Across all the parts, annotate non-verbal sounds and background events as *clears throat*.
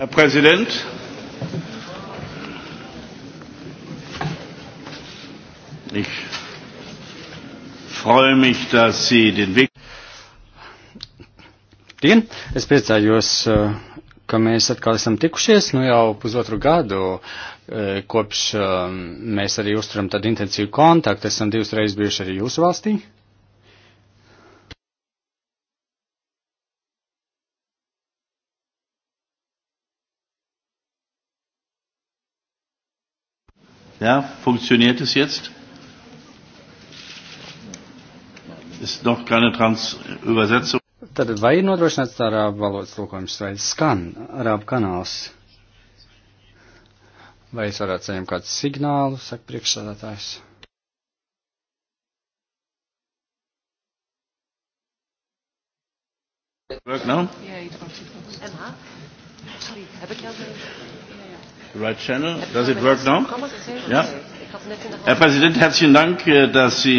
Herr Präsident! Ich freue mich, dass Sie den Weg. Dien, es priecājos, eh, ka mēs atkal esam tikušies, nu jau pusotru gadu, eh, kopš eh, mēs arī uzturam tādu intensīvu kontaktu, esam divas reizes bijuši arī jūsu valstī. Ja, funktioniert es jetzt? Ist noch keine Trans Übersetzung. Tad vai ir nodrošināts tā arābu valodas tulkojums vai skan arābu kanāls? Vai es varētu saņemt kādu signālu, saka priekšsādātājs? Work now? Yeah, it works. It works. Emma, sorry, have a The right channel. Does it work now? Yeah. Herr Präsident, herzlichen Dank, äh, dass Sie.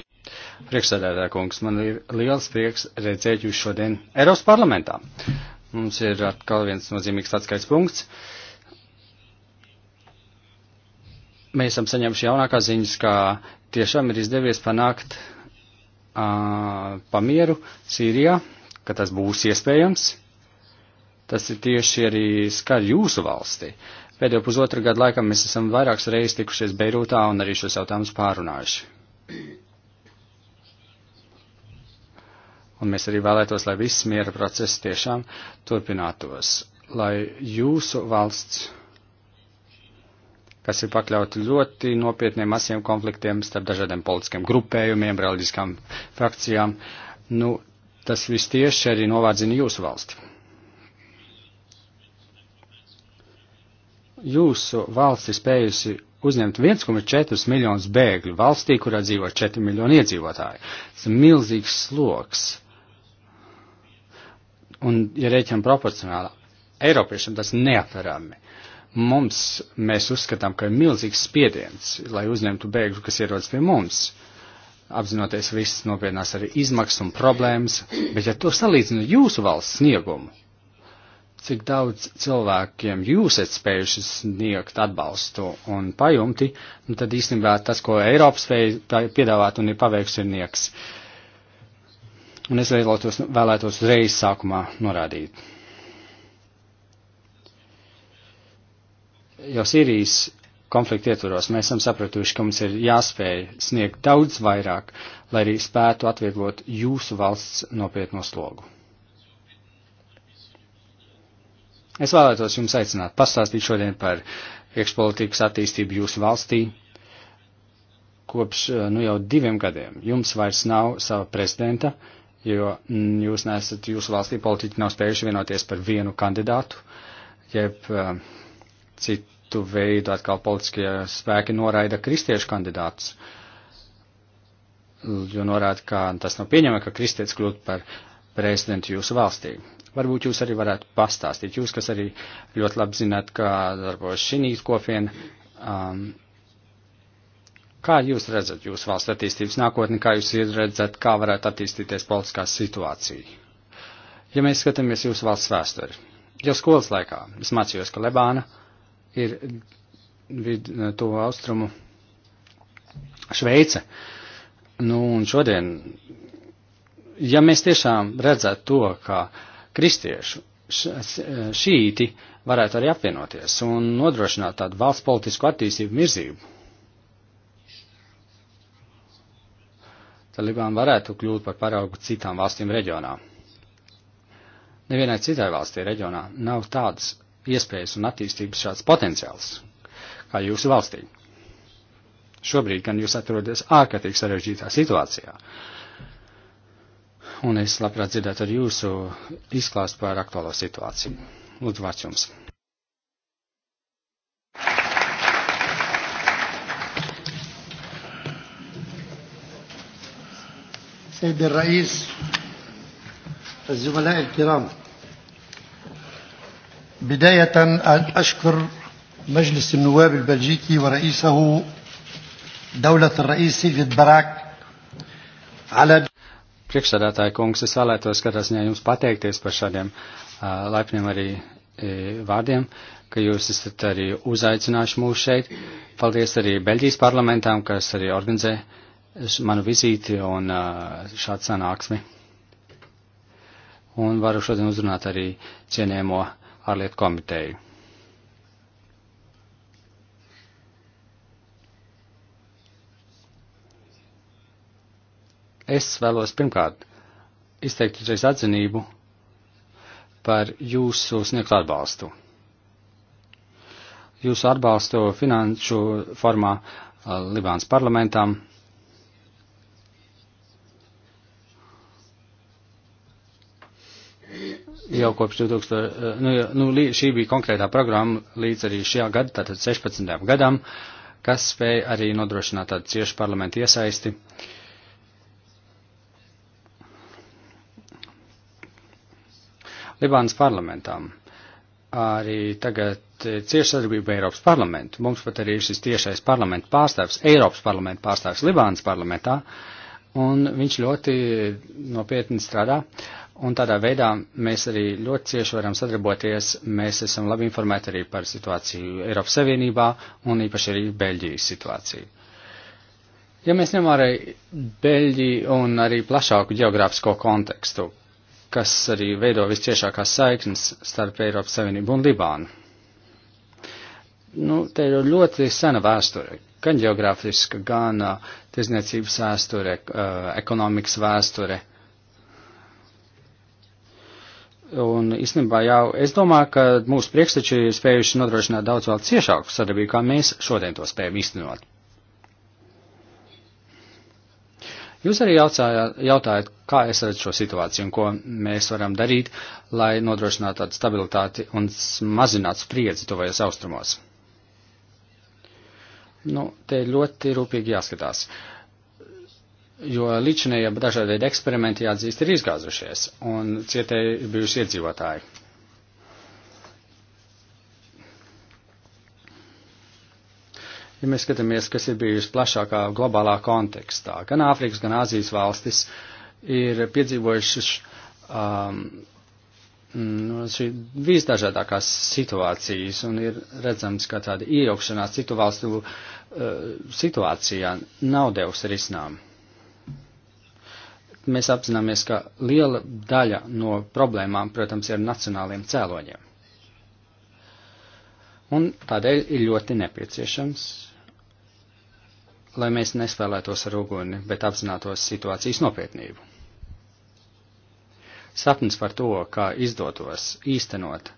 Priekšsēdētāj kungs, man ir liels prieks redzēt jūs šodien Eiropas parlamentā. Mums ir atkal viens nozīmīgs atskaits punkts. Mēs esam saņēmuši jaunākās ziņas, ka tiešām ir izdevies panākt uh, pamieru Sīrijā, ka tas būs iespējams. Tas ir tieši arī skar jūsu valsti. Pēdējo pusotru gadu laikā mēs esam vairākas reizes tikušies Beirūtā un arī šos jautājumus pārunājuši. Un mēs arī vēlētos, lai viss miera process tiešām turpinātos, lai jūsu valsts, kas ir pakļauti ļoti nopietniem masiem konfliktiem starp dažādiem politiskiem grupējumiem, reliģiskām frakcijām, nu, tas viss tieši arī novādzina jūsu valsti. jūsu valsts ir spējusi uzņemt 1,4 miljonus bēgļu valstī, kurā dzīvo 4 miljoni iedzīvotāji. Tas ir milzīgs sloks. Un, ja rēķinam proporcionāli, Eiropiešiem tas neatverami. Mums, mēs uzskatām, ka ir milzīgs spiediens, lai uzņemtu bēgļu, kas ierodas pie mums, apzinoties visas nopietnās arī izmaksas un problēmas, bet ja to salīdzinu jūsu valsts sniegumu, cik daudz cilvēkiem jūs esat spējuši sniegt atbalstu un pajumti, nu tad īstenībā tas, ko Eiropa spēja piedāvāt un ir paveikts, ir nieks. Un es vēlētos, vēlētos reiz sākumā norādīt. Jau Sīrijas konflikta ietvaros mēs esam sapratuši, ka mums ir jāspēj sniegt daudz vairāk, lai arī spētu atvieglot jūsu valsts nopietno slogu. Es vēlētos jums aicināt pastāstīt šodien par iekšpolitikas attīstību jūsu valstī. Kopš eh, nu jau diviem gadiem jums vairs nav sava prezidenta, jo jūs nesat, jūsu valstī politiķi nav spējuši vienoties par vienu kandidātu, jeb eh, citu veidu atkal politiskie spēki noraida kristiešu kandidātus. Jo norāda, ka tas nav pieņemami, ka kristietis kļūtu par uh, prezidentu jūsu valstī. Varbūt jūs arī varētu pastāstīt, jūs, kas arī ļoti labi zināt, kā darbojas šī kopiena, um, kā jūs redzat jūsu valsts attīstības nākotni, kā jūs redzat, kā varētu attīstīties politiskā situācija. Ja mēs skatāmies jūsu valsts vēsturi, jau skolas laikā es mācījos, ka Lebāna ir vid, to austrumu Šveice. Nu, un šodien ja mēs tiešām redzētu to, ka kristiešu e, šīti varētu arī apvienoties un nodrošināt tādu valsts politisku attīstību mirzību, tad Libāna varētu kļūt par paraugu citām valstīm reģionā. Nevienai citai valstī reģionā nav tādas iespējas un attīstības šāds potenciāls kā jūsu valstī. Šobrīd gan jūs atrodaties ārkārtīgi sarežģītā situācijā, un es labprāt dzirdētu ar jūsu izklāstu par aktuālo situāciju. Lūdzu, vārds jums. سيد الرئيس الزملاء الكرام بداية أشكر مجلس النواب البلجيكي ورئيسه دولة الرئيس سيفيد براك على priekšsādātāja kungs, es vēlētos katrā ziņā jums pateikties par šādiem uh, laipniem arī e, vārdiem, ka jūs esat arī uzaicinājuši mūs šeit. Paldies arī Beļģijas parlamentām, kas arī organizē manu vizīti un uh, šādu sanāksmi. Un varu šodien uzrunāt arī cienējamo ārlietu komiteju. Es vēlos pirmkārt izteikt uzreiz atzinību par jūsu sniegtu atbalstu. Jūsu atbalstu finanšu formā Libāns parlamentam. Jau kopš 2000, nu, nu, šī bija konkrētā programma līdz arī šajā gadā, tātad 16. gadam, kas spēja arī nodrošināt tādu ciešu parlamentu iesaisti. Uh, Libānas parlamentam. Arī tagad eh, cieša sadarbība Eiropas parlamentu. Mums pat arī ir šis tiešais parlamentu pārstāvs, Eiropas parlamentu pārstāvs Libānas parlamentā, un viņš ļoti nopietni strādā. Un tādā veidā mēs arī ļoti cieši varam sadarboties. Mēs esam labi informēti arī par situāciju Eiropas Savienībā un īpaši arī Beļģijas situāciju. Ja mēs ņemam arī Beļģiju un arī plašāku geogrāfisko kontekstu, kas arī veido visciešākās saiknes starp Eiropas Savienību un Libānu. Nu, te ir ļoti sena vēsture, gan geogrāfiska, gan uh, tirzniecības vēsture, uh, ekonomikas vēsture. Un īstenībā jau es domāju, ka mūsu priekšteči ir spējuši nodrošināt daudz vēl ciešāku sadarbību, kā mēs šodien to spējam īstenot. Jūs arī jautājāt, jautājāt, kā es redzu šo situāciju un ko mēs varam darīt, lai nodrošinātu tādu stabilitāti un mazinātu spriedzi tuvajos austrumos. Nu, te ļoti rūpīgi jāskatās, jo līdšanējie dažādi eksperimenti jāatzīst ir izgāzušies un cietēji bijuši iedzīvotāji. ja mēs skatāmies, kas ir bijusi plašākā globālā kontekstā, gan Āfrikas, gan Āzijas valstis ir piedzīvojušas um, no nu, šī visdažādākās situācijas un ir redzams, ka tāda iejaukšanās citu valstu uh, situācijā nav devusi risinājumu mēs apzināmies, ka liela daļa no problēmām, protams, ir nacionāliem cēloņiem. Un tādēļ ir ļoti nepieciešams lai mēs nespēlētos ar uguni, bet apzinātos situācijas nopietnību. Sapnis par to, kā izdotos īstenot,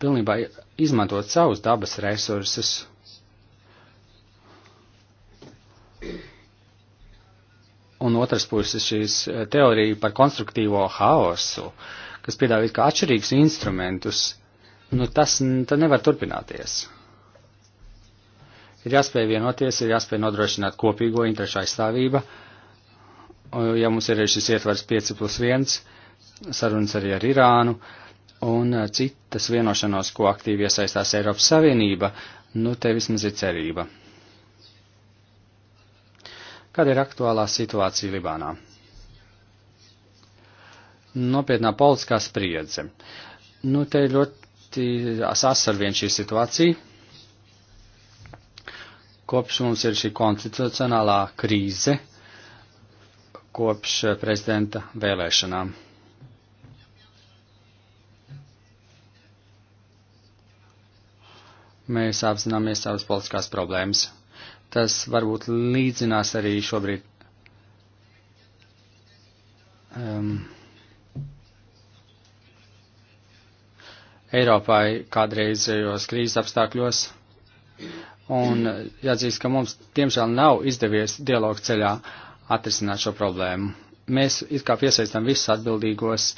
pilnībā izmantot savus dabas resursus, un otras puses šīs eh, teorija par konstruktīvo haosu, kas piedāvā kā atšķirīgus instrumentus, nu tas nevar turpināties. Ir jāspēj vienoties, ir jāspēj nodrošināt kopīgo interešu aizstāvība. Ja mums ir šis ietvars 5 plus 1, sarunas arī ar Irānu un e, citas vienošanos, ko aktīvi iesaistās Eiropas Savienība, nu te vismaz ir cerība. Kāda ir aktuālā situācija Libānā? Nopietnā politiskā spriedze. Nu, te ļoti sasarvien šī situācija Kopš mums ir šī konstitucionālā krīze, kopš eh, prezidenta vēlēšanām. Mēs apzināmies savas politiskās problēmas. Tas varbūt līdzinās arī šobrīd um, Eiropai kādreizējos krīzes apstākļos. Un jāatzīst, ka mums, diemžēl, nav izdevies dialogu ceļā atrisināt šo problēmu. Mēs it kā piesaistām visus atbildīgos,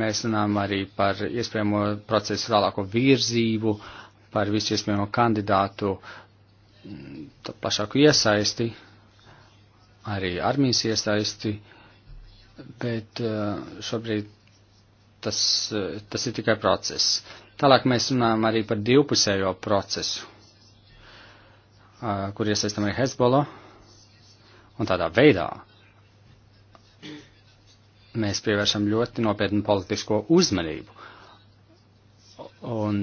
mēs runājam arī par iespējamo procesu vēlāko virzību, par visu iespējamo kandidātu plašāku iesaisti, arī armijas iesaisti, bet uh, šobrīd tas, uh, tas ir tikai process. Tālāk mēs runājam arī par divpusējo procesu kur iesaistam arī Hezbollah, un tādā veidā mēs pievēršam ļoti nopietnu politisko uzmanību. Un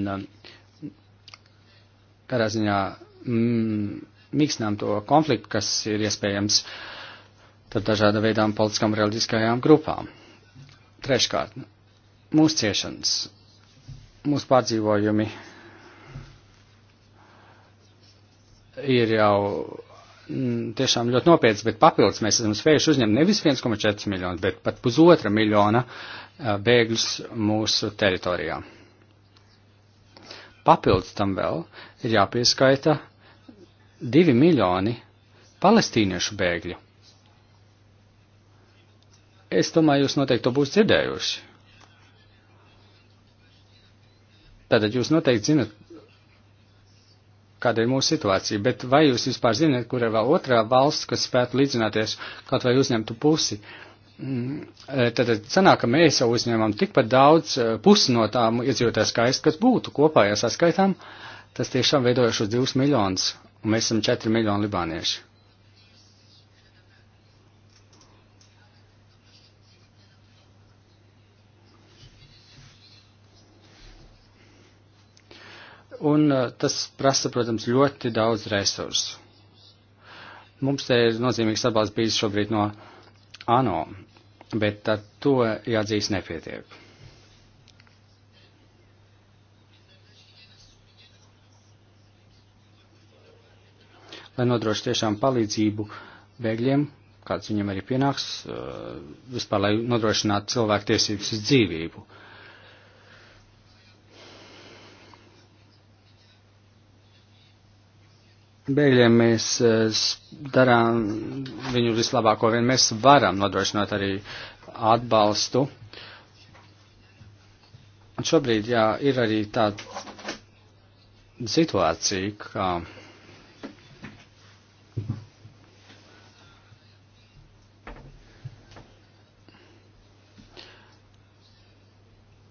kādā ziņā mīkstinām mm, to konfliktu, kas ir iespējams tad dažāda veidām politiskām reliģiskajām grupām. Treškārt, mūsu ciešanas, mūsu pārdzīvojumi ir jau mm, tiešām ļoti nopietnas, bet papildus mēs esam spējuši uzņemt nevis 1,4 miljonu, bet pat pusotra miljona bēgļus mūsu teritorijā. Papildus tam vēl ir jāpieskaita 2 miljoni palestīniešu bēgļu. Es domāju, jūs noteikti to būs dzirdējuši. Tātad jūs noteikti zinat kāda ir mūsu situācija. Bet vai jūs vispār zināt, kur ir vēl otrā valsts, kas spētu līdzināties kaut vai uzņemtu pusi? Mm, e, tad sanāk, ka mēs jau uzņemam tikpat daudz e, pusi no tām iedzīvotāju skaistu, kas būtu kopējā saskaitām. Tas tiešām veidojuši uz 2 miljonus, un mēs esam 4 miljoni libānieši. un uh, tas prasa, protams, ļoti daudz resursu. Mums te ir nozīmīgs atbalsts bijis šobrīd no ANO, bet ar to jāatzīst nepietiek. Lai nodroši tiešām palīdzību bēgļiem, kāds viņam arī pienāks, uh, vispār lai nodrošinātu cilvēku tiesības uz dzīvību. Uh, bēgļiem mēs eh, darām viņu vislabāko, vien mēs varam nodrošināt arī atbalstu. Un šobrīd, jā, ir arī tāda situācija, ka. Kā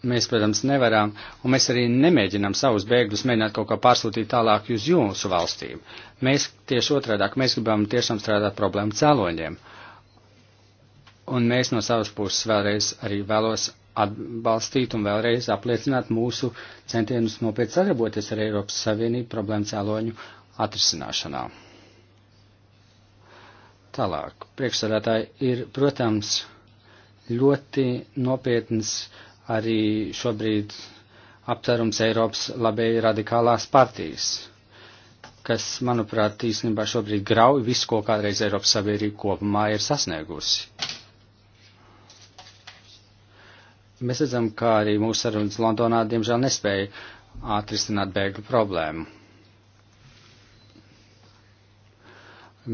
mēs, protams, nevaram, un mēs arī nemēģinām savus bēgļus mēģināt kaut kā pārsūtīt tālāk uz jūsu valstīm. Mēs tieši otrādāk, mēs gribam tiešām strādāt problēmu cēloņiem. Un mēs no savas puses vēlreiz arī vēlos atbalstīt un vēlreiz apliecināt mūsu centienus nopietni sadarboties ar Eiropas Savienību problēmu cēloņu atrisināšanā. Tālāk, priekšsādātāji ir, protams, ļoti nopietnas uh, arī šobrīd aptverums Eiropas labēji radikālās partijas, kas, manuprāt, īstenībā šobrīd grauj visu, ko kādreiz Eiropas sabiedrība kopumā ir sasniegusi. Mēs redzam, ka arī mūsu sarunas Londonā, diemžēl, nespēja atrisināt bēgļu problēmu.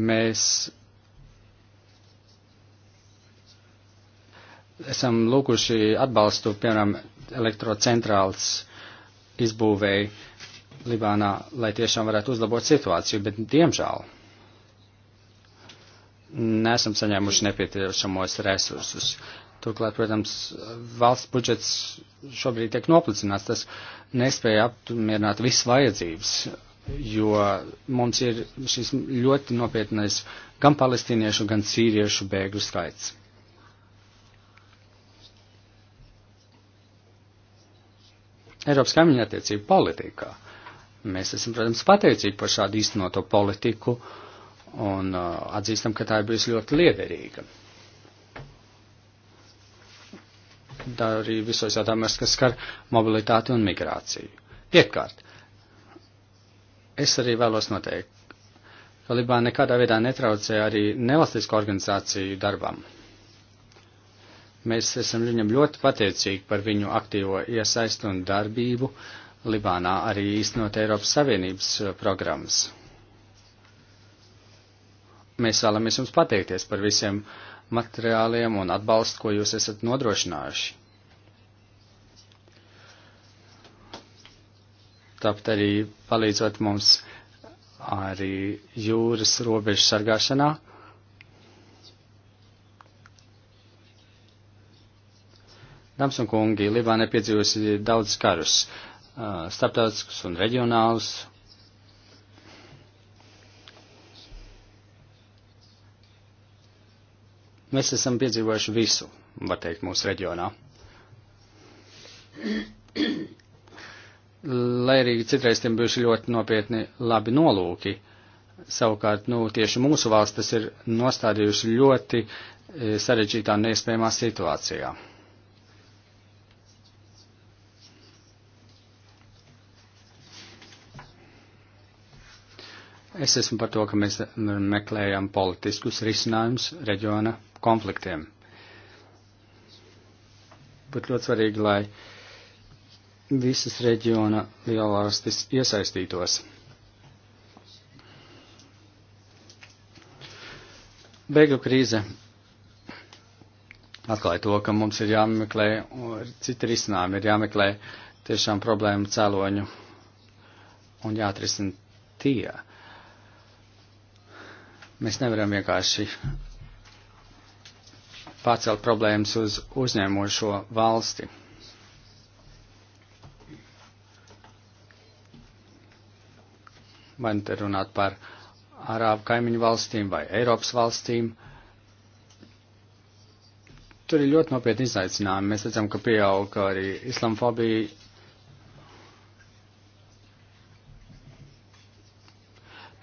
Mēs esam lūguši atbalstu, piemēram, elektrocentrāls izbūvēji Libānā, lai tiešām varētu uzlabot situāciju, bet diemžēl nesam saņēmuši nepietiešamos resursus. Turklāt, protams, valsts budžets šobrīd tiek noplicināts, tas nespēja apmierināt visas vajadzības, jo mums ir šis ļoti nopietnais gan palestīniešu, gan sīriešu bēgļu skaits. Eiropas kaimiņu attiecību politikā. Mēs esam, protams, pateicīgi par šādu īstenoto politiku un uh, atzīstam, ka tā ir bijusi ļoti liederīga. Tā arī visos jautājumos, kas skar mobilitāti un migrāciju. Piekārt, es arī vēlos noteikt, ka Libāna nekādā veidā netraucē arī nevalstisko organizāciju darbam. Mēs esam viņam ļoti pateicīgi par viņu aktīvo iesaistu un darbību Libānā arī īstenot Eiropas Savienības eh, programmas. Mēs vēlamies jums pateikties par visiem materiāliem un atbalstu, ko jūs esat nodrošinājuši. Tāpat arī palīdzot mums arī jūras robežu sargāšanā Dāmas un kungi, Libāna ir piedzīvusi daudz karus, starptautiskus un reģionālus. Mēs esam piedzīvojuši visu, var teikt, mūsu reģionā. Lai arī citreiz tiem bijuši ļoti nopietni labi nolūki, savukārt, nu, tieši mūsu valsts tas ir nostādījusi ļoti sarežģītā un neiespējamā situācijā. Es esmu par to, ka mēs meklējam politiskus risinājumus reģiona konfliktiem. Būtu ļoti svarīgi, lai visas reģiona lielvalstis iesaistītos. Beigu krīze atklāja to, ka mums ir jāmeklē citi risinājumi, ir jāmeklē tiešām problēmu cēloņu un jāatrisina tie. Mēs nevaram vienkārši pārcelt problēmas uz uzņēmošo valsti. Vai nu te runāt par Arābu kaimiņu valstīm vai Eiropas valstīm? Tur ir ļoti nopietni izaicinājumi. Mēs redzam, ka pieaug arī islamfobija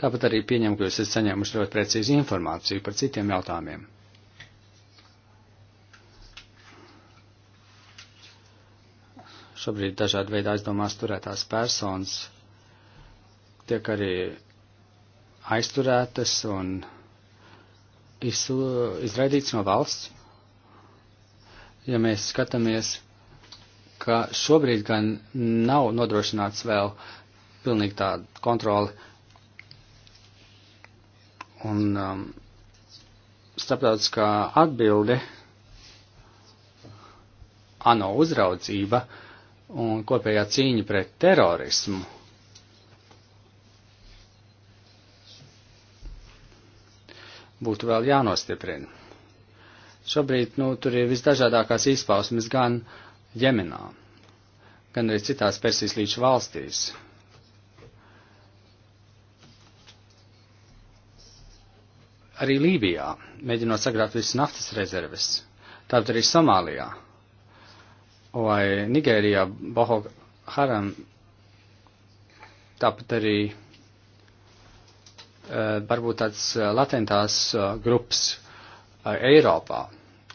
Tāpat arī pieņem, ka jūs esat saņēmuši ļoti precīzu informāciju par citiem jautājumiem. Šobrīd dažādi veidi aizdomās turētās personas tiek arī aizturētas un izraidīts no valsts. Ja mēs skatāmies, ka šobrīd gan nav nodrošināts vēl pilnīgi tāda kontrola Un um, starptautiskā atbilde, ANO uzraudzība un kopējā cīņa pret terorismu. Būtu vēl jānostiprina. Šobrīd, nu, tur ir visdažādākās izpausmes gan Jemenā, gan arī citās Persijas līča valstīs. arī Lībijā, mēģinot sagrāt visas naftas rezerves, tāpat arī Somālijā vai Nigērijā, Boho Haram, tāpat arī e, varbūt tāds e, latentās e, grups Eiropā,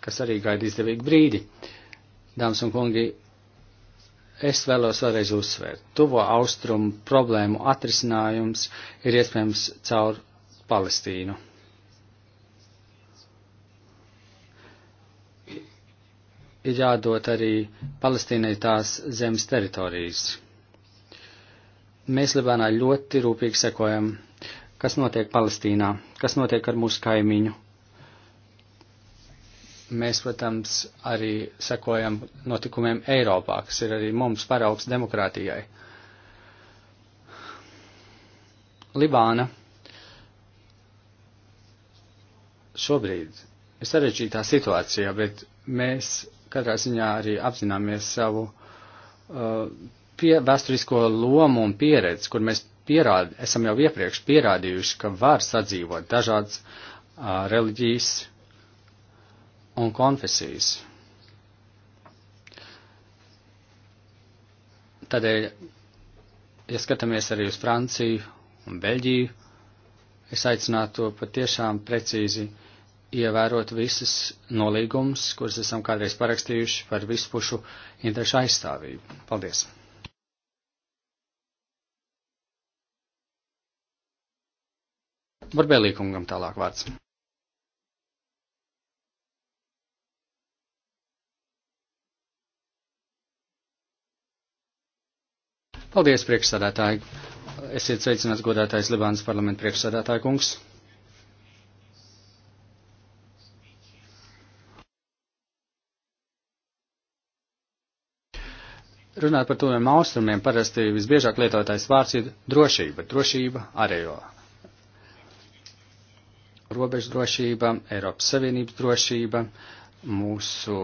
kas arī gaida izdevīgu brīdi. Dāmas un kungi, es vēlos vēlreiz uzsvērt, tuvo austrumu problēmu atrisinājums ir iespējams caur Palestīnu. ir jādod arī Palestīnai tās zemes teritorijas. Mēs Libānā ļoti rūpīgi sekojam, kas notiek Palestīnā, kas notiek ar mūsu kaimiņu. Mēs, protams, arī sekojam notikumiem Eiropā, kas ir arī mums paraugs demokrātijai. Libāna šobrīd ir sarežģītā situācijā, bet mēs katrā ziņā arī apzināmies savu uh, pie, vēsturisko lomu un pieredzi, kur mēs pierādi, esam jau iepriekš pierādījuši, ka var sadzīvot dažādas uh, reliģijas un konfesijas. Tādēļ, ja skatāmies arī uz Franciju un Beļģiju, es aicinātu patiešām precīzi uh, ievērot visas nolīgumus, kuras esam kādreiz parakstījuši par vispušu interešu aizstāvību. Paldies! Barbēlīkungam tālāk vārds. Paldies, priekšsādātāji! Esiet sveicināts godātais Libānas parlamenta priekšsādātāja kungs! runāt par tuviem austrumiem, parasti visbiežāk lietotais vārds ir drošība, drošība arējo. Robežu drošība, Eiropas Savienības drošība, mūsu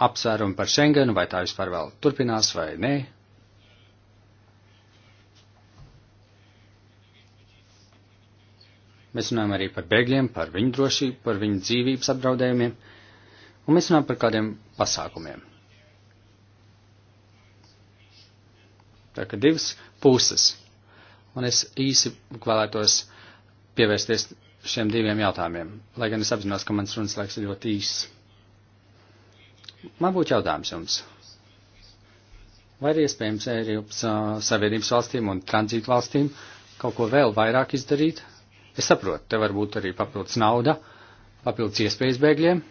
apsvērumi par Schengenu, vai tā vispār vēl turpinās vai nē. Mēs runājam arī par bēgļiem, par viņu drošību, par viņu dzīvības apdraudējumiem. Uh, Un mēs runājam par kādiem pasākumiem. Tā kā divas puses. Un es īsi vēlētos pievērsties šiem diviem jautājumiem, lai gan es apzinos, ka mans runas laiks ir ļoti īss. Man būtu jautājums jums. Vai ir iespējams Eiropas Savienības valstīm un tranzītu valstīm kaut ko vēl vairāk izdarīt? Es saprotu, te var būt arī papildus nauda, papildus iespējas bēgļiem,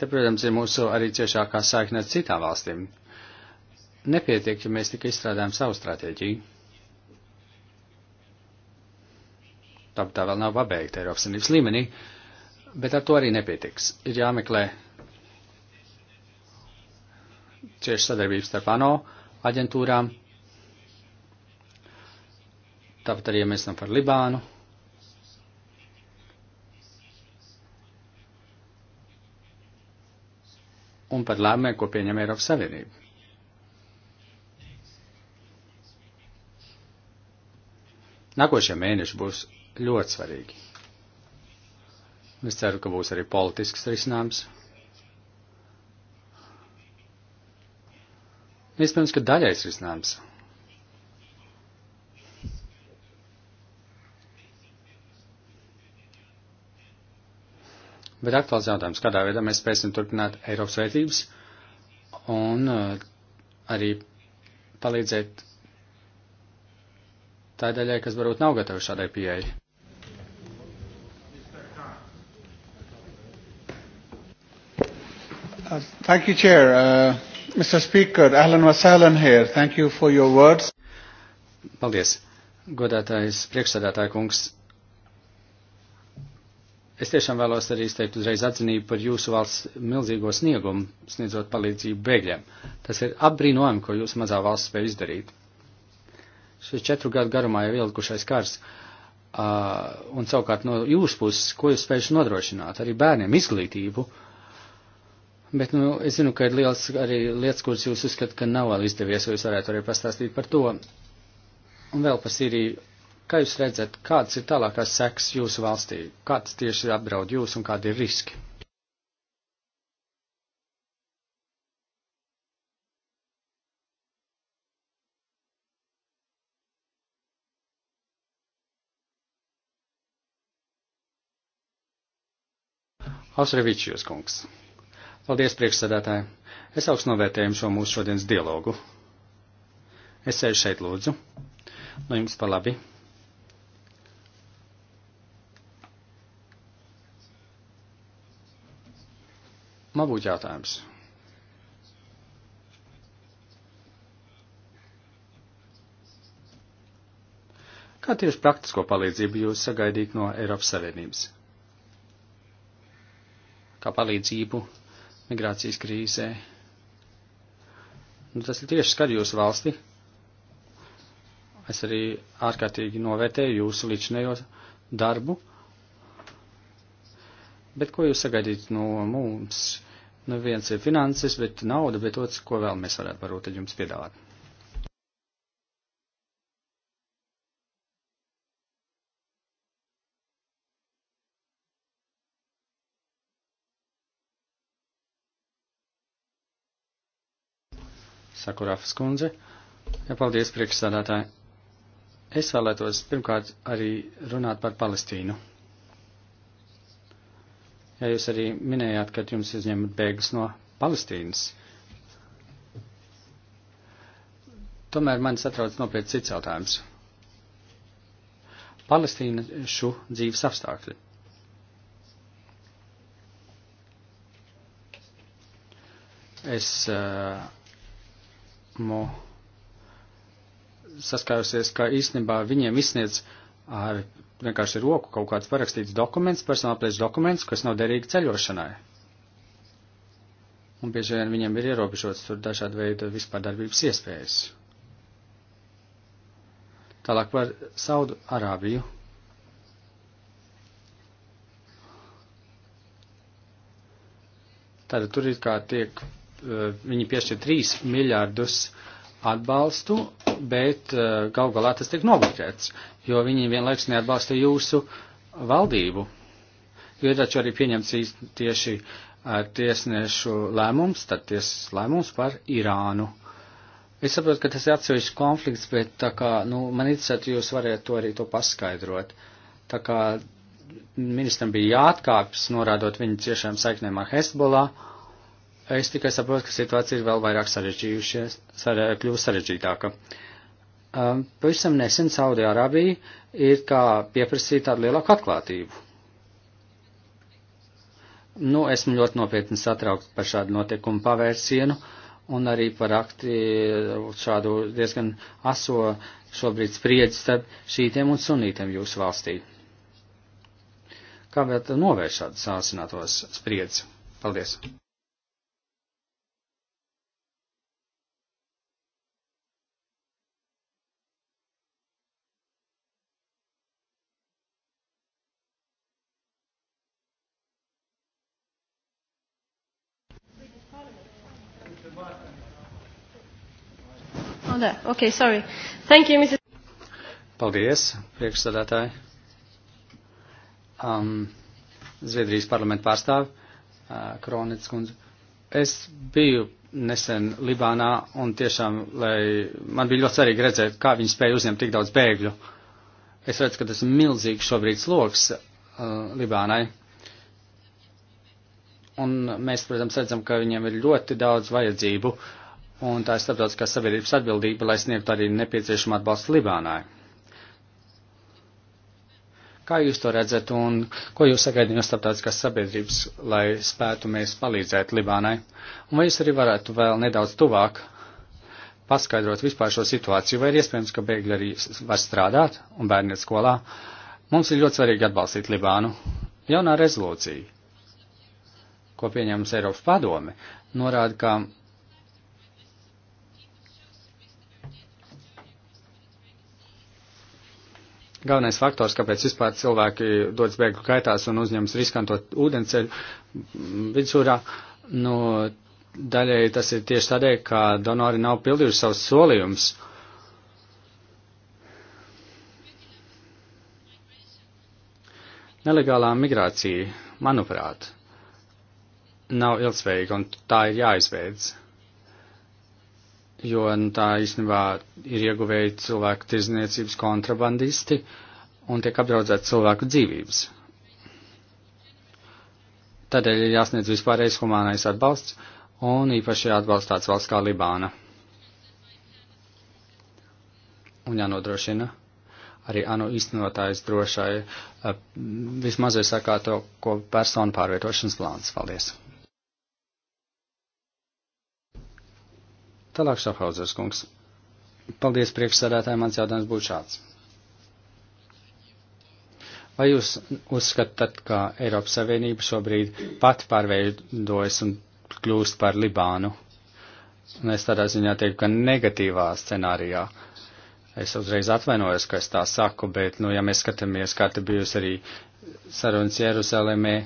Te, protams, ir mūsu arī ciešākā saikne ar citām valstīm. Nepietiek, ja mēs tikai izstrādājam savu stratēģiju. Tā, tā vēl nav pabeigta Eiropas Savienības līmenī, bet ar to arī nepietiks. Ir jāmeklē cieši sadarbības starp ANO aģentūrām. Tāpat arī, ja mēs esam par Libānu, un par lēmumiem, ko pieņem Eiropas Savienība. Nākošie mēneši būs ļoti svarīgi. Es ceru, ka būs arī politisks risinājums. Iespējams, ka daļais risinājums Bet aktuāls jautājums, kādā veidā mēs spēsim turpināt Eiropas vērtības un uh, arī palīdzēt tā daļai, kas varbūt nav gatavi šādai pieeja. Uh, thank you, Chair. Uh, Mr. Speaker, Alan Vasalan here. Thank you for your words. Paldies. Godātais priekšsēdētāja kungs, Es tiešām vēlos arī izteikt uzreiz atzinību par jūsu valsts milzīgo sniegumu, sniedzot palīdzību bēgļiem. Tas ir apbrīnojami, ko jūsu mazā valsts spēja izdarīt. Šis četru gadu garumā jau ielikušais kars, uh, un savukārt no jūsu puses, ko jūs spējuši nodrošināt, arī bērniem izglītību, bet, nu, es zinu, ka ir liels arī lietas, kuras jūs uzskatāt, ka nav vēl izdevies, vai jūs varētu arī pastāstīt par to. Un vēl par Sīriju Kā jūs redzat, kādas ir tālākās sekas jūsu valstī? Kāds tieši apdraud jūs un kādi ir riski? Ausrevičijos kungs. Paldies, priekšsēdētāji. Es augstu novērtēju šo mūsu šodienas dialogu. Es sēžu šeit, lūdzu. No jums pa labi. Man būtu jautājums. Kā tieši praktisko palīdzību jūs sagaidīt no Eiropas Savienības? Kā palīdzību migrācijas krīzē? Nu, tas ir tieši skar jūsu valsti. Es arī ārkārtīgi novērtēju jūsu līdzinējo darbu. Bet ko jūs sagaidīt no mums? Nu, viens ir finanses, bet nauda, bet otrs, ko vēl mēs varētu varbūt jums piedāvāt. Saku Rafas kundze. Jā, paldies, priekšsādātāji. Es vēlētos pirmkārt arī runāt par Palestīnu ja jūs arī minējāt, ka jums izņemat bēgas no Palestīnas. Tomēr man satrauc nopietni cits jautājums. Palestīniešu dzīves apstākļi. Es uh, mu saskārusies, ka īstenībā viņiem izsniedz uh, ar vienkārši roku kaut kāds parakstīts dokuments, personālais dokuments, kas nav derīgi ceļošanai. Un bieži vien viņam ir ierobežots tur dažādi veidi vispār darbības iespējas. Tālāk par Saudu Arābiju. Tātad tur ir kā tiek, eh, viņi piešķir 3 miljārdus uh, atbalstu, bet eh, gal galā tas tiek nobloķēts, jo viņi vienlaiks neatbalsta jūsu valdību. Jo ir taču arī pieņemts tieši eh, tiesnešu lēmums, tad tiesas lēmums par Irānu. Es saprotu, ka tas ir atsevišķs konflikts, bet tā kā, nu, man interesētu, jūs varētu to arī to paskaidrot. Tā kā ministram bija jāatkāpjas, norādot viņu ciešām saiknēm ar Hezbollah, Es tikai saprotu, ka situācija ir vēl vairāk sarežģījušies, sare, kļūst sarežģītāka. Um, pavisam nesen Saudi-Arābija ir kā pieprasīja tādu lielāku atklātību. Nu, esmu ļoti nopietni satraukts par šādu notikumu pavērsienu un arī par akti šādu diezgan aso šobrīd spriedzi starp šītiem un sunītiem jūsu valstī. Kā vēl novērst šādu sāsinātos spriedzi? Paldies! on there. Okay, sorry. Thank you, Mrs. Paldies, priekšsādātāji. Um, Zviedrijas parlamenta pārstāv, uh, Kronits kundze. Es biju nesen Libānā un tiešām, lai man bija ļoti svarīgi redzēt, kā viņi spēja uzņemt tik daudz bēgļu. Es redzu, ka tas ir milzīgs šobrīd sloks uh, Libānai. Un mēs, protams, redzam, ka viņiem ir ļoti daudz vajadzību. Uh, un tā ir starptautiskās sabiedrības atbildība, lai sniegtu arī nepieciešamā atbalstu Libānai. Kā jūs to redzat un ko jūs sagaidat no starptautiskās sabiedrības, lai spētu mēs palīdzēt Libānai? Un vai jūs arī varētu vēl nedaudz tuvāk paskaidrot vispār šo situāciju, vai ir iespējams, ka bēgļi arī var strādāt un bērni ir skolā? Mums ir ļoti svarīgi atbalstīt Libānu. Jaunā rezolūcija, ko pieņems Eiropas padome, norāda, ka galvenais faktors, kāpēc vispār cilvēki dodas bēgļu kaitās un uzņemas riskantot ūdenceļu vidusjūrā, nu, daļēji tas ir tieši tādēļ, ka donori nav pildījuši savus solījumus. Nelegālā migrācija, manuprāt, nav ilgspējīga un tā ir jāizveidz jo nu, tā īstenībā ir ieguvēji cilvēku tirzniecības kontrabandisti un tiek apdraudzēt cilvēku dzīvības. Tādēļ ir jāsniedz vispārējais humānais atbalsts un īpaši jāatbalsta tāds valsts kā Libāna. Un jānodrošina arī ANO īstenotājs drošai eh, vismazai sakāto, ko personu pārvietošanas plāns. Paldies! Tālāk Šafhauzers kungs. Paldies priekšsēdētāji, mans jautājums būtu šāds. Vai jūs uzskatāt, ka Eiropas Savienība šobrīd pat pārveidojas un kļūst par Libānu? Un es tādā ziņā teiktu, ka negatīvā scenārijā. Es uzreiz atvainojos, ka es tā saku, bet, nu, ja mēs skatāmies, kā te bijusi arī sarunas Jeruzalemē,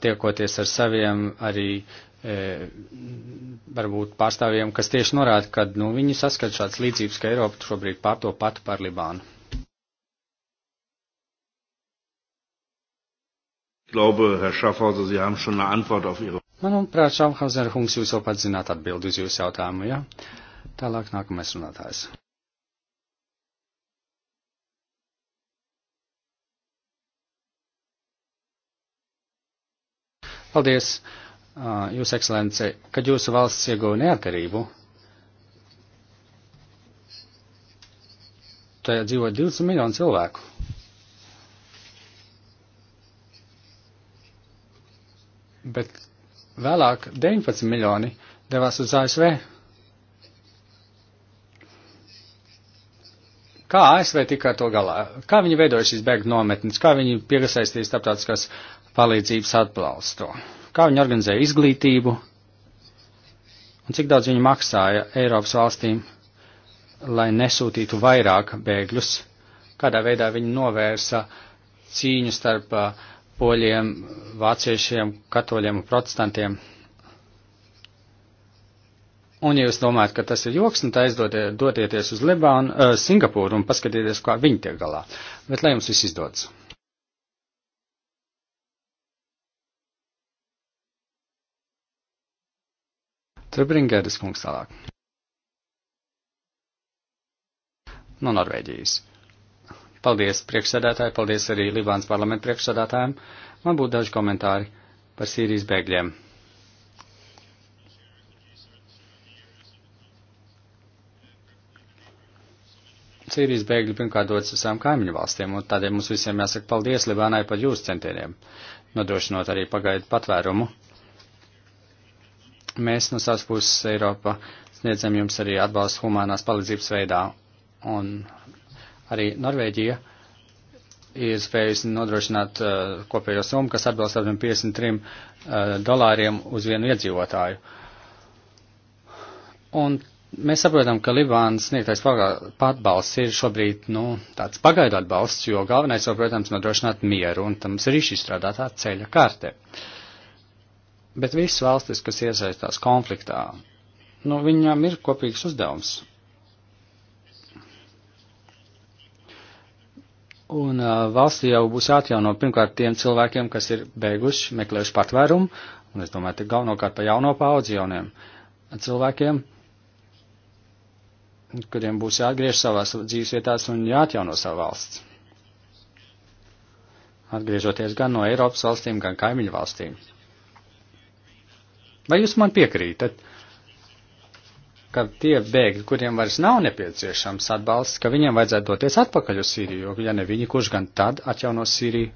tiekoties ar saviem arī varbūt pārstāvjiem, kas tieši norāda, ka nu, viņi saskat šādas līdzības, ka Eiropa šobrīd pār to patu par Libānu. Manuprāt, Šafhauser kungs jūs jau pats zināt atbildi uz jūsu jautājumu, jā? Ja? Tālāk nākamais runātājs. Paldies, Jūs, ekscelence, kad jūsu valsts ieguva neatkarību. Tajā dzīvo 20 miljonu cilvēku. Bet vēlāk 19 miljoni devās uz ASV. Kā ASV tika ar to galā? Kā viņi veidoja šīs bēgļu nometnes? Kā viņi piesaistīja starptautiskās palīdzības atbalstu. Kā viņi organizēja izglītību un cik daudz viņi maksāja Eiropas valstīm, lai nesūtītu vairāk bēgļus, kādā veidā viņi novērsa cīņu starp uh, poļiem, vāciešiem, katoļiem un protestantiem. Un, ja jūs domājat, ka tas ir joks, nu, tā aizdodieties dodieties uz Libānu, uh, Singapūru un paskatieties, kā viņi tiek galā. Bet lai jums viss izdodas! Trebringeris kungs tālāk. No Norvēģijas. Paldies priekšsēdētāji, paldies arī Libāns parlamentu priekšsēdētājiem. Man būtu daži komentāri par Sīrijas bēgļiem. Sīrijas bēgļi pirmkārt dodas visām kaimiņu valstīm, un tādēļ mums visiem jāsaka paldies Libānai par jūsu centieniem, nodrošinot arī pagaidu patvērumu Mēs no savas puses Eiropa sniedzam jums arī atbalstu humānās palīdzības veidā. Un arī Norvēģija ir spējusi nodrošināt uh, kopējo summu, kas atbilst apmēram 53 uh, dolāriem uz vienu iedzīvotāju. Un mēs saprotam, ka Libānas sniegtais atbalsts ir šobrīd, nu, tāds pagaidu atbalsts, jo galvenais jau, protams, nodrošināt mieru, un tam mums ir izstrādātā ceļa kārte. Uh, Bet visas valstis, kas iesaistās konfliktā, nu, viņām ir kopīgs uzdevums. Un uh, valstī jau būs jāatjauno pirmkārt tiem cilvēkiem, kas ir beiguši, meklējuši patvērumu, un es domāju, te galvenokārt pa jauno paudzi jauniem cilvēkiem, kuriem būs jāatgriež savās dzīves vietās un jāatjauno savu valsts. Atgriežoties gan no Eiropas valstīm, gan kaimiņu valstīm. Vai jūs man piekrītat, ka tie bēgļi, kuriem vairs nav nepieciešams atbalsts, ka viņiem vajadzētu doties atpakaļ uz Sīriju, jo, ja ne viņi, kurš gan tad atjaunos Sīriju?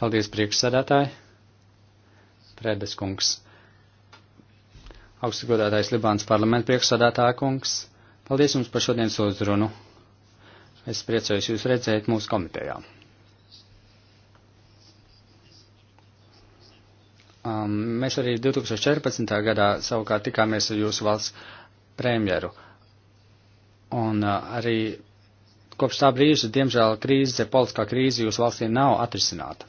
Paldies, priekšsēdētāji. Prēdes kungs. Augstgadātais Libāns parlamenta priekšsēdētāja kungs. Paldies jums par šodienas uzrunu. Es priecājos jūs redzēt mūsu komitejā. Um, mēs arī 2014. gadā savukārt tikāmies ar jūsu valsts premjeru. Un uh, arī kopš tā brīža, diemžēl, krīze, politiskā krīze jūsu valstī nav atrisināta.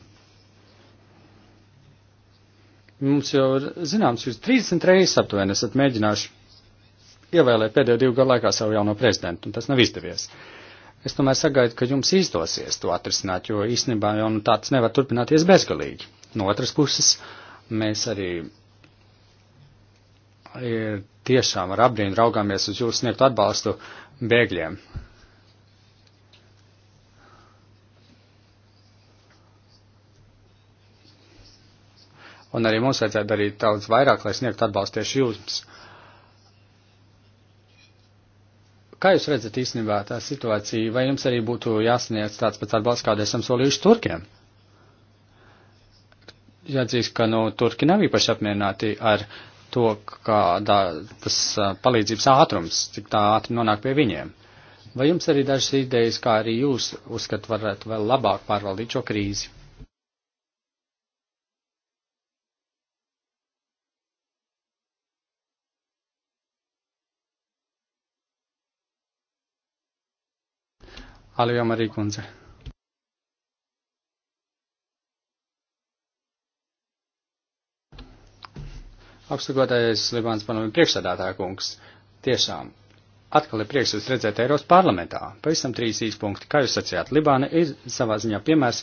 Mums jau ir zināms, jūs 30 reizes aptuveni esat mēģinājuši ievēlēt pēdējo divu gadu laikā savu jauno prezidentu, un tas nav izdevies. Es tomēr sagaidu, ka jums izdosies to atrisināt, jo īstenībā jau nu, tāds nevar turpināties bezgalīgi. No otras puses, uh, Mēs arī ir tiešām ar apbrīnu raugāmies uz jūsu sniegtu atbalstu bēgļiem. Un arī mums vajadzētu darīt daudz vairāk, lai sniegtu atbalstu tieši jums. Kā jūs redzat īstenībā tā situācija, vai jums arī būtu jāsniedz tāds pats atbalsts, kādu esam solījuši turkiem? jāatzīst, ka nu, Turki nav īpaši apmierināti ar to, kādā tas palīdzības ātrums, cik tā ātri nonāk pie viņiem. Vai jums arī dažas idejas, kā arī jūs uzskat varētu vēl labāk pārvaldīt šo krīzi? Alijam arī kundze. Augstsakotājies Libānas parlamenta priekšsādātāja kungs, tiešām atkal ir prieks jūs redzēt Eiros parlamentā. Pavisam trīs īsi punkti. Kā jūs sacījāt, Libāna ir savā ziņā piemērs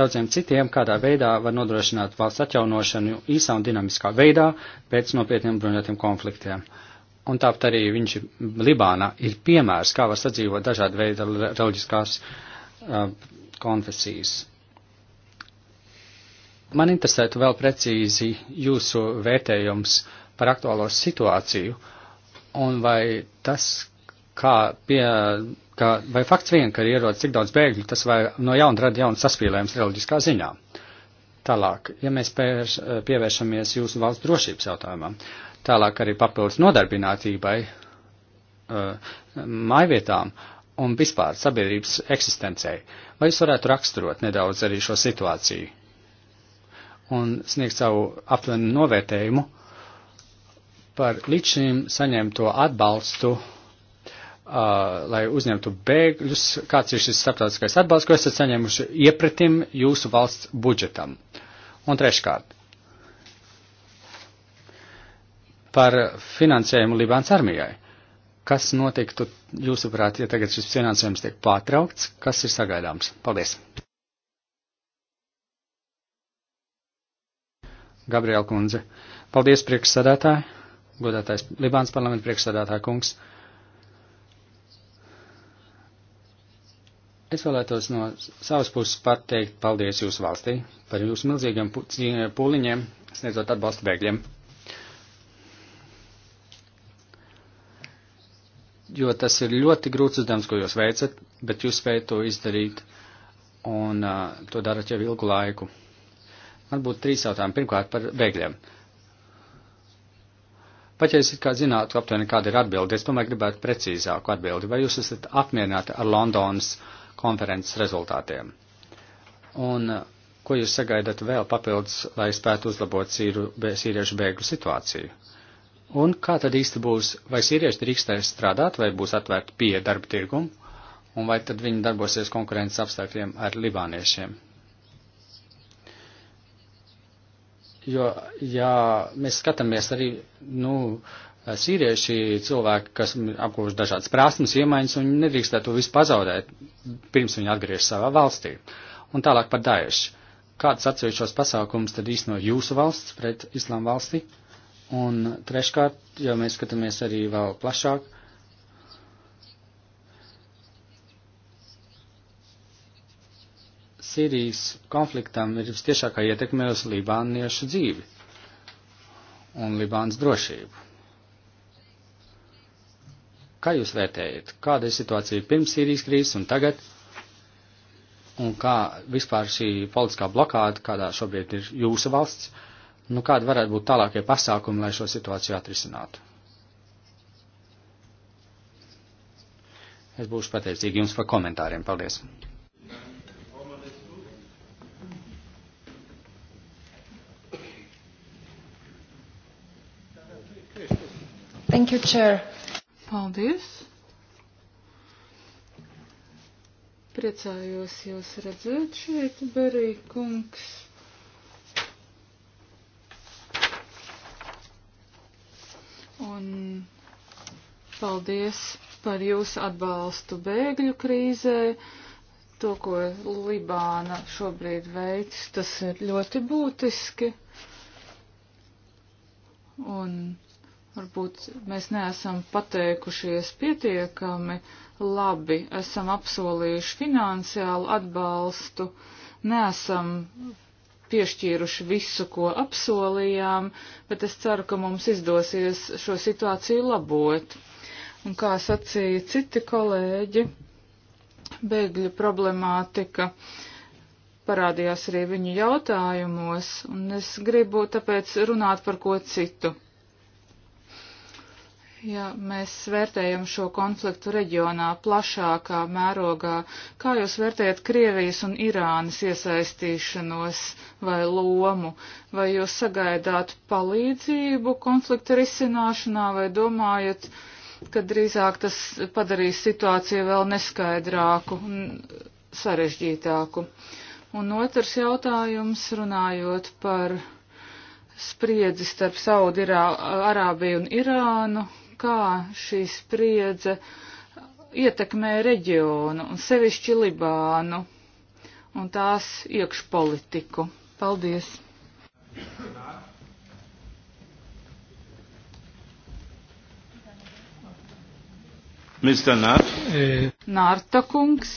daudziem citiem, kādā veidā var nodrošināt valsts atjaunošanu īsā un dinamiskā veidā pēc nopietniem bruņotiem konfliktiem. Un tāpat arī viņš Libāna ir piemērs, kā var sadzīvot dažādi veidi reliģiskās uh, konfesijas. Man interesētu vēl precīzi jūsu vērtējums par aktuālo situāciju un vai tas, kā pie, kā, vai fakts vien, ka ir ierodas tik daudz bēgļu, tas vai no jauna rada jaunu saspīlējums reliģiskā ziņā. Tālāk, ja mēs pērš, pievēršamies jūsu valsts drošības jautājumam, tālāk arī papildus nodarbinātībai, eh, mājvietām un vispār sabiedrības eksistencei, vai jūs varētu raksturot nedaudz arī šo situāciju? un sniegt savu aptuvenu novērtējumu par līdz šim saņemto atbalstu, uh, lai uzņemtu bēgļus, kāds ir šis starptautiskais atbalsts, ko esat saņēmuši iepretim jūsu valsts budžetam. Un treškārt, par finansējumu Libāns armijai. Kas notiktu, jūsuprāt, ja tagad šis finansējums tiek pārtraukts? Kas ir sagaidāms? Paldies! Gabriela kundze. Paldies, priekšsēdētāji, godātais Libāns parlamenta priekšsēdētāja kungs. Es vēlētos no savas puses pateikt paldies jūsu valstī par jūsu milzīgiem pūliņiem, sniedzot atbalstu bēgļiem. Jo tas ir ļoti grūts uzdevums, ko jūs veicat, bet jūs spējat to izdarīt un uh, to darat jau ilgu laiku. Man būtu trīs jautājumi. Pirmkārt, par bēgļiem. Pat ja es kā zinātu, aptuveni kāda ir atbilde, es tomēr gribētu precīzāku atbildi. Vai jūs esat apmierināti ar Londonas konferences rezultātiem? Un eh, ko jūs sagaidat vēl papildus, lai spētu uzlabot sīru, bē, sīriešu bēgļu situāciju? Un kā tad īsti būs, vai sīrieši drīkstēs strādāt, vai būs atvērti pie darba tirgumu, un vai tad viņi darbosies konkurences apstākļiem ar libāniešiem? Jo, ja mēs skatāmies arī, nu, sīrieši cilvēki, kas apguvuši dažādas prasmes, iemaņas, un nedrīkstētu to visu pazaudēt, pirms viņi atgriež savā valstī. Un tālāk par Daešu. Kāds atsevišķos pasākums tad īsno jūsu valsts pret islām valsti? Un treškārt, ja mēs skatāmies arī vēl plašāk, uh, Sīrijas konfliktam ir visciešākā ietekme uz libāniešu dzīvi un Libānas drošību. Kā jūs vērtējat, kāda ir situācija pirms Sīrijas krīzes un tagad, un kā vispār šī politiskā blokāda, kādā šobrīd ir jūsu valsts, nu kāda varētu būt tālākie pasākumi, lai šo situāciju atrisinātu? Es būšu pateicīgi jums par komentāriem. Paldies! Thank you, Chair. Paldies. Priecājos jūs redzēt šeit, Berī kungs. Un paldies par jūsu atbalstu bēgļu krīzē. To, ko Libāna šobrīd veids, tas ir ļoti būtiski. Un varbūt mēs neesam pateikušies pietiekami labi, esam apsolījuši finansiālu atbalstu, neesam piešķīruši visu, ko apsolījām, bet es ceru, ka mums izdosies šo situāciju labot. Un kā sacīja citi kolēģi, bēgļu problemātika parādījās arī viņu jautājumos, un es gribu tāpēc runāt par ko citu ja mēs vērtējam šo konfliktu reģionā plašākā mērogā, kā jūs vērtējat Krievijas un Irānas iesaistīšanos vai lomu? Vai jūs sagaidāt palīdzību konflikta risināšanā vai domājat, ka drīzāk tas padarīs situāciju vēl neskaidrāku un sarežģītāku? Un otrs jautājums runājot par spriedzi starp Saudu Arābiju un Irānu kā šī spriedze ietekmē reģionu un sevišķi Libānu un tās iekšpolitiku. Paldies! Mr. Nārt. Nārta kungs,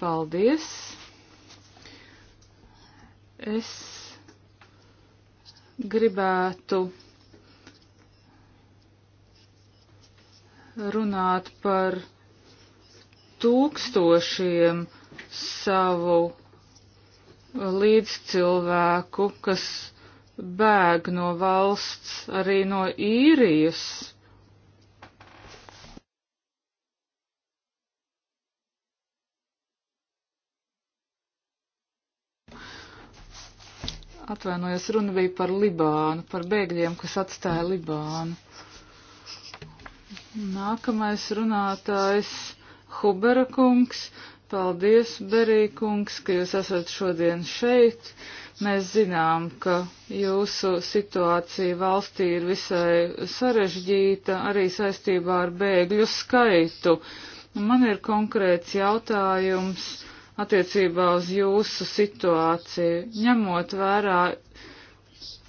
paldies. Es gribētu runāt par tūkstošiem savu līdzcilvēku, kas bēg no valsts, arī no īrijas. Atvainojos, runa bija par Libānu, par bēgļiem, kas atstāja Libānu. Nākamais runātājs Hubera kungs. Paldies, Berī kungs, ka jūs esat šodien šeit. Mēs zinām, ka jūsu situācija valstī ir visai sarežģīta arī saistībā ar bēgļu skaitu. Man ir konkrēts jautājums attiecībā uz jūsu situāciju, ņemot vērā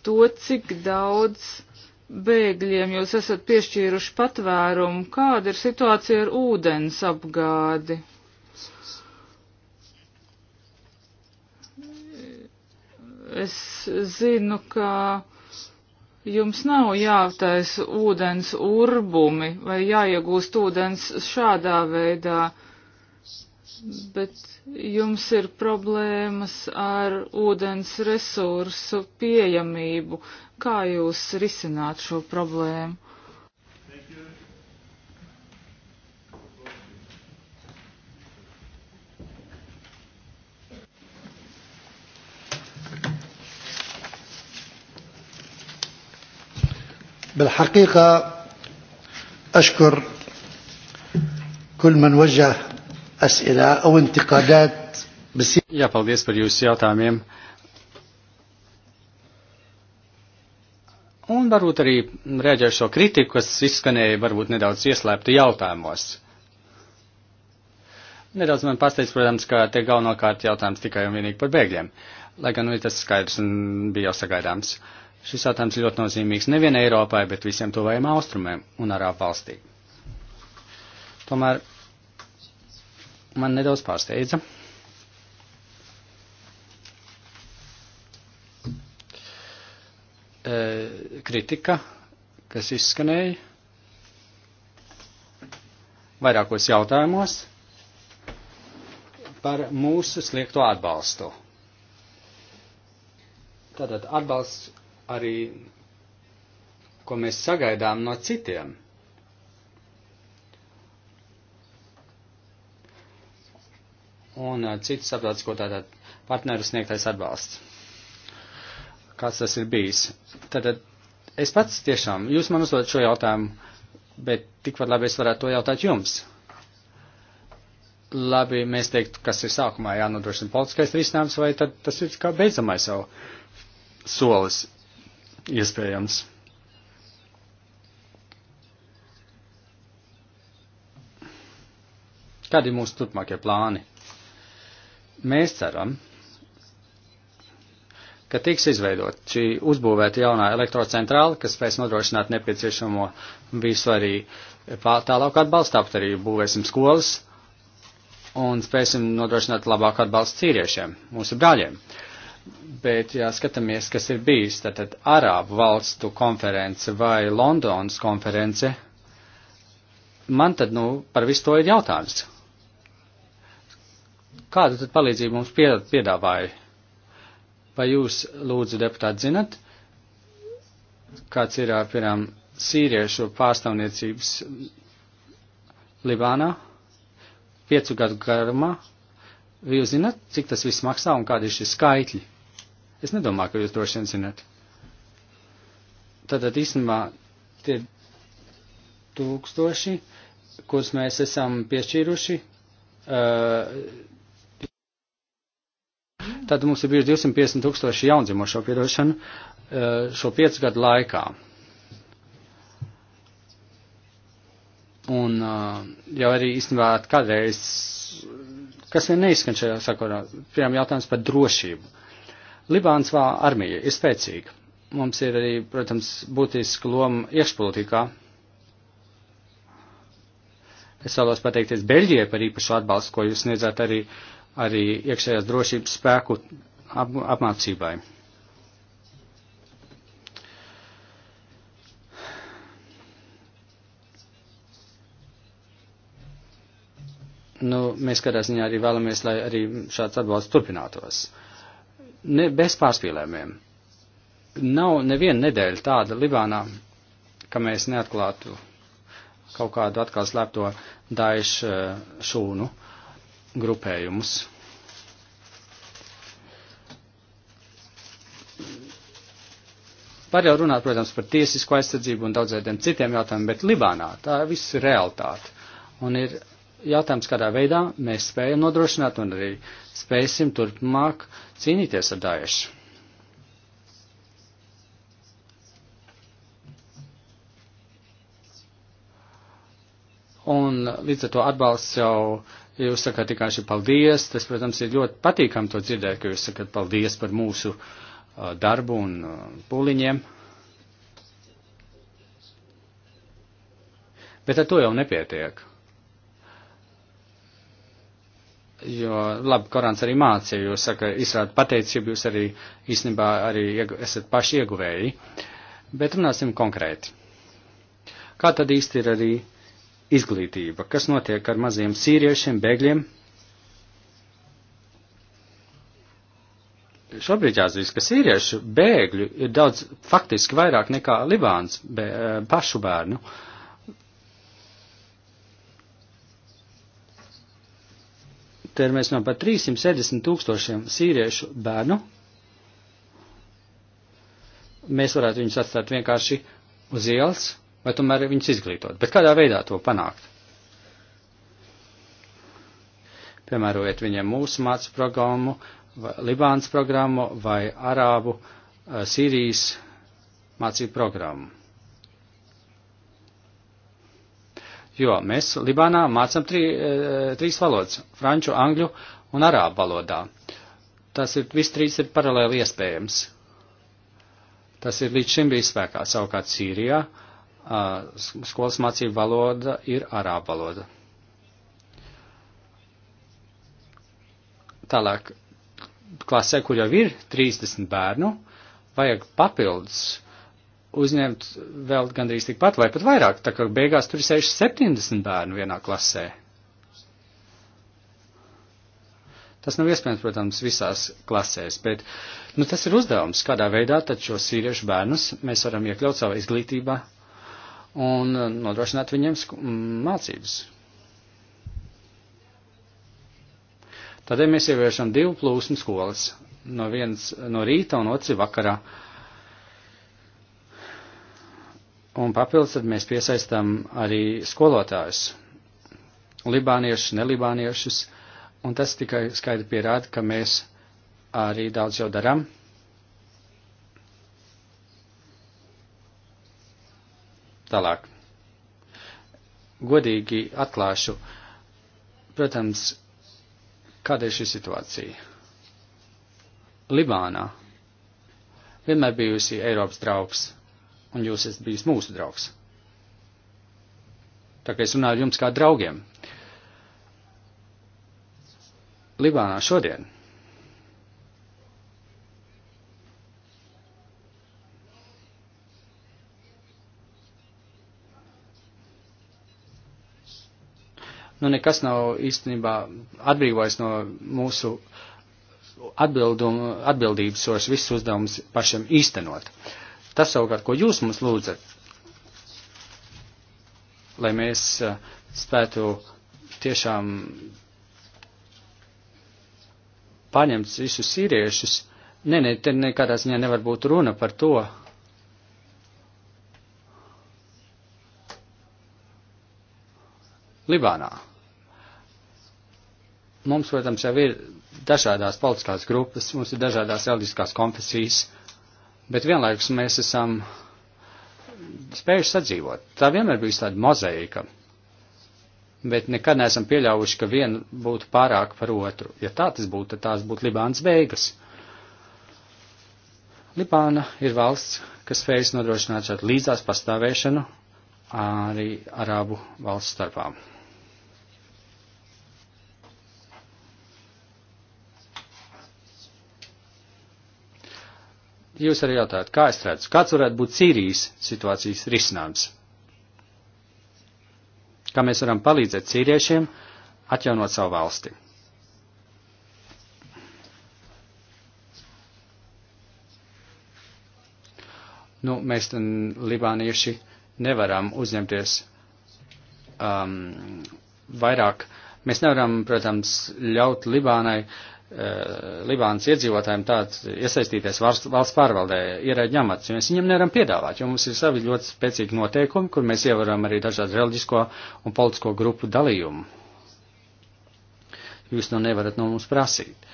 to, cik daudz bēgļiem jūs esat piešķīruši patvērumu. Kāda ir situācija ar ūdens apgādi? Es zinu, ka jums nav jātaisa ūdens urbumi vai jāiegūst ūdens šādā veidā, bet jums ir problēmas ar ūdens resursu pieejamību. Kā jūs risināt šo problēmu? بالحقيقة أشكر كل من وجه أسئلة أو انتقادات Jā, paldies par jūsu jautājumiem. Un varbūt arī rēģēšu šo kritiku, kas izskanēja varbūt nedaudz ieslēpta jautājumos. Nedaudz man pārsteidz, protams, ka te galvenokārt jautājums tikai un vienīgi par bēgļiem. Lai gan nu, tas skaidrs un bija jau sagaidāms. Šis jautājums ļoti nozīmīgs nevien Eiropai, bet visiem tuvajiem austrumiem un arābu valstīm. Tomēr man nedaudz pārsteidza, E, kritika, kas izskanēja vairākos jautājumos par mūsu sliekto atbalstu. Tātad atbalsts arī, ko mēs sagaidām no citiem. Un e, cits sabiedrisko tātad partneru sniegtais atbalsts kāds tas ir bijis. Tad es pats tiešām, jūs man uzdot šo jautājumu, bet tikpat labi es varētu to jautāt jums. Labi, mēs teiktu, kas ir sākumā jānodrošina politiskais risinājums, vai tad tas ir kā beidzamais jau solis iespējams. Kādi ir mūsu turpmākie plāni? Mēs ceram, ka tiks izveidot šī uzbūvēta jaunā elektrocentrāla, kas spēs nodrošināt nepieciešamo visu arī tālāk atbalstu, tāpat arī būvēsim skolas un spēsim nodrošināt labāku atbalstu cīriešiem, mūsu brāļiem. Bet, ja skatāmies, kas ir bijis, tad, tad Arābu valstu konference vai Londonas konference, man tad, nu, par visu to ir jautājums. Kādu tad palīdzību mums piedāvāja Vai jūs, lūdzu, deputāti, zinat, kāds ir, piemēram, sīriešu pārstāvniecības Libānā piecu gadu garumā? Vai jūs zinat, cik tas viss maksā un kādi ir šie skaitļi? Es nedomāju, ka jūs droši vien zinat. Tātad īstenībā tie tūkstoši, kurus mēs esam piešķīruši, uh, Tad mums ir bijuši 250 tūkstoši jaundzimušo piedošanu eh, šo piecu gadu laikā. Un eh, jau arī īstenībā kādreiz, kas vien neizskan šajā sakarā, piemēram, jautājums par drošību. Libāns vā armija ir spēcīga. Mums ir arī, protams, būtiska loma iekšpolitikā. Es vēlos pateikties Beļģijai par īpašu atbalstu, ko jūs sniedzāt arī uh, arī iekšējās drošības spēku ap, apmācībai. Nu, mēs kādā ziņā arī vēlamies, lai arī šāds atbalsts turpinātos. Ne, bez pārspīlējumiem. Nav neviena nedēļa tāda Libānā, ka mēs neatklātu kaut kādu atkal slēpto daišu eh, šūnu. Uh, grupējumus. Var jau runāt, protams, par tiesisko aizsardzību un daudziem citiem jautājumiem, bet Libānā tā viss ir realitāte. Un ir jautājums, kādā veidā mēs spējam nodrošināt un arī spēsim turpmāk cīnīties ar Daešu. Un līdz ar to atbalsts jau Ja jūs sakāt vienkārši paldies, tas, protams, ir ļoti patīkami to dzirdēt, ka jūs sakat paldies par mūsu uh, darbu un uh, puliņiem. Bet ar to jau nepietiek. Jo, labi, Korāns arī mācīja, jūs saka, izrāda pateicību, jūs arī īstenībā arī iegu, esat paši ieguvēji. Bet runāsim konkrēti. Kā tad īsti ir arī izglītība, kas notiek ar maziem sīriešiem, bēgļiem. Šobrīd jāzīst, ka sīriešu bēgļu ir daudz faktiski vairāk nekā Libāns bē, eh, pašu bērnu. Te ir mēs no pat 370 tūkstošiem sīriešu bērnu. Mēs varētu viņus atstāt vienkārši uz ielas, vai tomēr viņus izglītot. Bet kādā veidā to panākt? Piemērojot viņiem mūsu mācu programmu, Libānas programmu vai Arābu, eh, Sīrijas mācību programmu. Jo mēs Libānā mācām trī, eh, trīs valodas - franču, angļu un arābu valodā. Tas ir, viss trīs ir paralēli iespējams. Tas ir līdz šim bijis spēkā. Savukārt Sīrijā uh, skolas mācību valoda ir arābu valoda. Tālāk, klasē, kur jau ir 30 bērnu, vajag papildus uzņemt vēl gandrīz tikpat vai pat vairāk, tā kā beigās tur ir 670 bērnu vienā klasē. Tas nav iespējams, protams, visās klasēs, bet nu, tas ir uzdevums, kādā veidā tad šo sīriešu bērnus mēs varam iekļaut savā izglītībā un uh, nodrošināt viņiem mācības. Tādēļ mēs ieviešam divu plūsmu skolas. No vienas no rīta un otrs vakarā. Un papildus tad mēs piesaistām arī skolotājus. Libāniešus, nelibāniešus. Un tas tikai skaidri pierāda, ka mēs arī daudz jau darām. tālāk. Godīgi atklāšu, protams, kāda ir šī situācija. Libānā vienmēr bijusi Eiropas draugs, un jūs esat bijis mūsu draugs. Tā kā es runāju jums kā draugiem. Libānā šodien nu nekas nav īstenībā atbrīvojis no mūsu atbildumu, atbildības tos visus uzdevumus pašiem īstenot. Tas savukārt, ko jūs mums lūdzat, lai mēs eh, spētu tiešām paņemt visus sīriešus, nē, ne, ne, te nekādās ziņā nevar būt runa par to, Libānā. Mums, protams, jau ir dažādās politiskās grupas, mums ir dažādās reliģiskās konfesijas, bet vienlaikus mēs esam spējuši sadzīvot. Tā vienmēr bijusi tāda mozaika, bet nekad neesam pieļāvuši, ka viena būtu pārāk par otru. Ja tā tas būtu, tad tās būtu Libānas beigas. Libāna ir valsts, kas spējas nodrošināt šādu līdzās pastāvēšanu arī arābu valsts starpām. jūs arī jautājat, kā es redzu, kāds varētu būt Sīrijas situācijas risinājums? Kā mēs varam palīdzēt sīriešiem atjaunot savu valsti? Nu, mēs libānieši nevaram uzņemties um, vairāk. Mēs nevaram, protams, ļaut Libānai uh, Eh, Libānas iedzīvotājiem tāds iesaistīties valsts, valsts pārvaldē ierēģi amats, jo mēs viņam nevaram piedāvāt, jo mums ir savi ļoti spēcīgi noteikumi, kur mēs ievaram arī dažādu reliģisko un politisko grupu dalījumu. Jūs to nu nevarat no mums prasīt.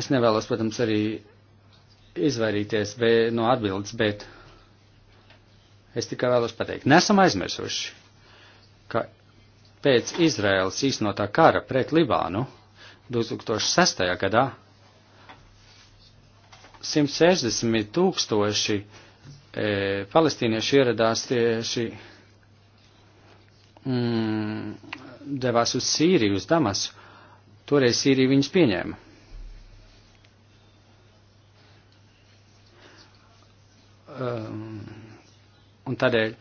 Es nevēlos, protams, arī izvairīties be, no atbildes, bet es tikai vēlos pateikt, nesam aizmirsuši, ka pēc Izraēlas īstenotā kara pret Libānu 2006. gadā 160 tūkstoši e, palestīnieši ieradās tieši mm, devās uz Sīriju, uz Damasu. Toreiz Sīrija viņus pieņēma. Um, un tādēļ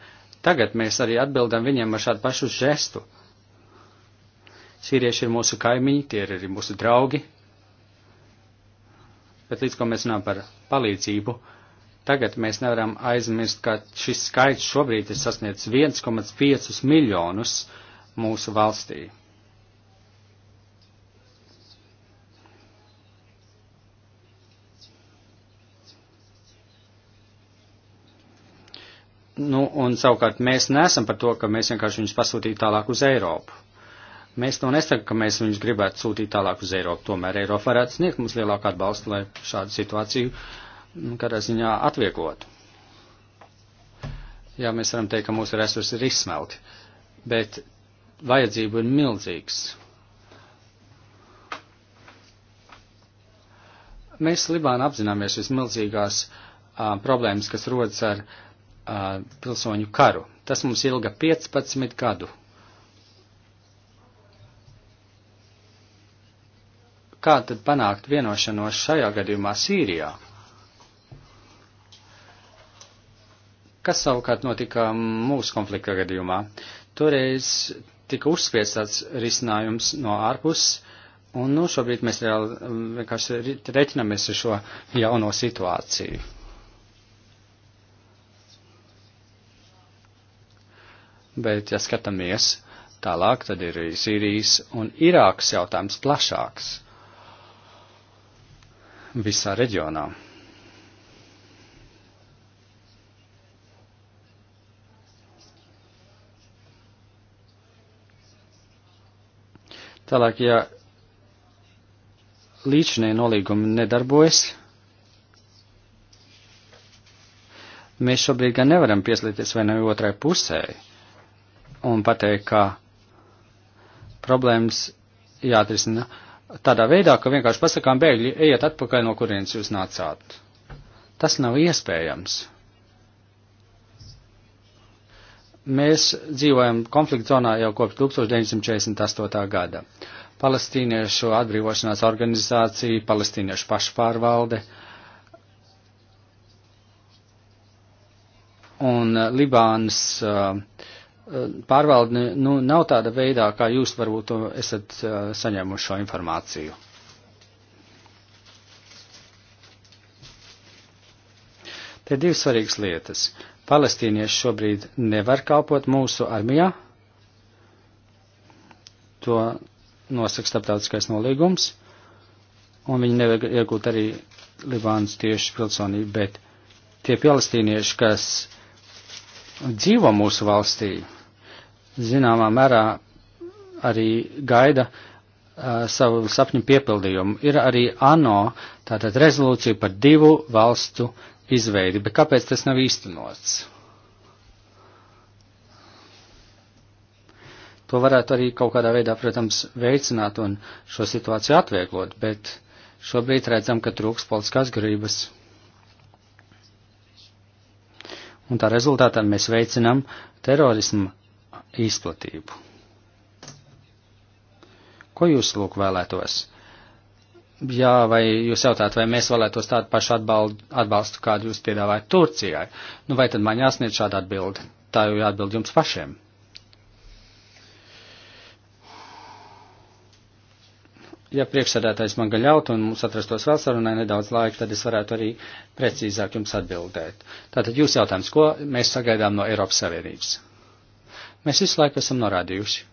tagad mēs arī atbildam viņiem ar šādu pašu žestu. Uh, Sīrieši ir mūsu kaimiņi, tie ir arī mūsu draugi. Bet līdz ko mēs runājam par palīdzību, tagad mēs nevaram aizmirst, ka šis skaits šobrīd ir sasniedzis 1,5 miljonus mūsu valstī. Nu, un savukārt mēs nesam par to, ka mēs vienkārši viņus pasūtītu tālāk uz Eiropu. Mēs to nesakām, ka mēs viņus gribētu sūtīt tālāk uz Eiropu. Tomēr Eiropa varētu sniegt mums lielāku atbalstu, lai šādu situāciju nu, kādā ziņā atvieglotu. Jā, mēs varam teikt, ka mūsu resursi ir izsmelti, bet vajadzība ir milzīgs. Mēs Libāna apzināmies vismilzīgās uh, problēmas, kas rodas ar uh, pilsoņu karu. Tas mums ilga 15 gadu kā tad panākt vienošanos šajā gadījumā Sīrijā? Kas savukārt notika mūsu konflikta gadījumā? Toreiz tika uzspiests tāds risinājums no ārpuses, un nu, šobrīd mēs reāli vienkārši reķinamies ar šo jauno situāciju. Bet, ja skatāmies tālāk, tad ir Sīrijas un Irākas jautājums plašāks visā reģionā. Tālāk, ja līdšanai nolīgumi nedarbojas, mēs šobrīd gan nevaram pieslīties vienai otrai pusē un pateikt, ka problēmas jāatrisina tādā veidā, ka vienkārši pasakām bēgļi, ejiet atpakaļ, no kurienes jūs nācāt. Tas nav iespējams. Mēs dzīvojam konflikta zonā jau kopš 1948. gada. Palestīniešu atbrīvošanās organizācija, palestīniešu pašpārvalde un Libānas uh, pārvalde nu, nav tāda veidā, kā jūs varbūt esat uh, saņēmuši šo informāciju. Te divas svarīgas lietas. Palestīnieši šobrīd nevar kalpot mūsu armijā. To nosaka starptautiskais nolīgums. Un viņi nevar iegūt arī Libānas tieši pilsonību, bet tie palestīnieši, kas dzīvo mūsu valstī, zināmā mērā arī gaida uh, savu sapņu piepildījumu. Ir arī ANO, tātad rezolūcija par divu valstu izveidi, bet kāpēc tas nav īstenots? To varētu arī kaut kādā veidā, protams, veicināt un šo situāciju atvieglot, bet šobrīd redzam, ka trūks politiskās grības. Un tā rezultātā mēs veicinām terorismu izplatību. Ko jūs lūk vēlētos? Jā, vai jūs jautājat, vai mēs vēlētos tādu pašu atbaldu, atbalstu, kādu jūs piedāvājat Turcijai? Nu, vai tad man jāsniedz šāda atbilde? Tā jau jāatbild jums pašiem. Ja priekšsēdētājs man gaļaut un mums atrastos vēl sarunai nedaudz laika, tad es varētu arī precīzāk jums atbildēt. Tātad jūs jautājums, ko mēs sagaidām no Eiropas Savienības? mēs visu laiku esam norādījuši.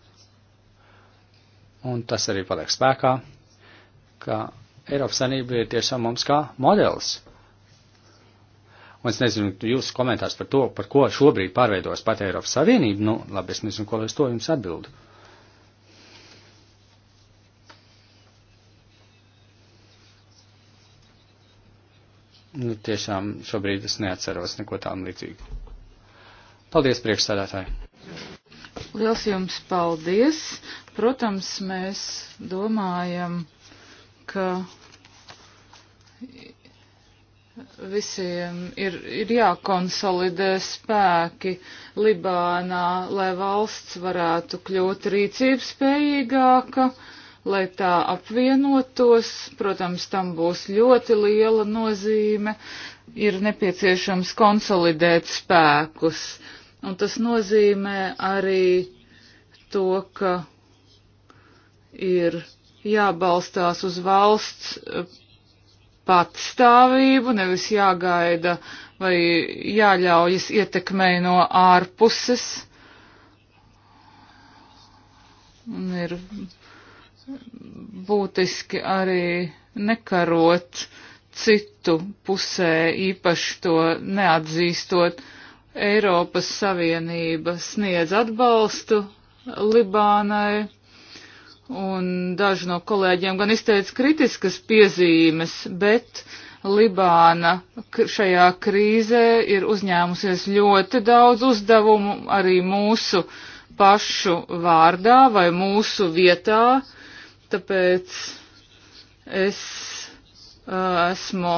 Un tas arī paliek spēkā, ka Eiropas Sanība ir tiešām mums kā modelis. Un es nezinu, jūsu komentārs par to, par ko šobrīd pārveidos pat Eiropas Savienība, nu, labi, es nezinu, ko lai uz to jums atbildu. Nu, tiešām šobrīd es neatceros neko tām līdzīgu. Paldies, priekšstādātāji! Liels jums paldies! Protams, mēs domājam, ka visiem ir, ir jākonsolidē spēki Libānā, lai valsts varētu kļūt rīcības spējīgāka, lai tā apvienotos. Protams, tam būs ļoti liela nozīme. Ir nepieciešams konsolidēt spēkus Un tas nozīmē arī to, ka ir jābalstās uz valsts eh, patstāvību, nevis jāgaida vai jāļaujas ietekmei no ārpuses. Un ir būtiski arī nekarot citu pusē, īpaši to neatzīstot. Uh, Eiropas Savienība sniedz atbalstu Libānai, un daži no kolēģiem gan izteica kritiskas piezīmes, bet Libāna šajā krīzē ir uzņēmusies ļoti daudz uzdevumu arī mūsu pašu vārdā vai mūsu vietā, tāpēc es uh, esmu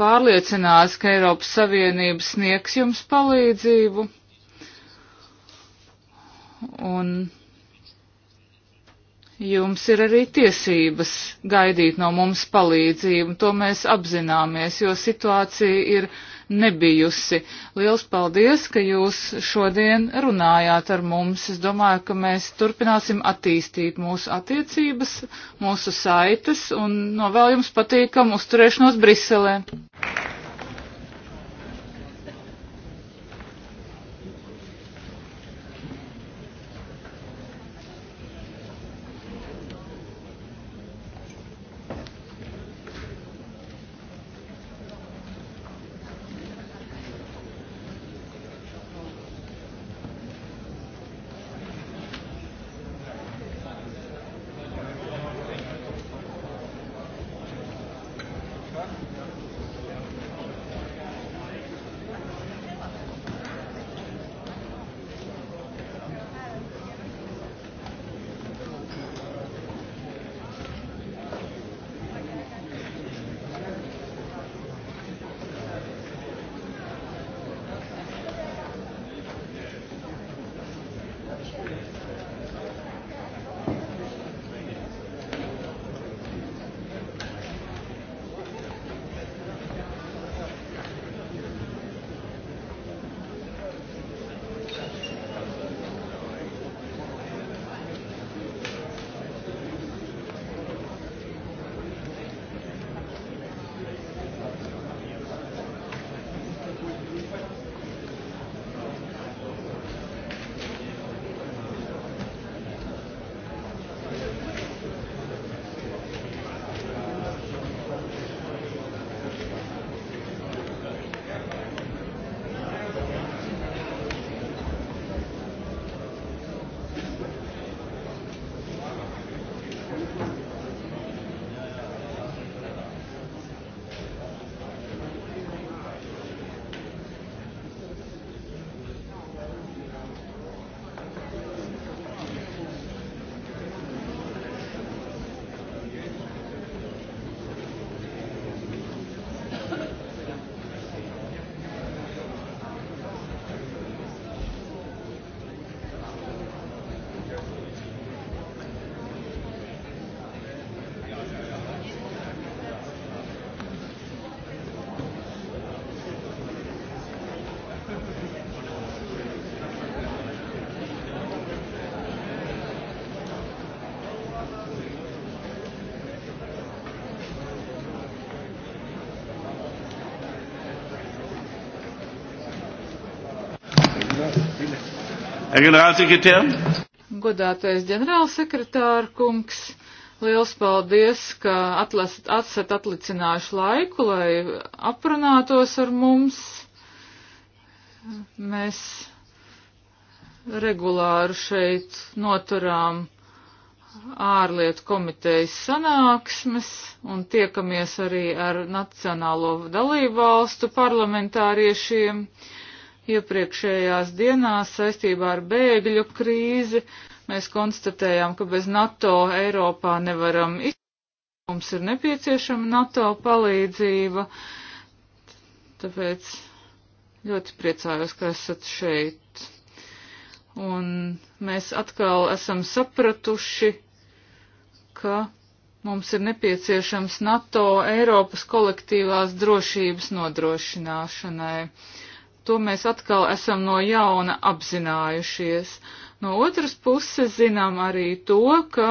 pārliecināts, ka Eiropas Savienība sniegs jums palīdzību. Un jums ir arī tiesības gaidīt no mums palīdzību, to mēs apzināmies, jo situācija ir nebijusi. Liels paldies, ka jūs šodien runājāt ar mums. Es domāju, ka mēs turpināsim attīstīt mūsu attiecības, mūsu saites un novēl jums patīkamu uzturēšanos Briselē. Herr Generalsekretär. Godātais ģenerālsekretāra kungs, liels paldies, ka atlast, esat atlicinājuši laiku, lai aprunātos ar mums. Mēs regulāri šeit noturām ārlietu komitejas sanāksmes un tiekamies arī ar Nacionālo dalību valstu parlamentāriešiem. Uh, Iepriekšējās dienās saistībā ar bēgļu krīzi mēs konstatējām, ka bez NATO Eiropā nevaram izturēt. Mums ir nepieciešama NATO palīdzība, tāpēc ļoti priecājos, ka esat šeit. Un mēs atkal esam sapratuši, ka mums ir nepieciešams NATO Eiropas kolektīvās drošības nodrošināšanai. To mēs atkal esam no jauna apzinājušies. No otras puses zinām arī to, ka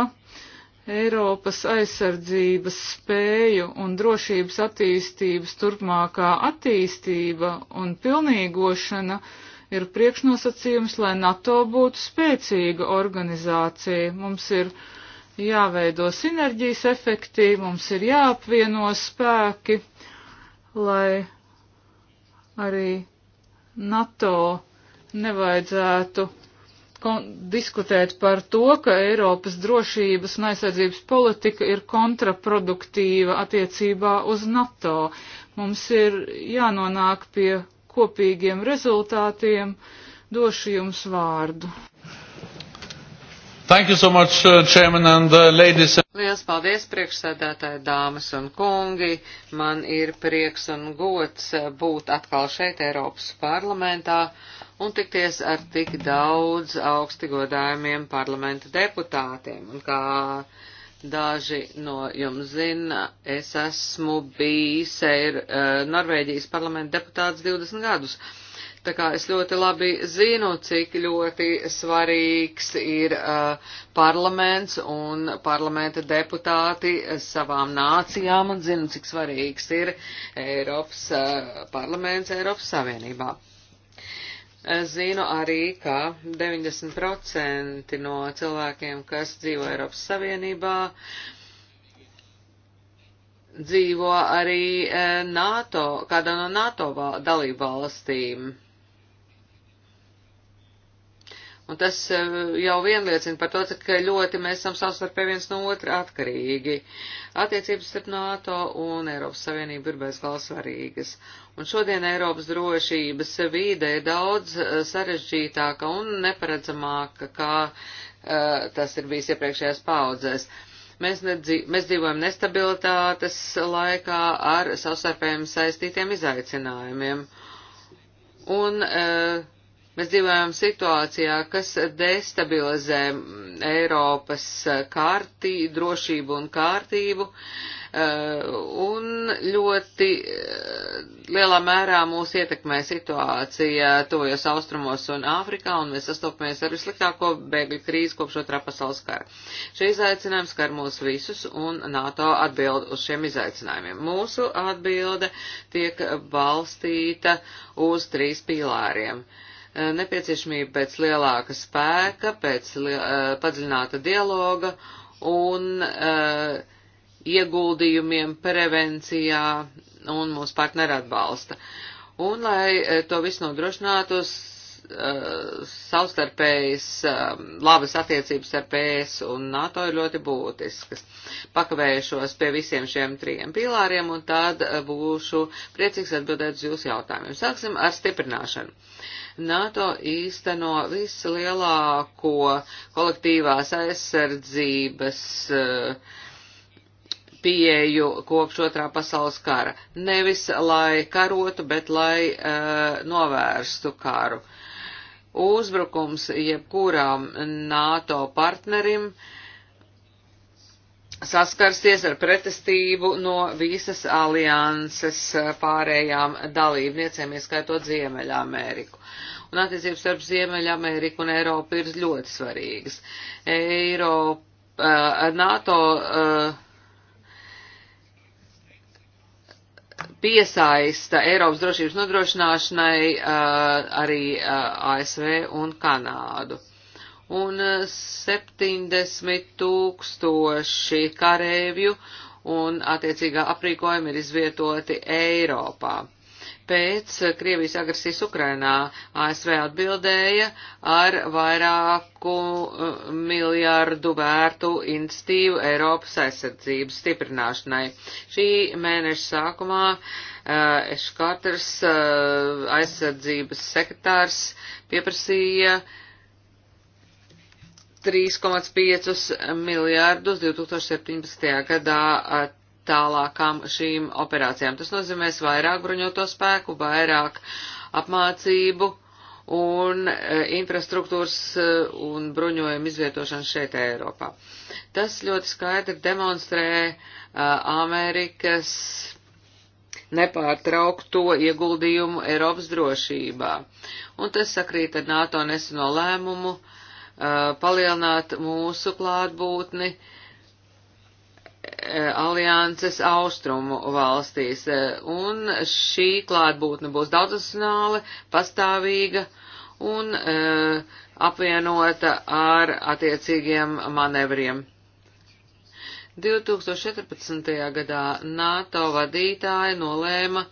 Eiropas aizsardzības spēju un drošības attīstības turpmākā attīstība un pilnīgošana ir priekšnosacījums, lai NATO būtu spēcīga organizācija. Mums ir jāveido sinerģijas efekti, mums ir jāapvieno spēki, lai arī NATO nevajadzētu diskutēt par to, ka Eiropas drošības un aizsardzības politika ir kontraproduktīva attiecībā uz NATO. Mums ir jānonāk pie kopīgiem rezultātiem. Došu jums vārdu. Thank you so much, uh, Chairman and uh, ladies. Liels paldies, priekšsēdētāji, dāmas un kungi. Man ir prieks un gods uh, būt atkal šeit Eiropas parlamentā un tikties ar tik daudz augsti godājumiem parlamenta deputātiem. Un kā daži no jums zina, es esmu bijis Eir, uh, Norvēģijas parlamenta deputāts 20 gadus. Uh, Tā kā es ļoti labi zinu, cik ļoti svarīgs ir uh, parlaments un parlamenta deputāti savām nācijām un zinu, cik svarīgs ir Eiropas uh, parlaments Eiropas Savienībā. Es zinu arī, ka 90% no cilvēkiem, kas dzīvo Eiropas Savienībā, dzīvo arī uh, NATO, kādā no NATO dalību valstīm. Un tas eh, jau vien liecina par to, cik ļoti mēs esam savstarpēji viens no otra atkarīgi. Attiecības starp NATO un Eiropas Savienību ir bezgalīgi svarīgas. Un šodien Eiropas drošības vīde ir daudz eh, sarežģītāka un neparedzamāka, kā uh, tas ir bijis iepriekšējās paudzēs. Mēs, nedzīv, mēs dzīvojam nestabilitātes laikā ar savstarpējiem saistītiem izaicinājumiem. Un, uh, Mēs dzīvojam situācijā, kas destabilizē Eiropas kārtī, drošību un kārtību, eh, un ļoti eh, lielā mērā mūs ietekmē situācija tojos austrumos un Āfrikā, un mēs sastopamies ar visliktāko bēgļu krīzi kopš otrā pasaules kara. Šie izaicinājumi skar mūs visus, un NATO atbild uz šiem izaicinājumiem. Mūsu atbilde tiek balstīta uz trīs pīlāriem. Uh, Eh, nepieciešamība pēc lielāka spēka, pēc li eh, padziļināta dialoga un uh, ieguldījumiem prevencijā un mūsu partneru atbalsta. Un, lai to visu nodrošinātu, uh, savstarpējas uh, labas attiecības ar PS un NATO ir ļoti būtiskas. Pakavējušos pie visiem šiem trījiem pīlāriem un tad būšu priecīgs atbildēt uz jūsu jautājumiem. Sāksim ar stiprināšanu. Uh, NATO īsteno vislielāko kolektīvās aizsardzības uh, pieeju kopš otrā pasaules kara. Nevis lai karotu, bet lai uh, novērstu karu. Uzbrukums jebkuram NATO partnerim uh, saskarsties ar pretestību no visas alianses pārējām dalībniecēm, ieskaitot Ziemeļameriku. Un attiecības starp Ziemeļameriku un Eiropu ir ļoti svarīgas. Eiropa, uh, NATO uh, piesaista Eiropas drošības nodrošināšanai uh, arī uh, ASV un Kanādu un 70 eh, tūkstoši karēvju un attiecīgā aprīkojuma ir izvietoti Eiropā. Pēc eh, Krievijas agresijas Ukrainā ASV atbildēja ar vairāku eh, miljārdu vērtu institīvu Eiropas aizsardzības stiprināšanai. Šī mēneša sākumā Eškārters aizsardzības sekretārs pieprasīja uh, 3,5 miljārdus 2017. gadā tālākām šīm operācijām. Tas nozīmēs vairāk bruņoto spēku, vairāk apmācību un e, infrastruktūras e, un bruņojumu izvietošanu šeit Eiropā. Tas ļoti skaidri demonstrē Amerikas nepārtraukto ieguldījumu Eiropas drošībā. Un tas sakrīt ar NATO neseno lēmumu uh, palielināt mūsu klātbūtni alianses austrumu valstīs. Un šī klātbūtne būs daudzasināla, pastāvīga un apvienota ar attiecīgiem manevriem. 2014. gadā NATO vadītāji nolēma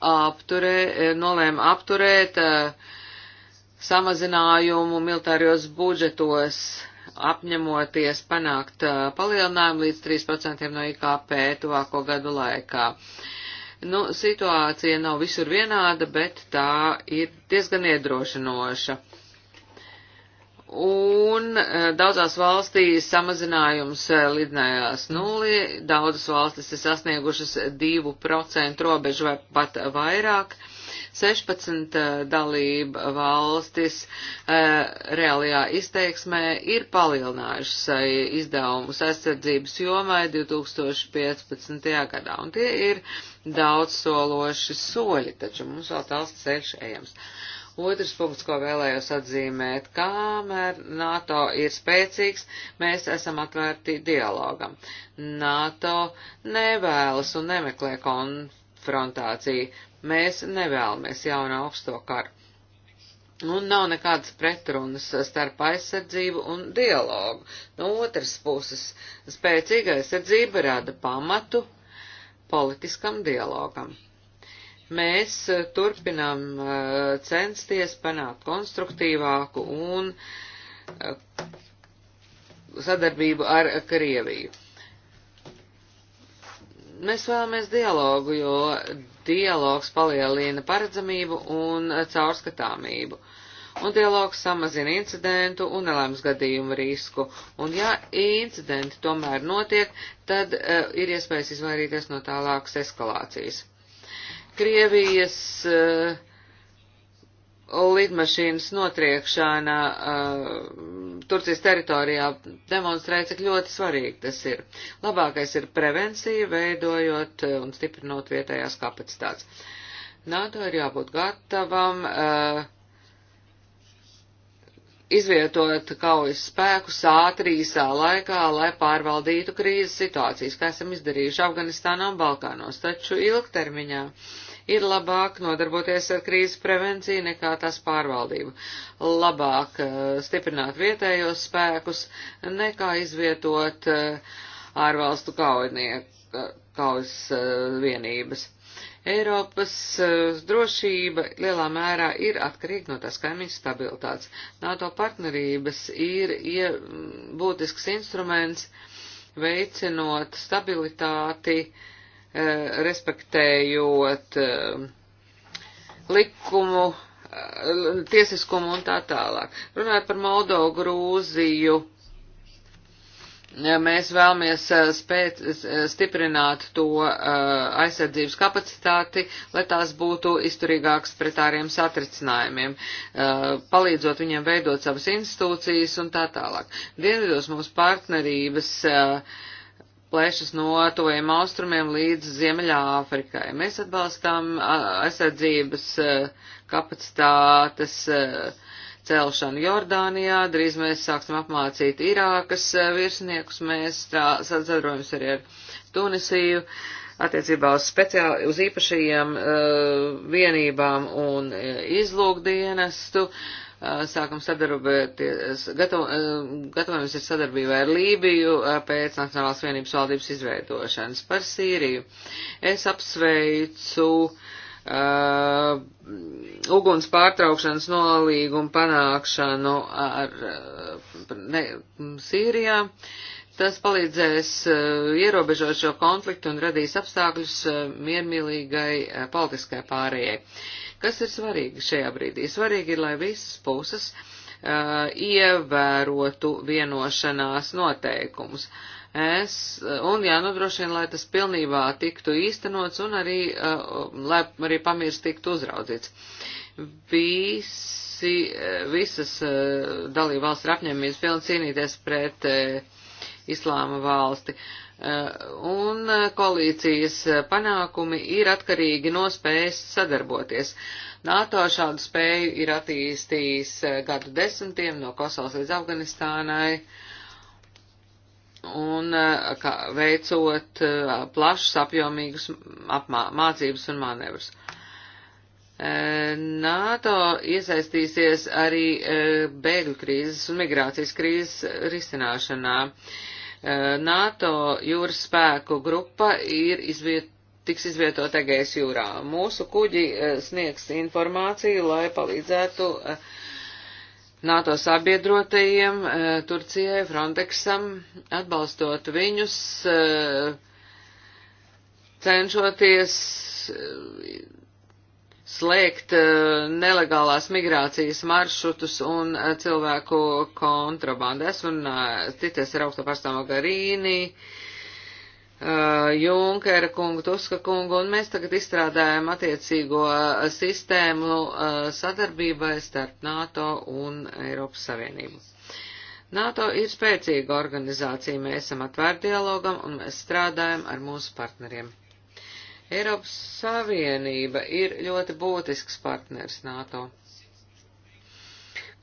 apturē, nolēma apturēt uh, samazinājumu militāros budžetos, apņemoties panākt uh, palielinājumu līdz 3% no IKP tuvāko gadu laikā. Nu, situācija nav visur vienāda, bet tā ir diezgan iedrošinoša. Un uh, daudzās valstīs samazinājums uh, lidinājās nulli, daudzas valstis ir sasniegušas 2% robežu vai pat vairāk. 16 eh, dalība valstis eh, reālajā izteiksmē ir palielinājušas eh, izdevumus aizsardzības jomai 2015. gadā, un tie ir daudz sološi soļi, taču mums vēl tāls ceļš ejams. Otrs punkts, ko vēlējos atzīmēt, kamēr NATO ir spēcīgs, mēs esam atvērti dialogam. NATO nevēlas un nemeklē konfrontāciju, Mēs nevēlamies jaunu augsto karu. Un nav nekādas pretrunas starp aizsardzību un dialogu. No otras puses, spēcīga aizsardzība rada pamatu politiskam dialogam. Mēs eh, turpinām eh, censties panākt konstruktīvāku un eh, sadarbību ar Krieviju. Mēs vēlamies dialogu, jo dialogs palielina paredzamību un caurskatāmību. Un dialogs samazina incidentu un nelēmas gadījumu risku. Un ja incidenti tomēr notiek, tad uh, ir iespējas izvairīties no tālākas eskalācijas. Krievijas uh, lidmašīnas notriekšana uh, Turcijas teritorijā demonstrē, cik ļoti svarīgi tas ir. Labākais ir prevencija, veidojot eh, un stiprinot vietējās kapacitātes. NATO ir jābūt gatavam uh, izvietot kaujas spēkus ātri īsā laikā, lai pārvaldītu krīzes situācijas, kā esam izdarījuši Afganistānā un Balkānos, taču ilgtermiņā. Uh, ir labāk nodarboties ar krīzes prevenciju nekā tās pārvaldību, labāk eh, stiprināt vietējos spēkus nekā izvietot eh, ārvalstu kaujinieku kaujas eh, vienības. Eiropas drošība lielā mērā ir atkarīga no tās kaimiņu stabilitātes. NATO partnerības ir ie, būtisks instruments veicinot stabilitāti uh, Eh, respektējot eh, likumu, eh, tiesiskumu un tā tālāk. Runājot par Moldovu, Grūziju, mēs vēlamies spēt, stiprināt to aizsardzības kapacitāti, lai tās būtu izturīgākas pret āriem satricinājumiem, palīdzot viņiem veidot savas institūcijas un tā tālāk. Dienvidos mūsu partnerības uh, plešas no tuviem austrumiem līdz Ziemeļā Āfrikai. Mēs atbalstām aizsardzības kapacitātes celšanu Jordānijā, drīz mēs sāksim apmācīt Irākas virsniekus, mēs sadarbojamies arī ar Tunisiju attiecībā uz, speciāli, uz īpašajiem uh, vienībām un uh, izlūkdienestu. Uh, Eh, sākam sadarboties, gatav, eh, gatavojamies ir sadarbībai ar Lībiju eh, pēc Nacionālās vienības valdības izveidošanas par Sīriju. Es apsveicu uh, uguns pārtraukšanas nolīgumu panākšanu ar ne, Sīrijā. Tas palīdzēs uh, ierobežot šo konfliktu un radīs apstākļus uh, miermīlīgai uh, politiskai pārējai. Uh, Kas ir svarīgi šajā brīdī? Svarīgi ir, lai visas puses uh, ievērotu vienošanās noteikumus. Es, uh, un jānodrošina, lai tas pilnībā tiktu īstenots un arī, uh, lai arī pamirs tiktu uzraudzīts. Visi, uh, visas uh, dalībvalsts ir apņēmības pilni cīnīties pret uh, islāma valsti. Uh, Eh, un eh, koalīcijas panākumi ir atkarīgi no spējas sadarboties. NATO šādu spēju ir attīstījis eh, gadu desmitiem no Kosovas līdz Afganistānai un kā, veicot plašus apjomīgus apmā, mācības un manevrus. NATO iesaistīsies arī bēgļu krīzes un migrācijas krīzes risināšanā. Uh, Eh, NATO jūras spēku grupa ir izvietota tiks izvietot Egejas jūrā. Mūsu kuģi eh, sniegs informāciju, lai palīdzētu eh, NATO sabiedrotajiem, Turcijai, Frontexam, atbalstot viņus, cenšoties slēgt eh, nelegālās migrācijas maršrutus un eh, cilvēku kontrabandu. Esmu eh, ticies ar augstu pārstāvu Garīni, Junkera kungu, Tuska kungu, un mēs tagad izstrādājam attiecīgo sistēmu sadarbībai starp NATO un Eiropas Savienību. NATO ir spēcīga organizācija, mēs esam atvērti dialogam un mēs strādājam ar mūsu partneriem. Eiropas Savienība ir ļoti būtisks partners NATO.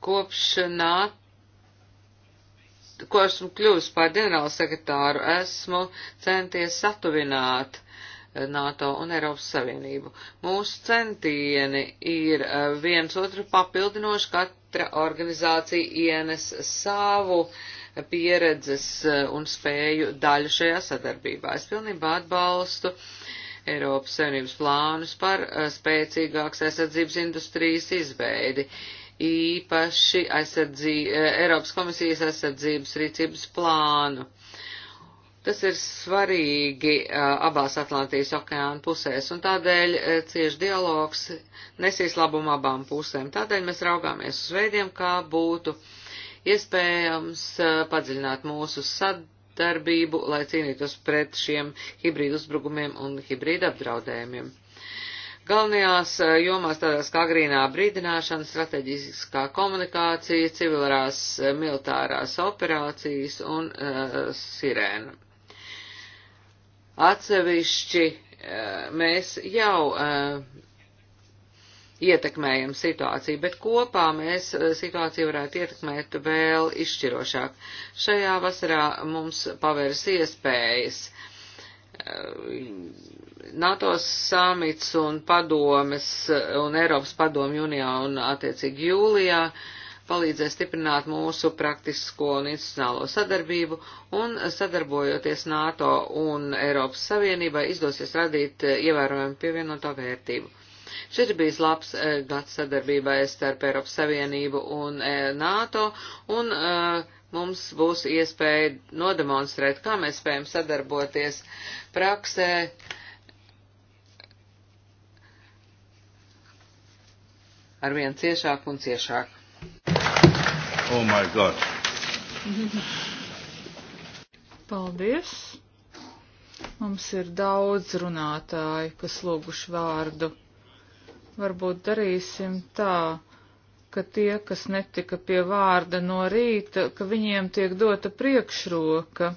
Kopš NATO, ko esmu kļuvis par ģenerālu sekretāru, esmu centies satuvināt eh, NATO un Eiropas Savienību. Mūsu centieni ir eh, viens otru papildinoši, katra organizācija ienes savu eh, pieredzes un spēju daļu šajā sadarbībā. Es pilnībā atbalstu uh, Eiropas Savienības plānus par uh, spēcīgākas aizsardzības industrijas izveidi, īpaši aizsardzī, uh, Eiropas komisijas aizsardzības rīcības plānu. Tas ir svarīgi uh, abās Atlantijas okeāna pusēs, un tādēļ cieši dialogs nesīs labumu abām pusēm. Tādēļ mēs raugāmies uz veidiem, kā būtu iespējams padziļināt mūsu sadarbību darbību, lai cīnītos pret šiem hibrīdu uzbrukumiem un hibrīdu apdraudējumiem. Galvenajās eh, jomās tādās kā grīnā brīdināšana, strateģiskā komunikācija, civilās eh, militārās operācijas un uh, sirēna. Atsevišķi uh, mēs jau uh, ietekmējam situāciju, bet kopā mēs eh, situāciju varētu ietekmēt vēl izšķirošāk. Šajā vasarā mums pavērs iespējas. Eh, NATO samits un padomes eh, un Eiropas padomu jūnijā un attiecīgi jūlijā palīdzēs stiprināt mūsu praktisko un institucionālo sadarbību, un sadarbojoties NATO un Eiropas Savienībai izdosies radīt ievērojumu pievienoto vērtību. Šis ir bijis labs eh, gads sadarbībai starp Eiropas Savienību un eh, NATO, un eh, mums būs iespēja nodemonstrēt, kā mēs spējam sadarboties praksē. Arvien ciešāk un ciešāk. Oh my God! Paldies! Mums ir daudz runātāju, kas lūguši vārdu. Varbūt darīsim tā, ka tie, kas netika pie vārda no rīta, ka viņiem tiek dota priekšroka.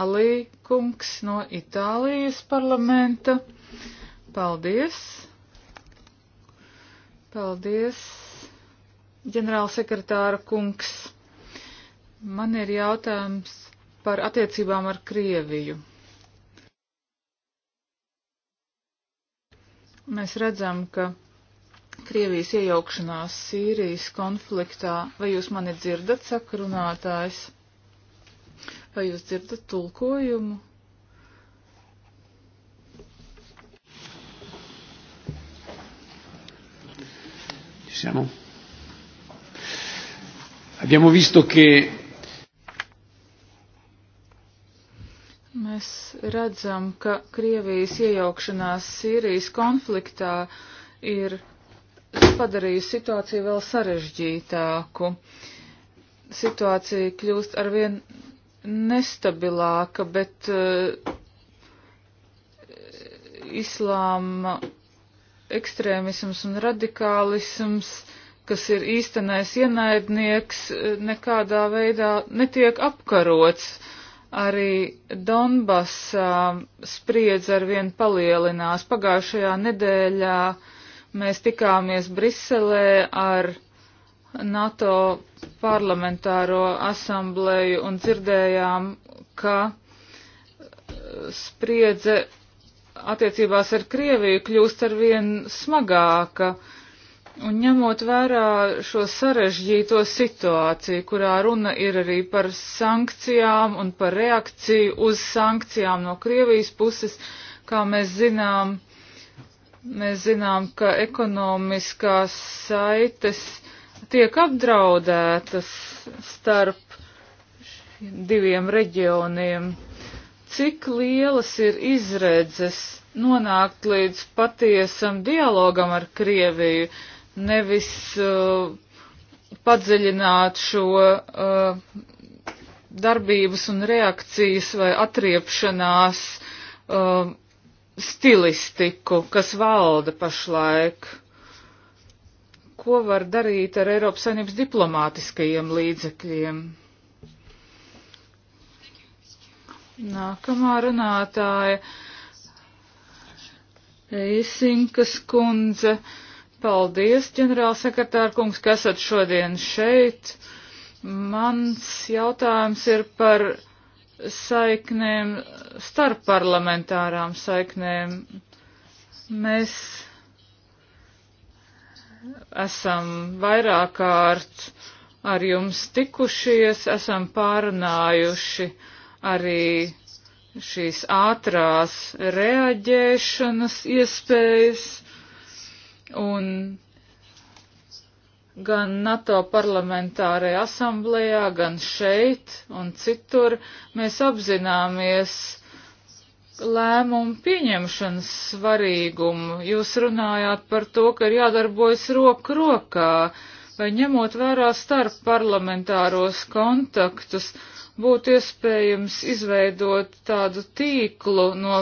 Alī kungs no Itālijas parlamenta. Paldies! Paldies, ģenerālsekretāra kungs. Man ir jautājums par attiecībām ar Krieviju. Mēs redzam, ka Krievijas iejaukšanās Sīrijas konfliktā, vai jūs mani dzirdat, sakrunātājs? Vai jūs dzirdat tulkojumu? Siamo. Abbiamo visto che Mēs redzam, ka Krievijas iejaukšanās Sīrijas konfliktā ir padarījusi situāciju vēl sarežģītāku. Situācija kļūst arvien nestabilāka, bet uh, islāma ekstrēmisms un radikālisms, kas ir īstenais ienaidnieks, eh, nekādā veidā netiek apkarots. Uh, Arī Donbassā spriedze ar vien palielinās. Pagājušajā nedēļā mēs tikāmies Briselē ar NATO parlamentāro asambleju un dzirdējām, ka spriedze attiecībās ar Krieviju kļūst ar vien smagāka. Uh, Un ņemot vērā šo sarežģīto situāciju, kurā runa ir arī par sankcijām un par reakciju uz sankcijām no Krievijas puses, kā mēs zinām, mēs zinām, ka ekonomiskās saites tiek apdraudētas starp diviem reģioniem. Cik lielas ir izredzes nonākt līdz patiesam dialogam ar Krieviju? nevis uh, padziļināt šo uh, darbības un reakcijas vai atriepšanās uh, stilistiku, kas valda pašlaik. Ko var darīt ar Eiropas saimnības diplomātiskajiem līdzekļiem? Nākamā runātāja Eisinkas kundze. Uh, Paldies, ģenerālsekretārkungs, ka esat šodien šeit. Mans jautājums ir par saiknēm, starpparlamentārām saiknēm. Mēs esam vairāk kārt ar jums tikušies, esam pārunājuši arī šīs ātrās reaģēšanas iespējas Un gan NATO parlamentārajā asamblējā, gan šeit un citur mēs apzināmies lēmumu pieņemšanas svarīgumu. Jūs runājāt par to, ka ir jādarbojas roku rokā. Uh, vai ņemot vērā starp parlamentāros kontaktus, būtu iespējams izveidot tādu tīklu no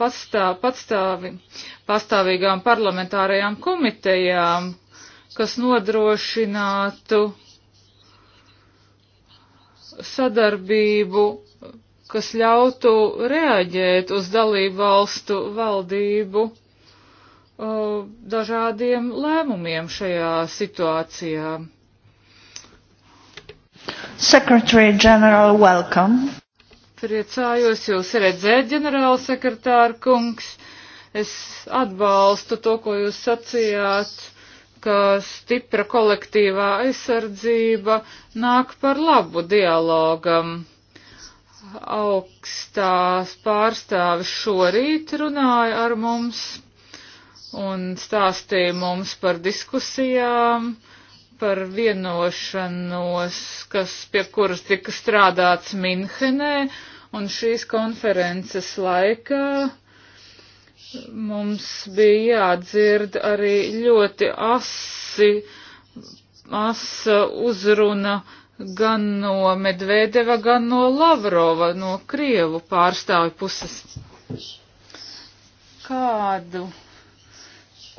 patstāv, patstāvi, pastāvīgām parlamentārajām komitejām, kas nodrošinātu sadarbību, kas ļautu reaģēt uz dalību valstu valdību uh, dažādiem lēmumiem šajā situācijā. Secretary General, welcome. Priecājos jūs redzēt, ģenerālsekretāra kungs. Es atbalstu to, ko jūs sacījāt ka stipra kolektīvā aizsardzība nāk par labu dialogam. Augstās pārstāvis šorīt runāja ar mums un stāstīja mums par diskusijām, par vienošanos, kas pie kuras tika strādāts Minhenē, un šīs konferences laikā mums bija jādzird arī ļoti asi, asa uzruna gan no Medvedeva, gan no Lavrova, no Krievu pārstāvi puses. Kādu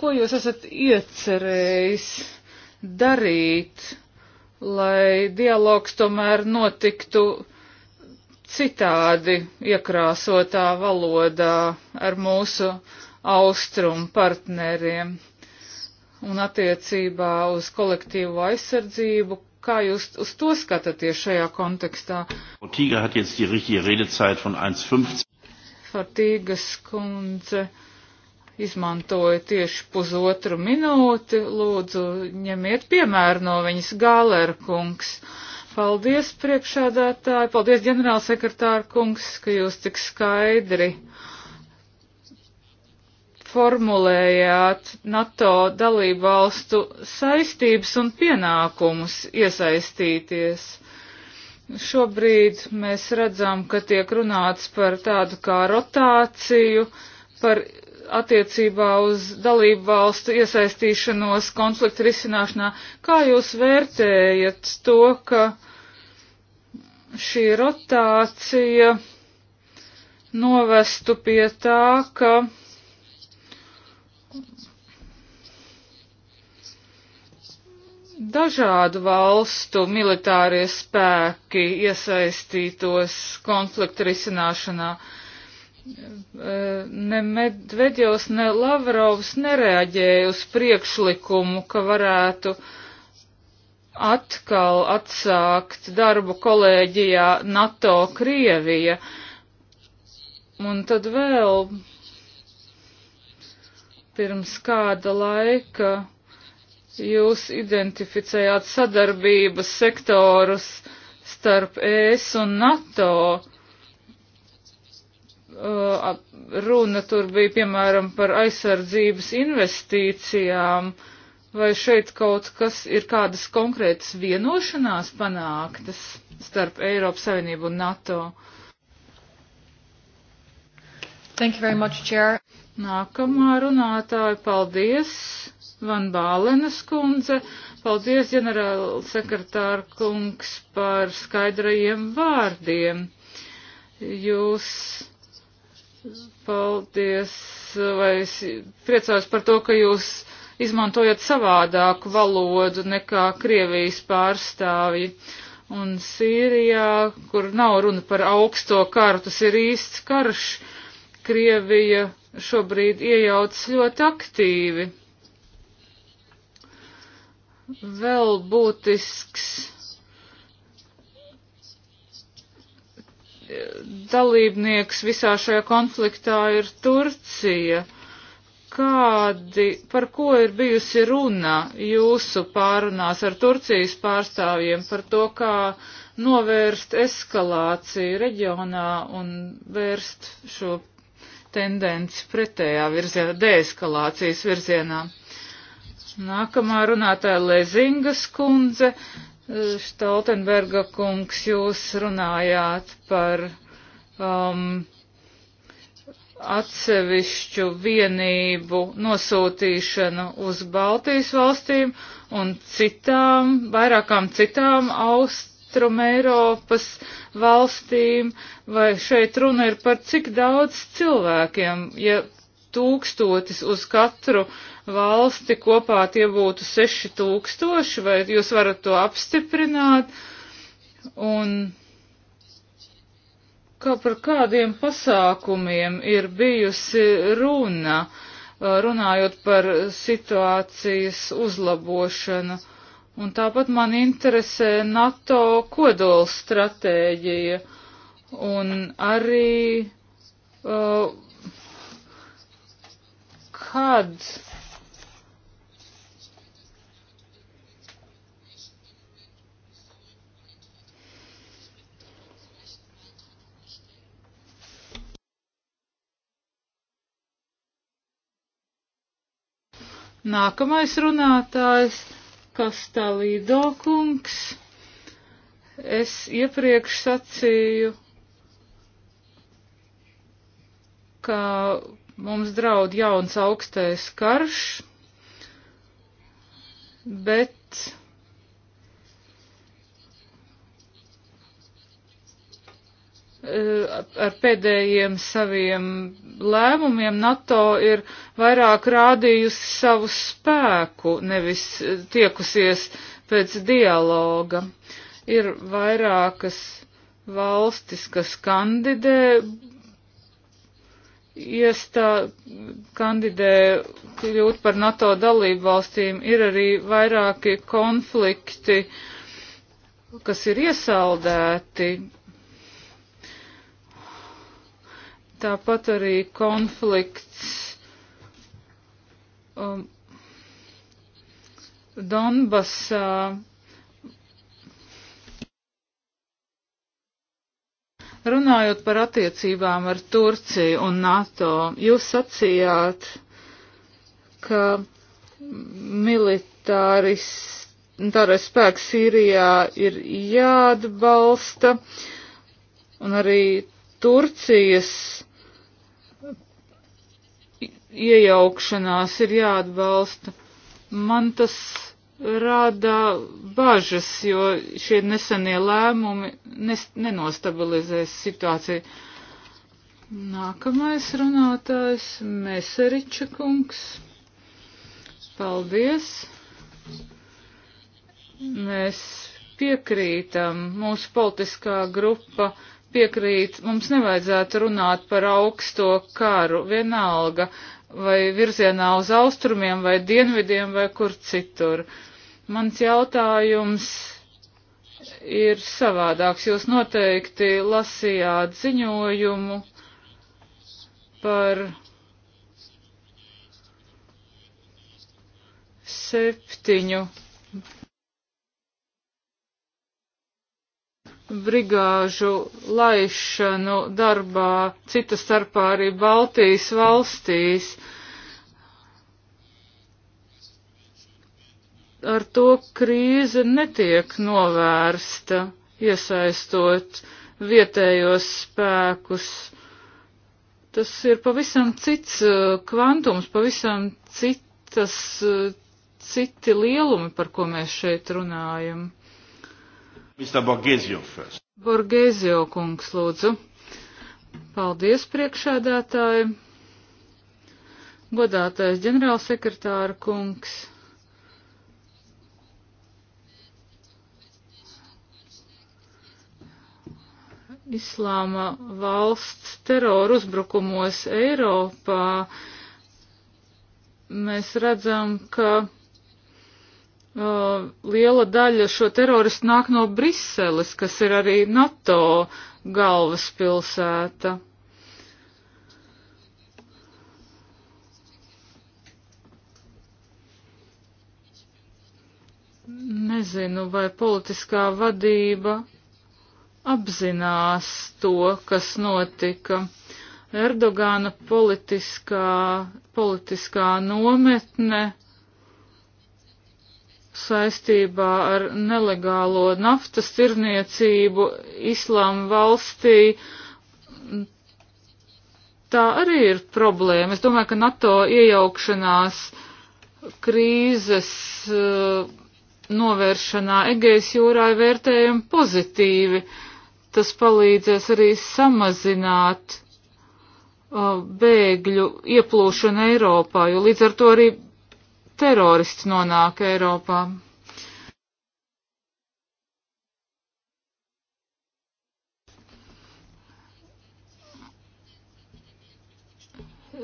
ko jūs esat iecerējis darīt, lai dialogs tomēr notiktu citādi iekrāsotā valodā ar mūsu austrumu partneriem un attiecībā uz kolektīvu aizsardzību, Kā jūs uz to skatāties šajā kontekstā? Fortīgas kundze izmantoja tieši pusotru minūti. Lūdzu, ņemiet piemēru no viņas Gālērkungs. Paldies, priekšādātāji, paldies, ģenerālsekretāra kungs, ka jūs tik skaidri formulējāt NATO dalību valstu saistības un pienākumus iesaistīties. Šobrīd mēs redzam, ka tiek runāts par tādu kā rotāciju, par attiecībā uz dalību valstu iesaistīšanos konfliktu risināšanā. Kā jūs vērtējat to, ka šī rotācija novestu pie tā, ka dažādu valstu militārie spēki iesaistītos konfliktu risināšanā. Uh, ne Medvedjovs, ne Lavrovs nereaģēja uz priekšlikumu, ka varētu atkal atsākt darbu kolēģijā NATO Krievija. Un tad vēl pirms kāda laika jūs identificējāt sadarbības sektorus starp ES un NATO Uh, runa tur bija piemēram par aizsardzības investīcijām, vai šeit kaut kas ir kādas konkrētas vienošanās panāktas starp Eiropas Savienību un NATO? Thank you very much, Chair. Nākamā runātāja, paldies, Van Bālenes kundze, paldies, ģenerāla sekretāra kungs, par skaidrajiem vārdiem. Jūs Paldies, vai es priecājos par to, ka jūs izmantojat savādāku valodu nekā Krievijas pārstāvji. Un Sīrijā, kur nav runa par augsto kartu, ir īsts karš, Krievija šobrīd iejauc ļoti aktīvi. Vēl būtisks dalībnieks visā šajā konfliktā ir Turcija. Kādi, par ko ir bijusi runa jūsu pārunās ar Turcijas pārstāvjiem par to, kā novērst eskalāciju reģionā un vērst šo tendenci pretējā virzienā, deeskalācijas virzienā? Nākamā runātāja Lezingas kundze. Stoltenberga kungs, jūs runājāt par um, atsevišķu vienību nosūtīšanu uz Baltijas valstīm un citām, vairākām citām Austrum Eiropas valstīm, vai šeit runa ir par cik daudz cilvēkiem, ja tūkstotis uz katru uh, valsti kopā tie būtu 6000, vai jūs varat to apstiprināt? Un kā par kādiem pasākumiem ir bijusi runa, runājot par situācijas uzlabošanu? Un tāpat man interesē NATO kodolstratēģija un arī uh, kad Nākamais runātājs - Kastalīdo kungs. Es iepriekš sacīju, ka mums draud jauns augstais karš, bet Eh, ar pēdējiem saviem lēmumiem NATO ir vairāk rādījusi savu spēku, nevis eh, tiekusies pēc dialoga. Ir vairākas valstis, kas kandidē, iestā, kandidē kļūt par NATO dalību valstīm, ir arī vairāki konflikti, kas ir iesaldēti Tāpat arī konflikts um, Donbasā. Runājot par attiecībām ar Turciju un NATO, jūs sacījāt, ka militāris, militārais spēks Sīrijā ir jāatbalsta, un arī Turcijas iejaukšanās ir jāatbalsta. Man tas rada bažas, jo šie nesenie lēmumi nes nenostabilizēs situāciju. Nākamais runātājs - Meseriča kungs. Paldies! Mēs piekrītam, mūsu politiskā grupa piekrīt, mums nevajadzētu runāt par augsto karu, vienalga, vai virzienā uz austrumiem vai dienvidiem vai kur citur. Mans jautājums ir savādāks. Jūs noteikti lasījāt ziņojumu par septiņu brigāžu laišanu darbā, cita starpā arī Baltijas valstīs. Ar to krīze netiek novērsta, iesaistot vietējos spēkus. Tas ir pavisam cits uh, kvantums, pavisam citas, uh, citi lielumi, par ko mēs šeit runājam. Borgēzio kungs, lūdzu. Paldies, priekšādātāji. Godātais ģenerālsekretāra kungs. Islāma valsts teroru uzbrukumos Eiropā mēs redzam, ka Uh, liela daļa šo teroristu nāk no Briseles, kas ir arī NATO galvaspilsēta. Nezinu, vai politiskā vadība apzinās to, kas notika. Erdogāna politiskā, politiskā nometne saistībā ar nelegālo naftas tirniecību islāma valstī. Tā arī ir problēma. Es domāju, ka NATO iejaukšanās krīzes uh, novēršanā Egejas jūrā vērtējam pozitīvi. Tas palīdzēs arī samazināt uh, bēgļu ieplūšanu Eiropā, jo līdz ar to arī terorists nonāk Eiropā.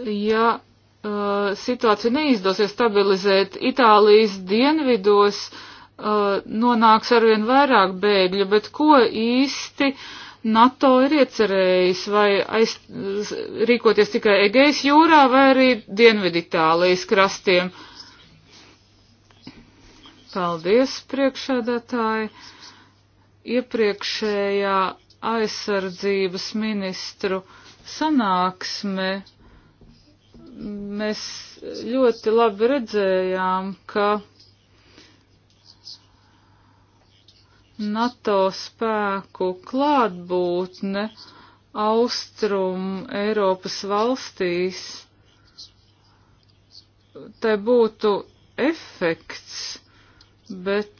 Ja uh, situācija neizdosies stabilizēt Itālijas dienvidos, uh, nonāks arvien vairāk bēgļu, bet ko īsti uh, NATO ir iecerējis vai aiz, rīkoties tikai Egejas jūrā vai arī Dienviditālijas krastiem. Paldies, priekšādātāji. Iepriekšējā aizsardzības ministru sanāksme mēs ļoti labi redzējām, ka NATO spēku klātbūtne austrum Eiropas valstīs, tai būtu efekts bet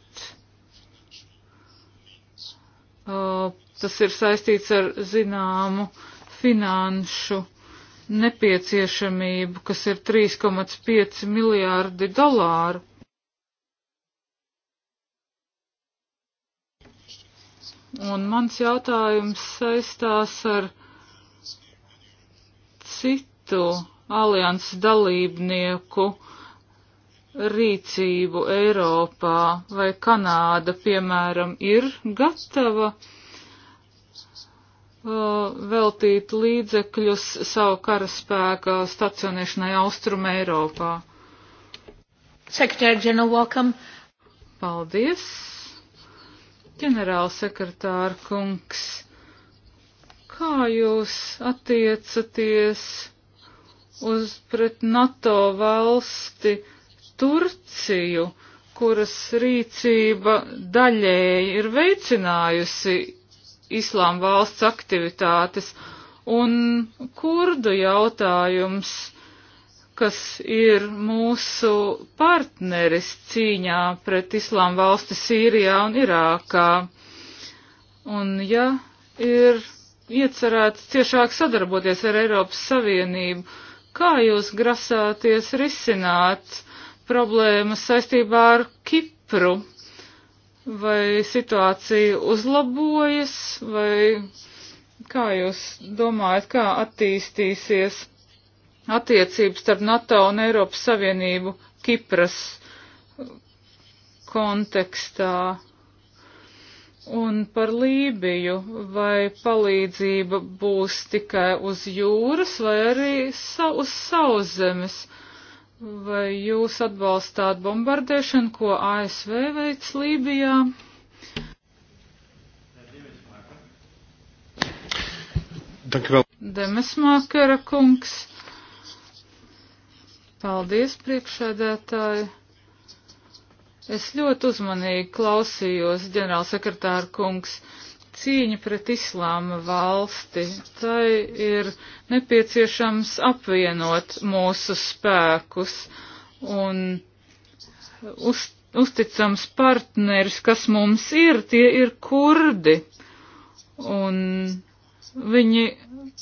uh, tas ir saistīts ar zināmu finanšu nepieciešamību, kas ir 3,5 miljārdi dolāru. Un mans jautājums saistās ar citu alianses dalībnieku uh, rīcību Eiropā, vai Kanāda, piemēram, ir gatava uh, veltīt līdzekļus savu karaspēka stacionēšanai Austrum Eiropā. Secretary General, welcome. Paldies, ģenerālsekretāra kungs. Kā jūs attiecaties uz pret NATO valsti? Turciju, kuras rīcība daļēji ir veicinājusi islām valsts aktivitātes, un kurdu jautājums, kas ir mūsu partneris cīņā pret islām valsti Sīrijā un Irākā. Un ja ir iecerēts ciešāk sadarboties ar Eiropas Savienību, kā jūs grasāties risināt problēmas saistībā ar Kipru? Vai situācija uzlabojas, vai kā jūs domājat, kā attīstīsies attiecības starp NATO un Eiropas Savienību Kipras kontekstā? Un par Lībiju, vai palīdzība būs tikai uz jūras vai arī sa uz sauszemes? zemes? Vai jūs atbalstāt bombardēšanu, ko ASV veids Lībijā? Demesmākera kungs. Paldies, priekšēdētāji. Es ļoti uzmanīgi klausījos, ģenerālsekretāra kungs cīņa pret islāma valsti. Tai ir nepieciešams apvienot mūsu spēkus un uz, uzticams partneris, kas mums ir, tie ir kurdi. Un viņi,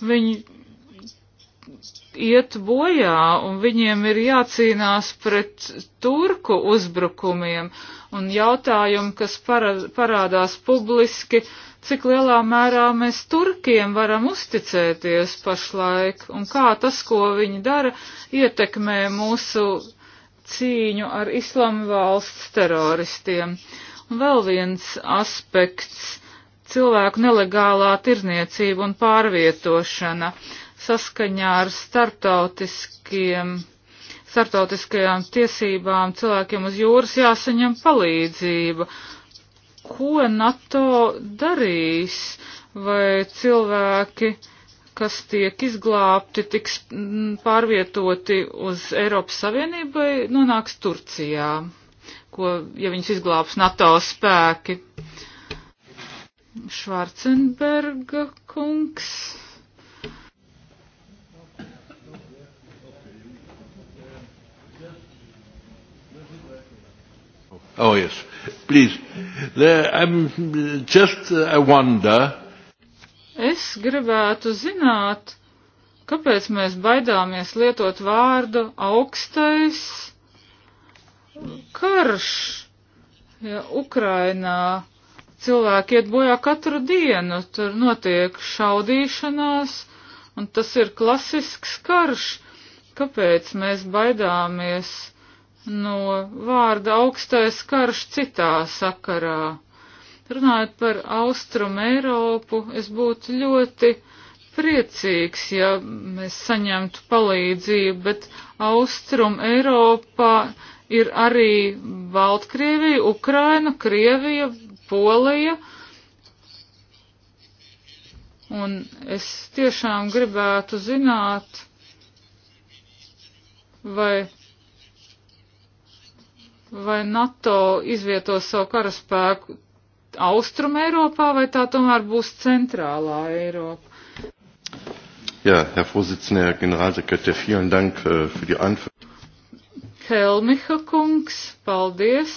viņi iet bojā un viņiem ir jācīnās pret turku uzbrukumiem un jautājumu, kas parādās publiski, cik lielā mērā mēs turkiem varam uzticēties pašlaik un kā tas, ko viņi dara, ietekmē mūsu cīņu ar islamu valsts teroristiem. Un vēl viens aspekts - cilvēku nelegālā tirzniecība un pārvietošana saskaņā ar starptautiskiem starptautiskajām tiesībām cilvēkiem uz jūras jāsaņem palīdzība, ko NATO darīs, vai cilvēki, kas tiek izglābti, tiks mm, pārvietoti uz Eiropas Savienību vai nonāks Turcijā, ko, ja viņus izglābs NATO spēki. Švarcenberga kungs. Oh, yes. Please. There, I'm um, just, uh, I wonder. Es gribētu zināt, kāpēc mēs baidāmies lietot vārdu augstais karš ja, Ukrainā. Cilvēki iet bojā katru dienu, tur notiek šaudīšanās, un tas ir klasisks karš. Kāpēc mēs baidāmies? no vārda augstais karš citā sakarā. Runājot par Austrumu Eiropu, es būtu ļoti priecīgs, ja mēs saņemtu palīdzību, bet Austrumu Eiropā ir arī Baltkrievija, Ukraina, Krievija, Polija. Un es tiešām gribētu zināt, vai vai NATO izvietos savu karaspēku austrum Eiropā, vai tā tomēr būs centrālā Eiropa? Jā, ja, Herr Vorsitzender, Herr Generalsekretär, vielen Dank uh, für die Antwort. Helmiha kungs, paldies.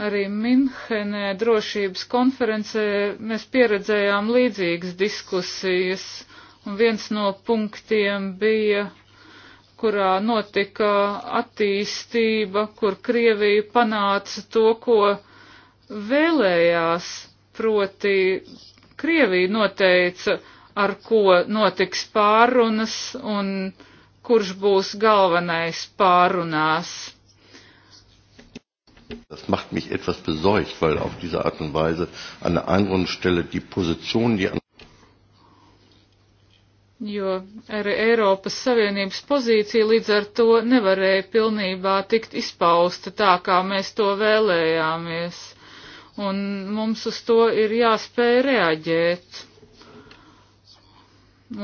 Arī Minhenē drošības konferencē mēs pieredzējām līdzīgas diskusijas, un viens no punktiem bija kurā notika attīstība, kur Krievija panāca to, ko vēlējās, proti Krievija noteica, ar ko notiks pārunas un kurš būs galvenais pārunās. Das macht mich etwas besorgt, weil auf diese Art und Weise an der anderen Stelle die Position, die an jo arī Eiropas Savienības pozīcija līdz ar to nevarēja pilnībā tikt izpausta tā, kā mēs to vēlējāmies. Un mums uz to ir jāspēj reaģēt.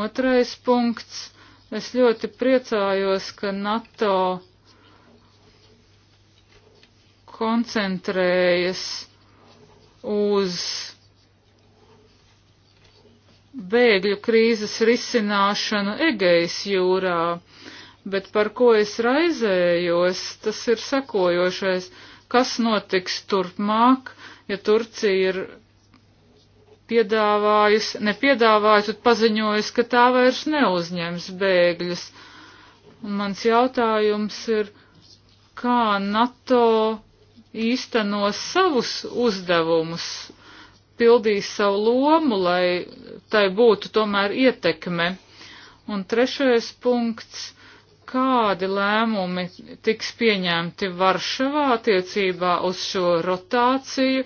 Otrais punkts. Es ļoti priecājos, ka NATO koncentrējas uz bēgļu krīzes risināšanu Egejas jūrā, bet par ko es raizējos, tas ir sekojošais, kas notiks turpmāk, ja Turcija ir piedāvājusi, nepiedāvājusi, bet paziņojusi, ka tā vairs neuzņems bēgļus. Un mans jautājums ir, kā NATO īsteno savus uzdevumus pildīs savu lomu, lai tai būtu tomēr ietekme. Un trešais punkts - kādi lēmumi tiks pieņemti Varšavā attiecībā uz šo rotāciju,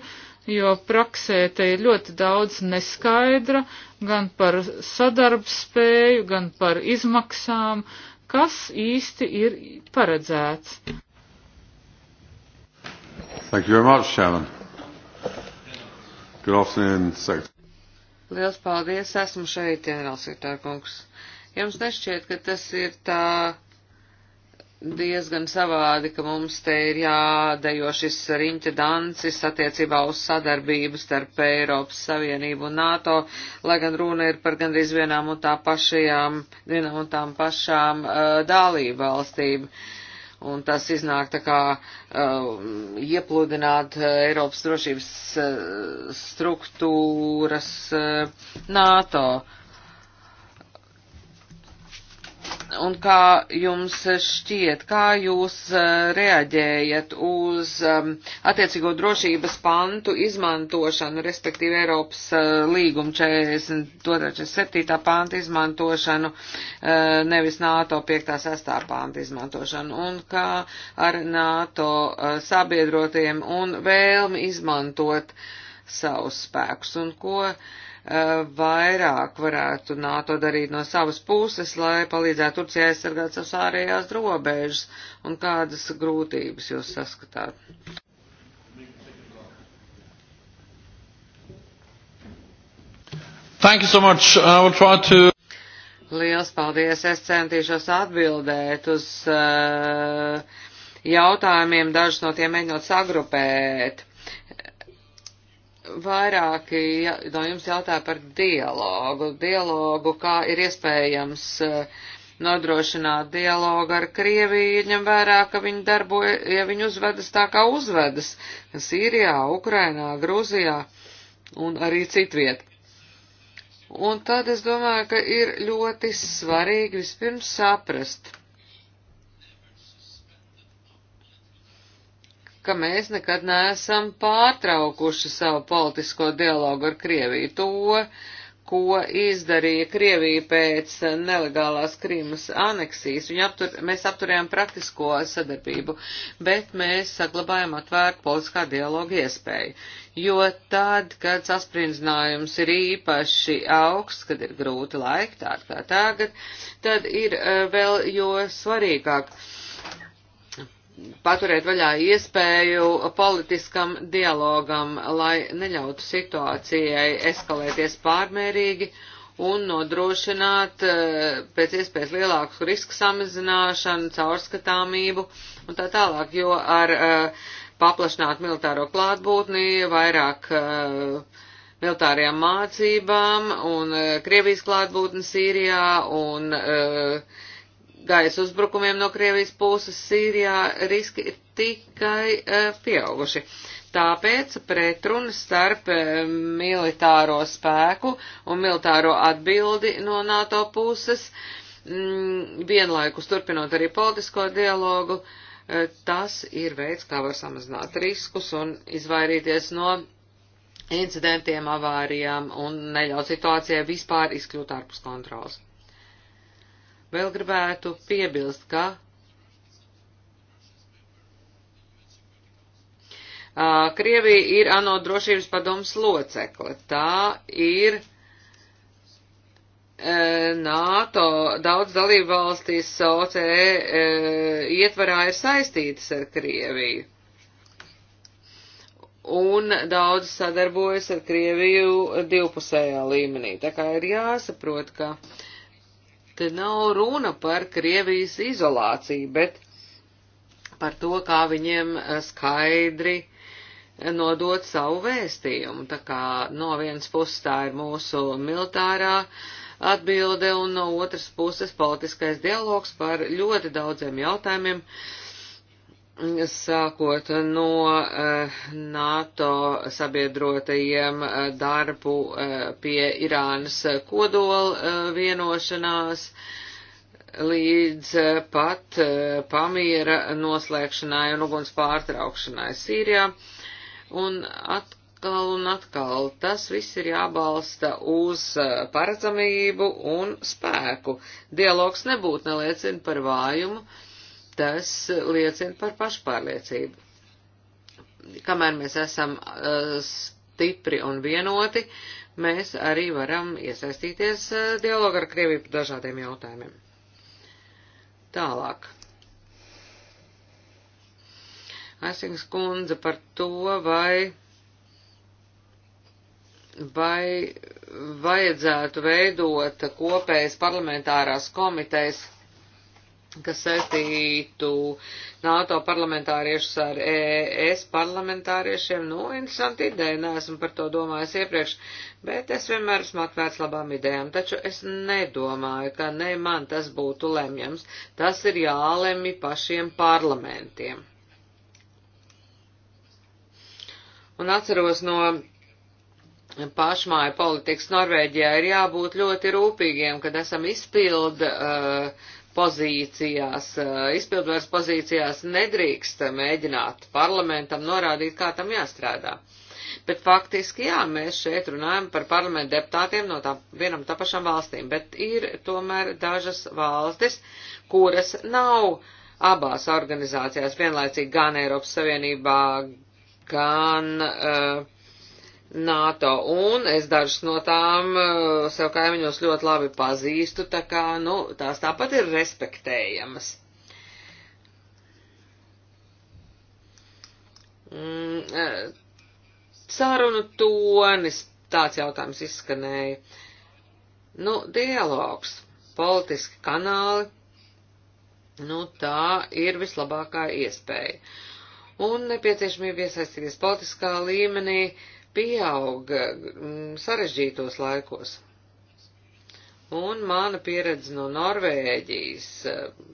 jo praksē te ir ļoti daudz neskaidra gan par sadarbspēju, gan par izmaksām, kas īsti ir paredzēts. Thank you very much, Sharon. Good afternoon, Secretary. Liels paldies, esmu šeit, ģenerālsekretārkungs. Jums nešķiet, ka tas ir tā diezgan savādi, ka mums te ir jādejo šis riņķa dancis attiecībā uz sadarbību starp Eiropas Savienību un NATO, lai gan runa ir par gandrīz vienām un tā pašajām, vienām un tām pašām uh, dālību valstīm. Uh, un tas iznāk tā kā uh, iepludināt uh, Eiropas drošības uh, struktūras uh, NATO. Uh, Un kā jums šķiet, kā jūs eh, reaģējat uz ehm, attiecīgo drošības pantu izmantošanu, respektīvi Eiropas eh, līguma 47. panta izmantošanu, eh, nevis NATO 5.6. panta izmantošanu, un kā ar NATO sabiedrotiem un vēlmi izmantot savus spēkus, un ko uh, Eh, vairāk varētu NATO darīt no savas puses, lai palīdzētu Turcijai aizsargāt savas ārējās robežas un kādas grūtības jūs saskatāt? Thank you so much. I will try to. Liels paldies. Es centīšos atbildēt uz uh, jautājumiem, dažus no tiem mēģinot sagrupēt. Vairāki ja, no jums jautā par dialogu. Dialogu, kā ir iespējams eh, nodrošināt dialogu ar Krieviju, ņem vērā, ka viņi darboja, ja viņi uzvedas tā kā uzvedas Sīrijā, Ukrainā, Grūzijā un arī citviet. Un tad es domāju, ka ir ļoti svarīgi vispirms saprast, ka mēs nekad neesam pārtraukuši savu politisko dialogu ar Krieviju. To, ko izdarīja Krievija pēc nelegālās Krīmas aneksijas. Aptur, mēs apturējām praktisko sadarbību, bet mēs saglabājam atvērtu politiskā dialoga iespēju. Jo tad, kad sasprinzinājums ir īpaši augsts, kad ir grūti laiki, tā kā tagad, tad ir eh, vēl jo svarīgāk. Uh, paturēt vaļā iespēju politiskam dialogam, lai neļautu situācijai eskalēties pārmērīgi un nodrošināt e, pēc iespējas lielāku risku samazināšanu, caurskatāmību un tā tālāk, jo ar e, paplašināt militāro klātbūtni, vairāk e, militārajām mācībām un Krievijas klātbūtni Sīrijā un uh, gaisa uzbrukumiem no Krievijas puses Sīrijā riski ir tikai e, pieauguši. Tāpēc pretruna starp e, militāro spēku un militāro atbildi no NATO puses, mm, vienlaikus turpinot arī politisko dialogu, e, tas ir veids, kā var samazināt riskus un izvairīties no incidentiem, avārijām un neļaut situācijai vispār izkļūt ārpus kontrolas. Vēl gribētu piebilst, ka Krievija ir ANO drošības padomas locekle. Tā ir NATO daudz dalību valstīs OCE ietvarā ir saistītas ar Krieviju. Un daudz sadarbojas ar Krieviju divpusējā līmenī. Tā kā ir jāsaprot, ka uh, Te nav runa par Krievijas izolāciju, bet par to, kā viņiem eh, skaidri eh, nodot savu vēstījumu. Tā kā no vienas puses tā ir mūsu militārā atbilde, un no otras puses politiskais dialogs par ļoti daudziem jautājumiem, uh, sākot no eh, NATO sabiedrotajiem eh, darbu eh, pie Irānas kodola vienošanās līdz pat pamiera noslēgšanai un uguns pārtraukšanai Sīrijā. Un atkal un atkal tas viss ir jābalsta uz paredzamību un spēku. Dialogs nebūtu neliecina par vājumu tas liecina par pašpārliecību. Kamēr mēs esam uh, stipri un vienoti, mēs arī varam iesaistīties uh, dialogu ar Krieviju par dažādiem jautājumiem. Tālāk. Aisings kundze par to, vai, vai vajadzētu veidot kopējas parlamentārās komitejas kas saistītu NATO parlamentāriešus ar ES parlamentāriešiem. Nu, interesanti ideja, neesmu par to domājis iepriekš, bet es vienmēr esmu atvērts labām idejām. Taču es nedomāju, ka ne man tas būtu lemjams. Tas ir jālemj pašiem parlamentiem. Un atceros no pašmāja politikas Norvēģijā ir jābūt ļoti rūpīgiem, kad esam izpildu. Uh, pozīcijās, eh, izpildvaras pozīcijās nedrīkst mēģināt parlamentam norādīt, kā tam jāstrādā. Bet faktiski, jā, mēs šeit runājam par parlamentu deputātiem no tā, vienam tā pašam valstīm, bet ir tomēr dažas valstis, kuras nav abās organizācijās vienlaicīgi gan Eiropas Savienībā, gan uh, NATO, un es dažas no tām eh, sev kaimiņos ļoti labi pazīstu, tā kā, nu, tās tāpat ir respektējamas. Mm, eh, sarunu tonis, tāds jautājums izskanēja. Nu, dialogs, politiski kanāli, nu, tā ir vislabākā iespēja. Un nepieciešamība iesaistīties politiskā līmenī, uh, pieauga mm, sarežģītos laikos. Un mana pieredze no Norvēģijas, eh,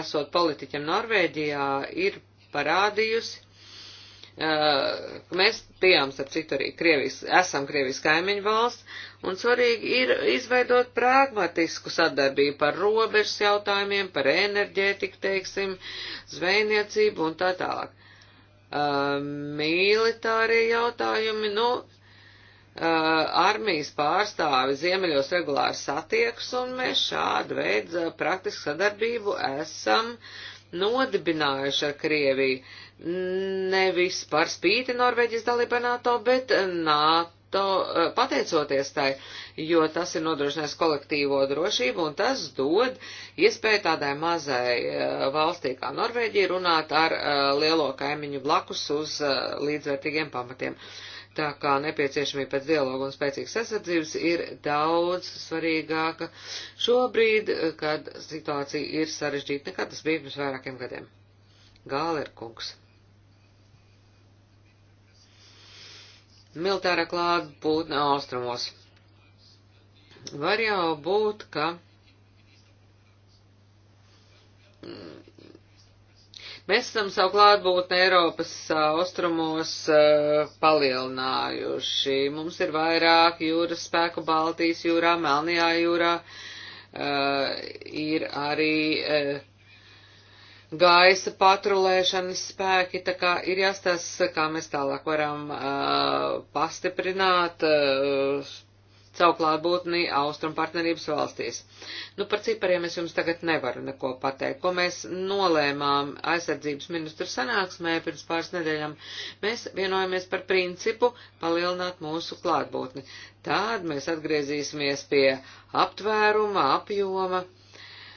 esot politiķam Norvēģijā, ir parādījusi, eh, ka mēs bijām, starp citu, arī Krievijas, esam Krievijas kaimiņu valsts, un svarīgi ir izveidot pragmatisku sadarbību par robežas jautājumiem, par enerģētiku, teiksim, zvejniecību un tā tālāk. Uh, militārie jautājumi, nu, uh, armijas pārstāvi ziemeļos regulāri satieks, un mēs šādu veidu eh, praktisku sadarbību esam nodibinājuši ar Krieviju. Nevis par spīti Norvēģijas dalība NATO, bet NATO to e, pateicoties tai, jo tas ir nodrošinājis kolektīvo drošību un tas dod iespēju tādai mazai e, valstī kā Norvēģija runāt ar e, lielo kaimiņu blakus uz līdzvērtīgiem pamatiem. Tā kā nepieciešamība pēc dialogu un spēcīgas aizsardzības ir daudz svarīgāka šobrīd, kad situācija ir sarežģīta nekā tas bija pirms vairākiem gadiem. Gāler kungs. militārā klātbūtne austrumos. Var jau būt, ka mm, mēs esam savu klātbūtni Eiropas austrumos palielinājuši. Mums ir vairāk jūras spēku Baltijas jūrā, Melnijā jūrā, ir arī gaisa patrulēšanas spēki, tā kā ir jāstāsta, kā mēs tālāk varam uh, pastiprināt uh, savu klātbūtni Austrum partnerības valstīs. Nu, par cipariem es jums tagad nevaru neko pateikt. Ko mēs nolēmām aizsardzības ministru sanāksmē pirms pāris nedēļām, mēs vienojamies par principu palielināt mūsu klātbūtni. Tād mēs atgriezīsimies pie aptvēruma, apjoma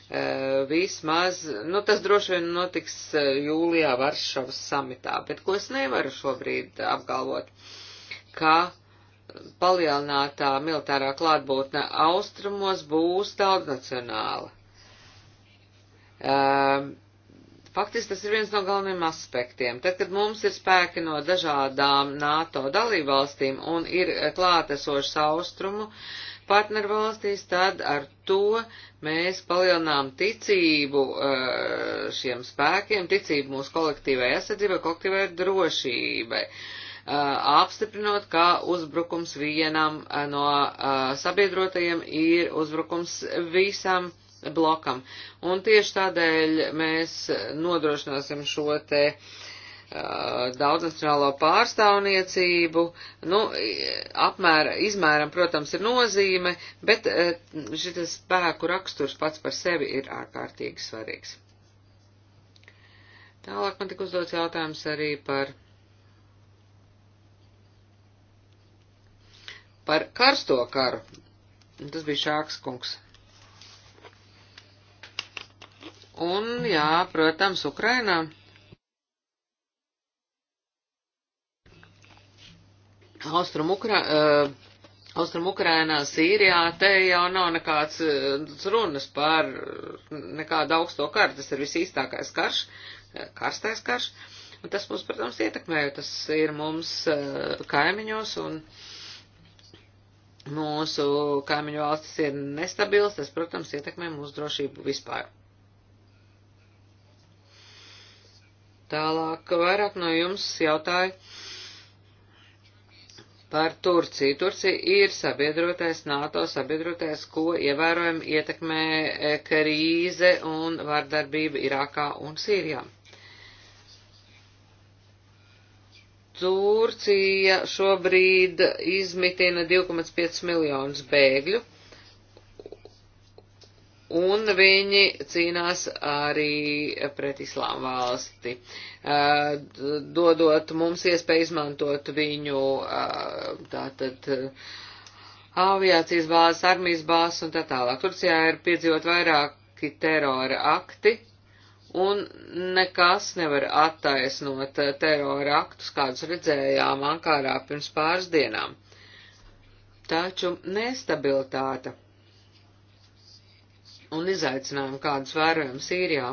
E, vismaz, nu tas droši vien notiks e, jūlijā Varšavas samitā, bet ko es nevaru šobrīd apgalvot, ka palielinātā militārā klātbūtne austrumos būs daudznacionāla. Um, faktiski tas ir viens no galvenajiem aspektiem. Tad, kad mums ir spēki no dažādām NATO dalībvalstīm un ir klātesošs austrumu partnervalstīs, tad ar to mēs palielinām ticību eh, šiem spēkiem, ticību mūsu kolektīvai aizsardzībai, kolektīvai drošībai, eh, apstiprinot, ka uzbrukums vienam eh, no sabiedrotajiem ir uzbrukums visam blokam. Un tieši tādēļ mēs nodrošināsim šo te uh, Uh, daudzastrālo pārstāvniecību, nu, apmēra, izmēram, protams, ir nozīme, bet uh, šitas spēku raksturs pats par sevi ir ārkārtīgi svarīgs. Tālāk man tik uzdots jautājums arī par, par karsto karu. Tas bija šāks kungs. Un, jā, protams, Ukrainā Austrum, Ukra eh, Austrum Ukrainā, Sīrijā, te jau nav nekāds eh, runas par nekādu augsto karu, tas ir visīstākais karš, eh, karstais karš, un tas mums, protams, ietekmē, jo tas ir mums kaimiņos, un mūsu kaimiņu valstis ir nestabils, tas, protams, ietekmē mūsu drošību vispār. Tālāk vairāk no jums jautāja par Turciju. Turcija ir sabiedrotais NATO sabiedrotais, ko ievērojami ietekmē e, krīze un vardarbība Irākā un Sīrijā. Turcija šobrīd izmitina 2,5 miljonus bēgļu un viņi cīnās arī pret islām valsti, dodot mums iespēju izmantot viņu tātad aviācijas bāzes, armijas bāzes un tā tālāk. Turcijā ir piedzīvot vairāki terora akti, un nekas nevar attaisnot terora aktus, kādus redzējām Ankārā pirms pāris dienām. Taču nestabilitāte un izaicinājumu, kādus vērojam Sīrijā,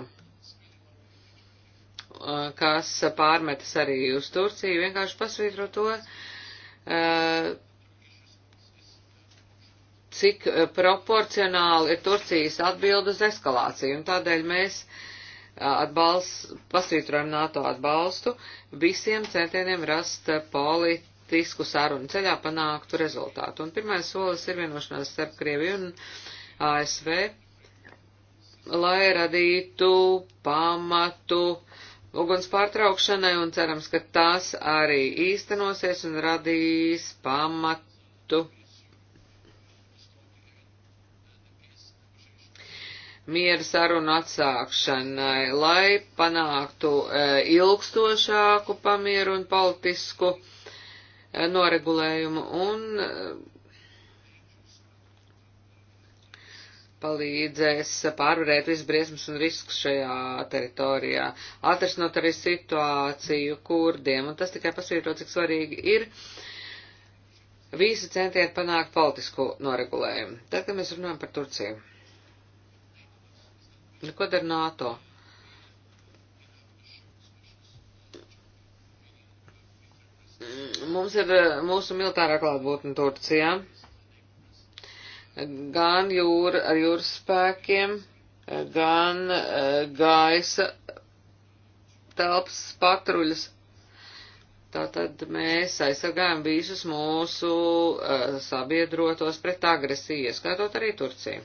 kas pārmetas arī uz Turciju, vienkārši pasvītro to, cik proporcionāli ir Turcijas atbild uz eskalāciju, un tādēļ mēs atbalst, pasvītrojam NATO atbalstu visiem centieniem rast politisku sarunu ceļā panāktu rezultātu. Un pirmais solis ir vienošanās starp Krieviju un ASV lai radītu pamatu uguns pārtraukšanai, un cerams, ka tas arī īstenosies un radīs pamatu miera sarunu atsākšanai, lai panāktu e, ilgstošāku pamieru un politisku e, noregulējumu un e, palīdzēs pārvarēt visbriesmas un risks šajā teritorijā, atrisinot arī situāciju kurdiem, un tas tikai pasvītro, cik svarīgi ir visi centieni panākt politisku noregulējumu. Tad, kad mēs runājam par Turciju, nu, ko dara NATO? Mums ir eh, mūsu militārā klātbūtne Turcijā. Ja? gan jūra ar jūras spēkiem, gan eh, gaisa telpas patruļas. Tātad mēs aizsargājam visus mūsu uh, sabiedrotos pret agresiju, ieskaitot arī Turciju.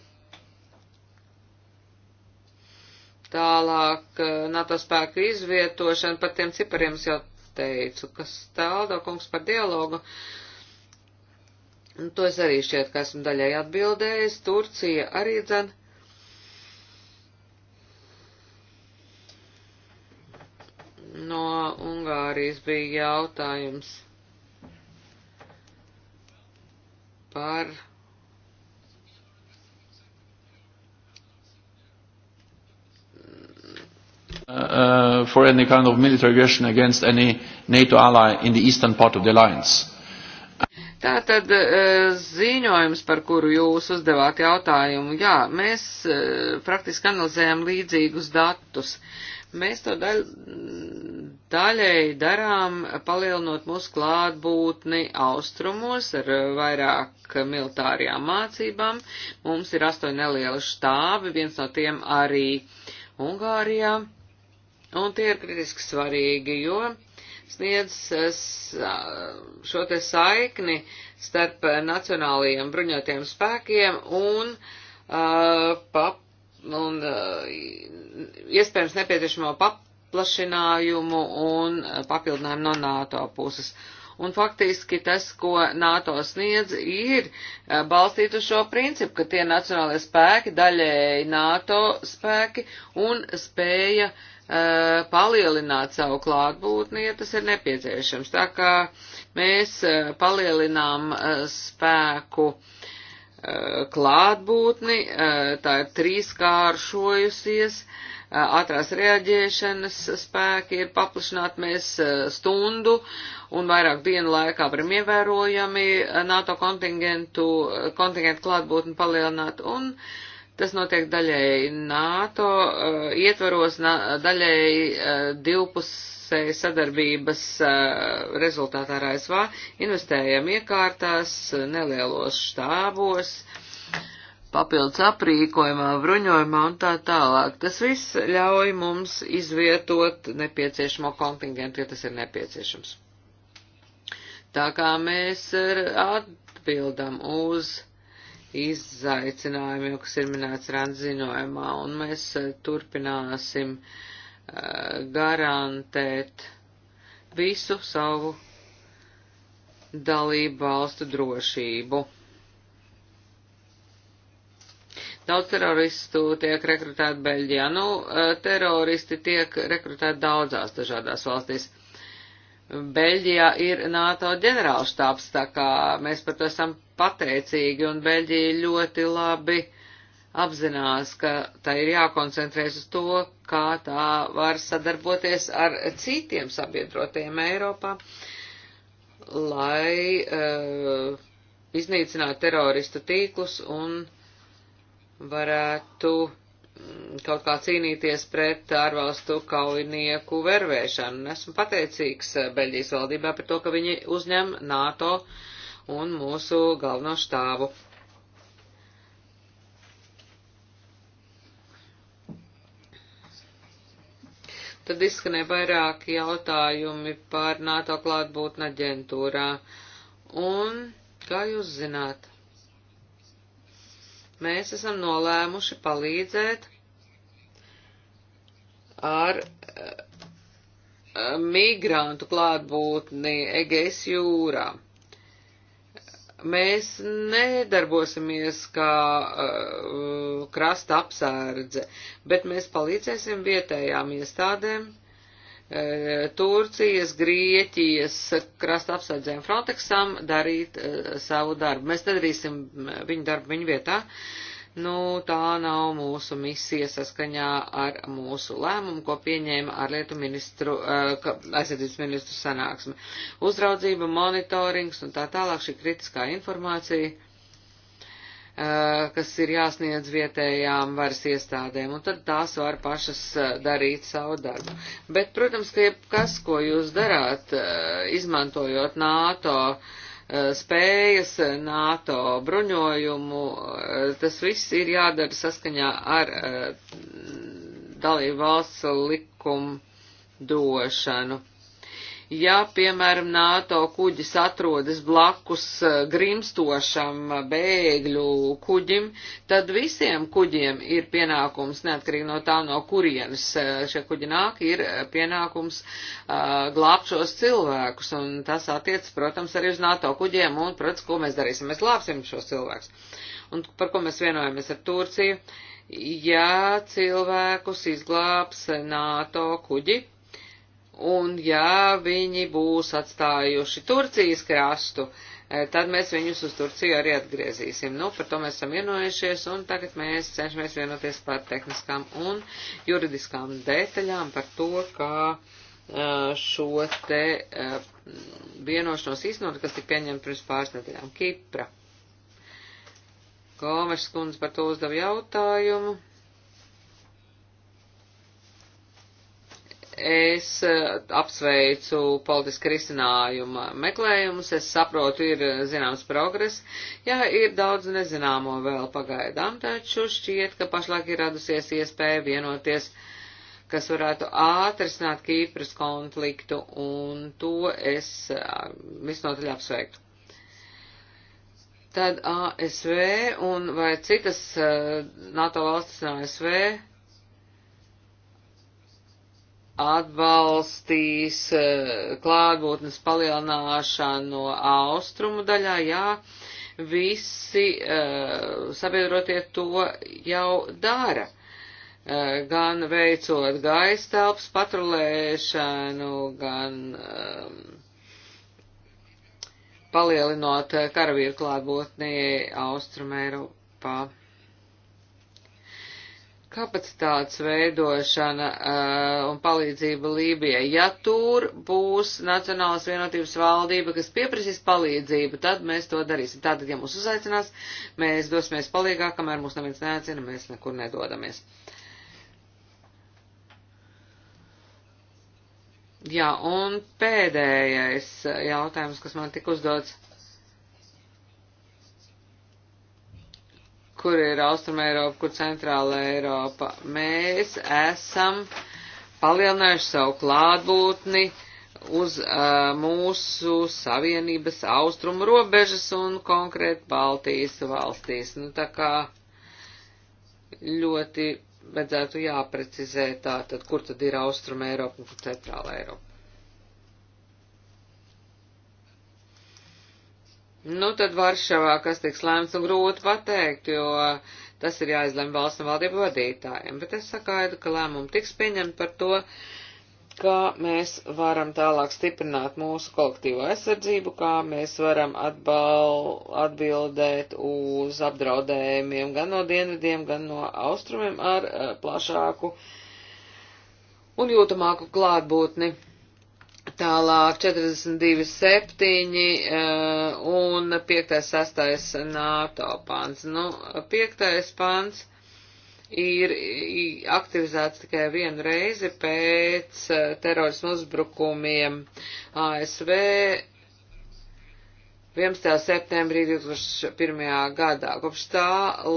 Tālāk uh, NATO spēku izvietošana par tiem cipariem es jau teicu, kas tālāk kungs par dialogu. Uh, Un to es arī šķiet, ka esmu daļai atbildējis. Turcija arī dzen. No Ungārijas bija jautājums par uh, uh, for any kind of military aggression against any NATO ally in the eastern part of the alliance. Tātad e, ziņojums, par kuru jūs uzdevāt jautājumu, jā, mēs e, praktiski analizējam līdzīgus datus. Mēs to daļ, daļēji darām, palielinot mūsu klātbūtni austrumos ar vairāk militārajām mācībām. Mums ir astoņi nelieli štābi, viens no tiem arī Ungārijā. Un tie ir kritiski svarīgi, jo sniedz šo te saikni starp nacionālajiem bruņotajiem spēkiem un, uh, pap, un uh, iespējams nepieciešamo paplašinājumu un papildinājumu no NATO puses. Un faktiski tas, ko NATO sniedz, ir balstīt uz šo principu, ka tie nacionālie spēki, daļēji NATO spēki un spēja uh, Eh, palielināt savu klātbūtni, ja tas ir nepieciešams. Tā kā mēs eh, palielinām eh, spēku klātbūtni, tā ir trīskāršojusies, ātrās reaģēšanas spēki ir paplašināti, mēs stundu un vairāk dienu laikā varam ievērojami NATO kontingentu, kontingentu klātbūtni palielināt un uh, Tas notiek daļēji NATO uh, ietvaros, na, daļēji uh, eh, divpusēji sadarbības uh, rezultātā ar ASV. Investējam iekārtās, nelielos štābos, papildus aprīkojumā, bruņojumā un tā tālāk. Tas viss ļauj mums izvietot nepieciešamo kontingentu, ja tas ir nepieciešams. Tā kā mēs atbildam uz izaicinājumi, kas ir minēts randziņojumā, un mēs eh, turpināsim eh, garantēt visu savu dalību valstu drošību. Daudz teroristu tiek rekrutēti Beļģijā. Nu, eh, teroristi tiek rekrutēti daudzās dažādās valstīs. Beļģijā ir NATO ģenerālštāps, tā kā mēs par to esam pateicīgi, un Beļģija ļoti labi apzinās, ka tā ir jākoncentrēs uz to, kā tā var sadarboties ar citiem sabiedrotajiem Eiropā, lai uh, iznīcinātu teroristu tīklus un varētu uh, Mm, kaut kā cīnīties pret ārvalstu kaujinieku vervēšanu. Esmu pateicīgs eh, Beļģijas valdībā par to, ka viņi uzņem NATO un mūsu galveno štāvu. Tad izskanēja vairāki jautājumi par NATO klātbūtne aģentūrā. Un, kā jūs zināt, mēs esam nolēmuši palīdzēt ar eh, eh, migrantu klātbūtni Egejas jūrā. Mēs nedarbosimies kā uh, krasta apsērdze, bet mēs palīdzēsim vietējām iestādēm uh, E, Turcijas, Grieķijas krasta apsardzēm Frontexam darīt e, savu darbu. Mēs nedarīsim viņu darbu viņu vietā. Nu, tā nav mūsu misija saskaņā ar mūsu lēmumu, ko pieņēma ārlietu ministru, e, aizsardzības ministru sanāksme. Uzraudzība, monitorings un tā tālāk šī kritiskā informācija Eh, kas ir jāsniedz vietējām varas iestādēm, un tad tās var pašas eh, darīt savu darbu. Bet, protams, ka jebkas, ko jūs darāt, eh, izmantojot NATO spējas, NATO bruņojumu, tas viss ir jādara saskaņā ar dalību valsts likumu došanu. Ja, piemēram, NATO kuģis atrodas blakus eh, grimstošam bēgļu kuģim, tad visiem kuģiem ir pienākums, neatkarīgi no tā, no kurienes eh, šie kuģi nāk, ir eh, pienākums uh, glābt šos cilvēkus. Un tas attiec, protams, arī uz NATO kuģiem un, protams, ko mēs darīsim. Mēs glābsim šos cilvēkus. Un par ko mēs vienojamies ar Turciju? Ja cilvēkus izglābs NATO kuģi, Un ja viņi būs atstājuši Turcijas krastu, eh, tad mēs viņus uz Turciju arī atgriezīsim. Nu, par to mēs esam vienojušies, un tagad mēs cenšamies vienoties par tehniskām un juridiskām detaļām par to, kā eh, šo te eh, vienošanos iznot, kas tika pieņemta pirms pāris nedēļām Kipra. Gomes kundze par to uzdeva jautājumu. Es eh, apsveicu politiski risinājuma meklējumus, es saprotu, ir eh, zināms progress, jā, ir daudz nezināmo vēl pagaidām, taču šķiet, ka pašlaik ir radusies iespēja vienoties kas varētu ātrisināt Kīpras konfliktu, un to es eh, visnotaļ apsveiktu. Tad ASV un vai citas NATO valstis un ASV atbalstīs eh, klātbūtnes palielināšanu austrumu daļā, jā, visi eh, sabiedrotie to jau dara eh, gan veicot gaisa telpas patrulēšanu, gan um, palielinot karavīru klātbūtni Austrum Eiropā kapacitātes veidošana uh, un palīdzība Lībijai. Ja tur būs Nacionālās vienotības valdība, kas pieprasīs palīdzību, tad mēs to darīsim. Tātad, ja mūs uzaicinās, mēs dosimies palīgā, kamēr mūs neviens neaicina, mēs nekur nedodamies. Jā, un pēdējais eh, jautājums, kas man tika uzdots kur ir Austruma Eiropa, kur Centrāla Eiropa. Mēs esam palielinājuši savu klātbūtni uz uh, mūsu savienības austrumu robežas un konkrēti Baltijas valstīs. Nu, tā kā ļoti vajadzētu jāprecizē tā, tad kur tad ir Austruma Eiropa un kur Centrāla Eiropa. Nu, tad Varšavā, kas tiks lēmts, un grūti pateikt, jo tas ir jāizlem valsts un valdību vadītājiem. Bet es sakaidu, ka lēmumi tiks pieņemti par to, kā mēs varam tālāk stiprināt mūsu kolektīvo aizsardzību, kā mēs varam atbal, atbildēt uz apdraudējumiem gan no dienvidiem, gan no austrumiem ar uh, plašāku un jūtamāku klātbūtni Tālāk 42, 7 eh, un 5, 6 NATO pants. Nu, 5 pants ir aktivizēts tikai vienu reizi pēc eh, terorismu uzbrukumiem ASV 11. septembrī 2001. gadā. Kopš tā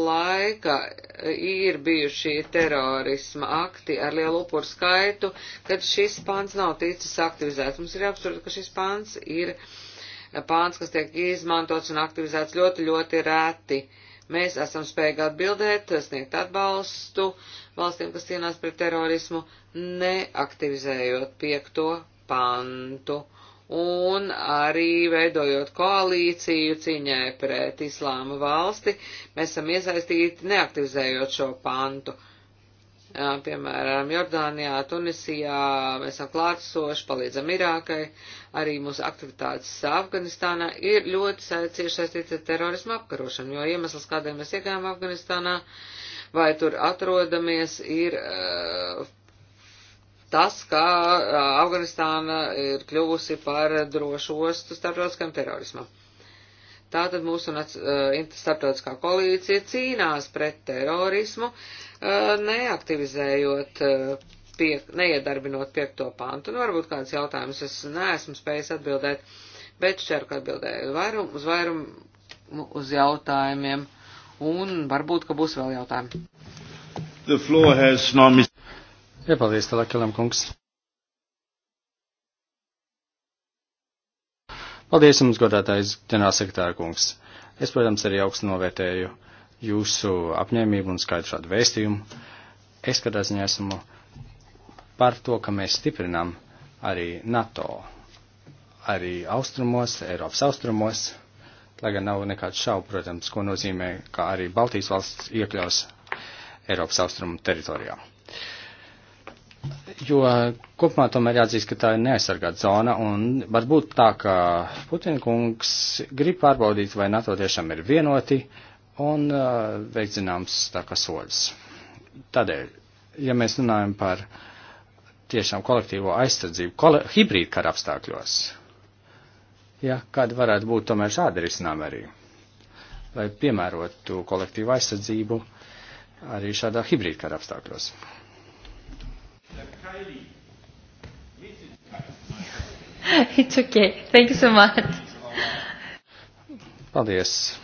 laika e, ir bijuši terorisma akti ar lielu upuru skaitu, kad šis pāns nav ticis aktivizēts. Mums ir absurdi, ka šis pāns ir pāns, kas tiek izmantots un aktivizēts ļoti, ļoti reti. Mēs esam spējīgi atbildēt, sniegt atbalstu valstīm, kas cīnās pret terorismu, neaktivizējot piekto pantu un arī veidojot koalīciju ciņai pret islāma valsti, mēs esam iesaistīti neaktivizējot šo pantu. Jā, piemēram, Jordānijā, Tunisijā mēs esam klātsoši, palīdzam Irākai, arī mūsu aktivitātes Afganistānā ir ļoti cieši saistīts ar terorismu apkarošanu, jo iemesls, kādēļ mēs iegājām Afganistānā, vai tur atrodamies, ir uh, tas, ka Afganistāna ir kļuvusi par drošu ostu starptautiskam terorismam. Tātad mūsu starptautiskā koalīcija cīnās pret terorismu, neaktivizējot, pie, neiedarbinot piekto pantu. Nu, varbūt kāds jautājums es neesmu spējis atbildēt, bet šķeru, ka atbildēju vairum, uz vairumu uz jautājumiem, un varbūt, ka būs vēl jautājumi. The floor has now Iepaldies, Talakelam kungs. Paldies jums, godātais ģenerālsekretāra kungs. Es, protams, arī augstu novērtēju jūsu apņēmību un skaidru šādu vēstījumu. Es kādā ziņā esmu par to, ka mēs stiprinām arī NATO, arī austrumos, Eiropas austrumos, lai gan nav nekāds šaubu, protams, ko nozīmē, ka arī Baltijas valsts iekļaus Eiropas austrumu teritorijā. Uh, jo kopumā tomēr jāatzīst, ka tā ir neaizsargāta zona, un varbūt tā, ka Putina kungs grib pārbaudīt, vai NATO tiešām ir vienoti, un uh, veikt zināms tā kā soļus. Tādēļ, ja mēs runājam par tiešām kolektīvo aizsardzību, kole hibrīd kara apstākļos, ja kāda varētu būt tomēr šāda risinājuma arī, lai piemērotu kolektīvu aizsardzību arī šādā hibrīd kara apstākļos. *laughs* It's okay. Thank you so much. Paldies.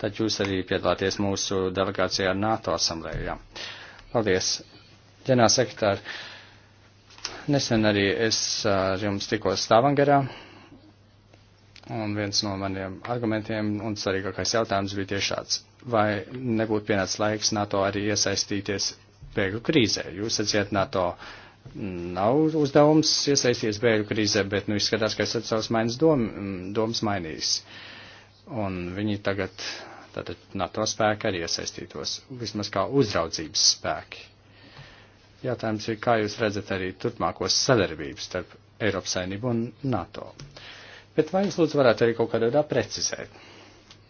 Tad jūs arī piedalāties mūsu delegācijā ar NATO asamblējā. Paldies. Ģenerāl sekretāri, nesen arī es ar jums tikos Stavangerā. Un viens no maniem argumentiem un svarīgākais jautājums bija tieši šāds. Vai nebūtu pienācis laiks NATO arī iesaistīties bēgļu krīzē. Jūs atsiet NATO nav uzdevums iesaisties bēgļu krīzē, bet nu izskatās, ka esat savus mainas dom, domas mainījis. Un viņi tagad, tātad NATO spēki arī iesaistītos, vismaz kā uzraudzības spēki. Jātājums ir, kā jūs redzat arī turpmākos sadarbības starp Eiropas saimnību un NATO. Bet vai jūs lūdzu varētu arī kaut kādā veidā precizēt?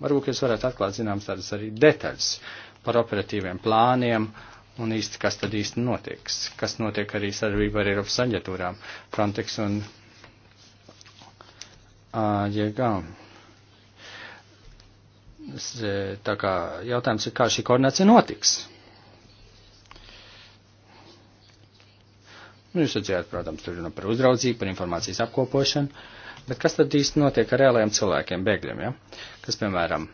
Varbūt jūs varētu atklāt zināmas tādas arī detaļas par operatīviem plāniem, uh, un īsti, kas tad īsti notiks, kas notiek arī sadarbībā ar Eiropas aģentūrām, Frontex un AJG. Tā kā jautājums ir, kā šī koordinācija notiks. Nu, jūs redzējāt, protams, tur runa par uzraudzību, par informācijas apkopošanu, bet kas tad īsti notiek ar reālajiem cilvēkiem, bēgļiem, ja? kas, piemēram,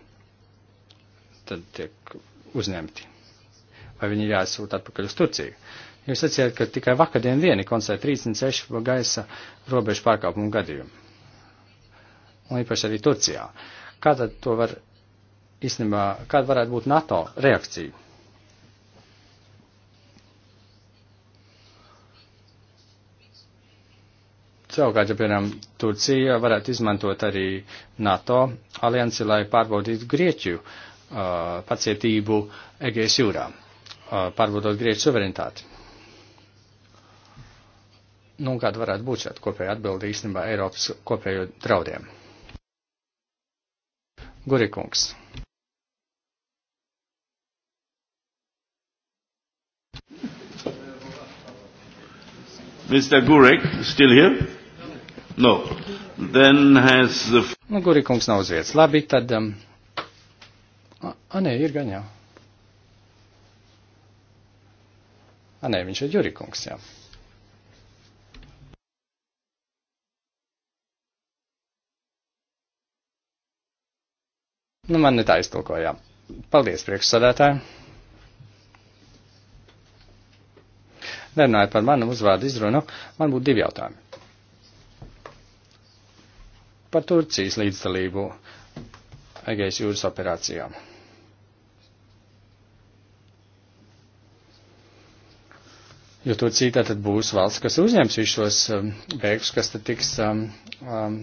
tad tiek uzņemti? vai viņi ir jāsūt atpakaļ uz Turciju. Jūs sacījāt, ka tikai vakardien vieni konstatēja 36 gaisa robežu pārkāpumu gadījumu. Un īpaši arī Turcijā. Kā tad to var, īstenībā, kāda varētu būt NATO reakcija? Savukārt, ja, piemēram, Turcija varētu izmantot arī NATO aliansi, lai pārbaudītu Grieķiju uh, pacietību Egejas jūrā. Uh, pārbaudot Grieķu suverenitāti. Nu, kāda varētu būt šāda kopēja atbilde īstenībā Eiropas kopējo draudiem? Gurikungs. Mr. Gurek, still here? No. Then has the... Nu, Gurikungs nav uz vietas. Labi, tad... Um... A, a, nē, ir gan jau. A, ah, nē, viņš ir Jurikungs, jā. Nu, man ne tā iztulkojā. Paldies, priekšsādātāji. Nerunājot par manu uzvārdu izrunu, man būtu divi jautājumi. Par Turcijas līdzdalību Egejas jūras operācijām. Jo Turcija tātad būs valsts, kas uzņems visus šos um, bēgļus, kas tad tiks um, um,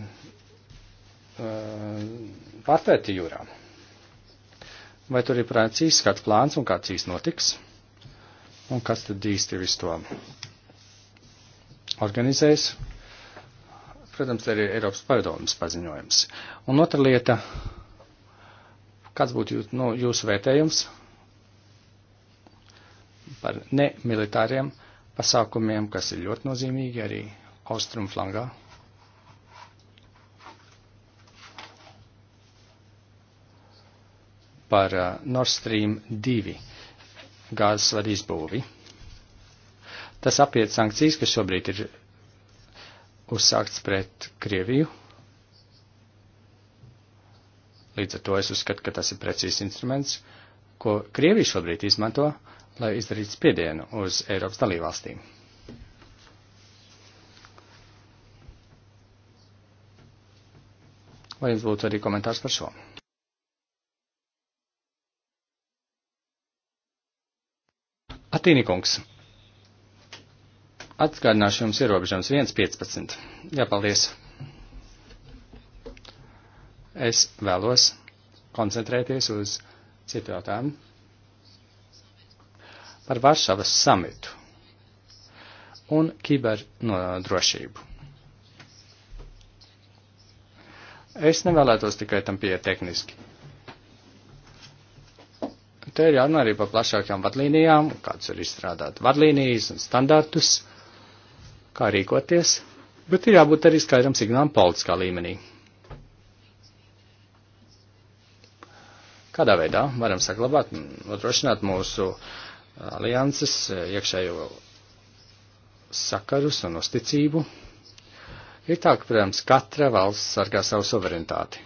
um, pārtvērti jūrā. Vai tur ir prācīs, kāds plāns un kāds īsti notiks? Un kas tad īsti visu to organizēs? Protams, arī Eiropas padomas paziņojums. Un otra lieta, kāds būtu jūs, nu, jūsu vērtējums par nemilitāriem? pasākumiem, kas ir ļoti nozīmīgi arī austrumu flangā. par uh, Nord Stream 2 gāzes vadu izbūvi. Tas apiet sankcijas, kas šobrīd ir uzsākts pret Krieviju. Līdz ar to es uzskatu, ka tas ir precīzs instruments, ko Krievija šobrīd izmanto, uh, lai izdarītu spiedienu uz Eiropas dalībvalstīm. Vai jums būtu arī komentārs par šo? Atīnikungs. Atgādināšu jums ierobežams 1.15. Jā, paldies. Es vēlos koncentrēties uz citu jautājumu par Varšavas samitu un kiberdrošību. Es nevēlētos tikai tam pieeja tehniski. Te ir jārunā arī par plašākām vadlīnijām, kāds ir izstrādāt vadlīnijas un standartus, kā rīkoties, bet ir jābūt arī skaidram signālam politiskā līmenī. Kādā veidā varam saglabāt un nodrošināt mūsu uh, alianses, eh, iekšējo sakarus un uzticību. Ir tā, ka, protams, katra valsts sargā savu suverenitāti.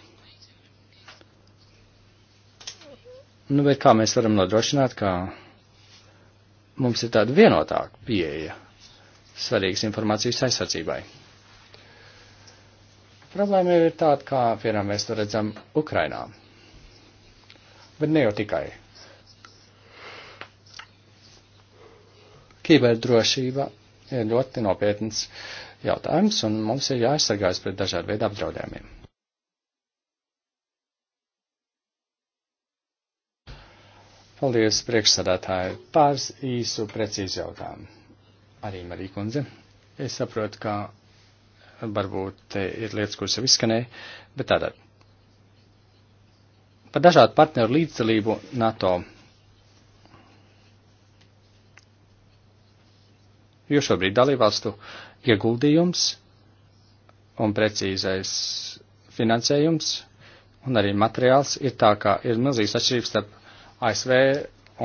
Nu, bet kā mēs varam nodrošināt, ka mums ir tāda vienotāka pieeja svarīgas informācijas aizsardzībai? Problēma ir tāda, kā, piemēram, mēs to redzam Ukrainā. Bet ne jau tikai Kiberdrošība ir ļoti nopietns jautājums, un mums ir jāaizsargājas pret dažādu veidu apdraudējumiem. Paldies, priekšsādātāji. Pāris īsu precīzi jautājumu. Arī Marija kundze. Es saprotu, ka varbūt ir lietas, kuras jau izskanēja, bet tātad. Par dažādu partneru līdzdalību NATO jo šobrīd dalībvalstu ieguldījums un precīzais finansējums un arī materiāls ir tā, ka ir milzīgs atšķirības starp ASV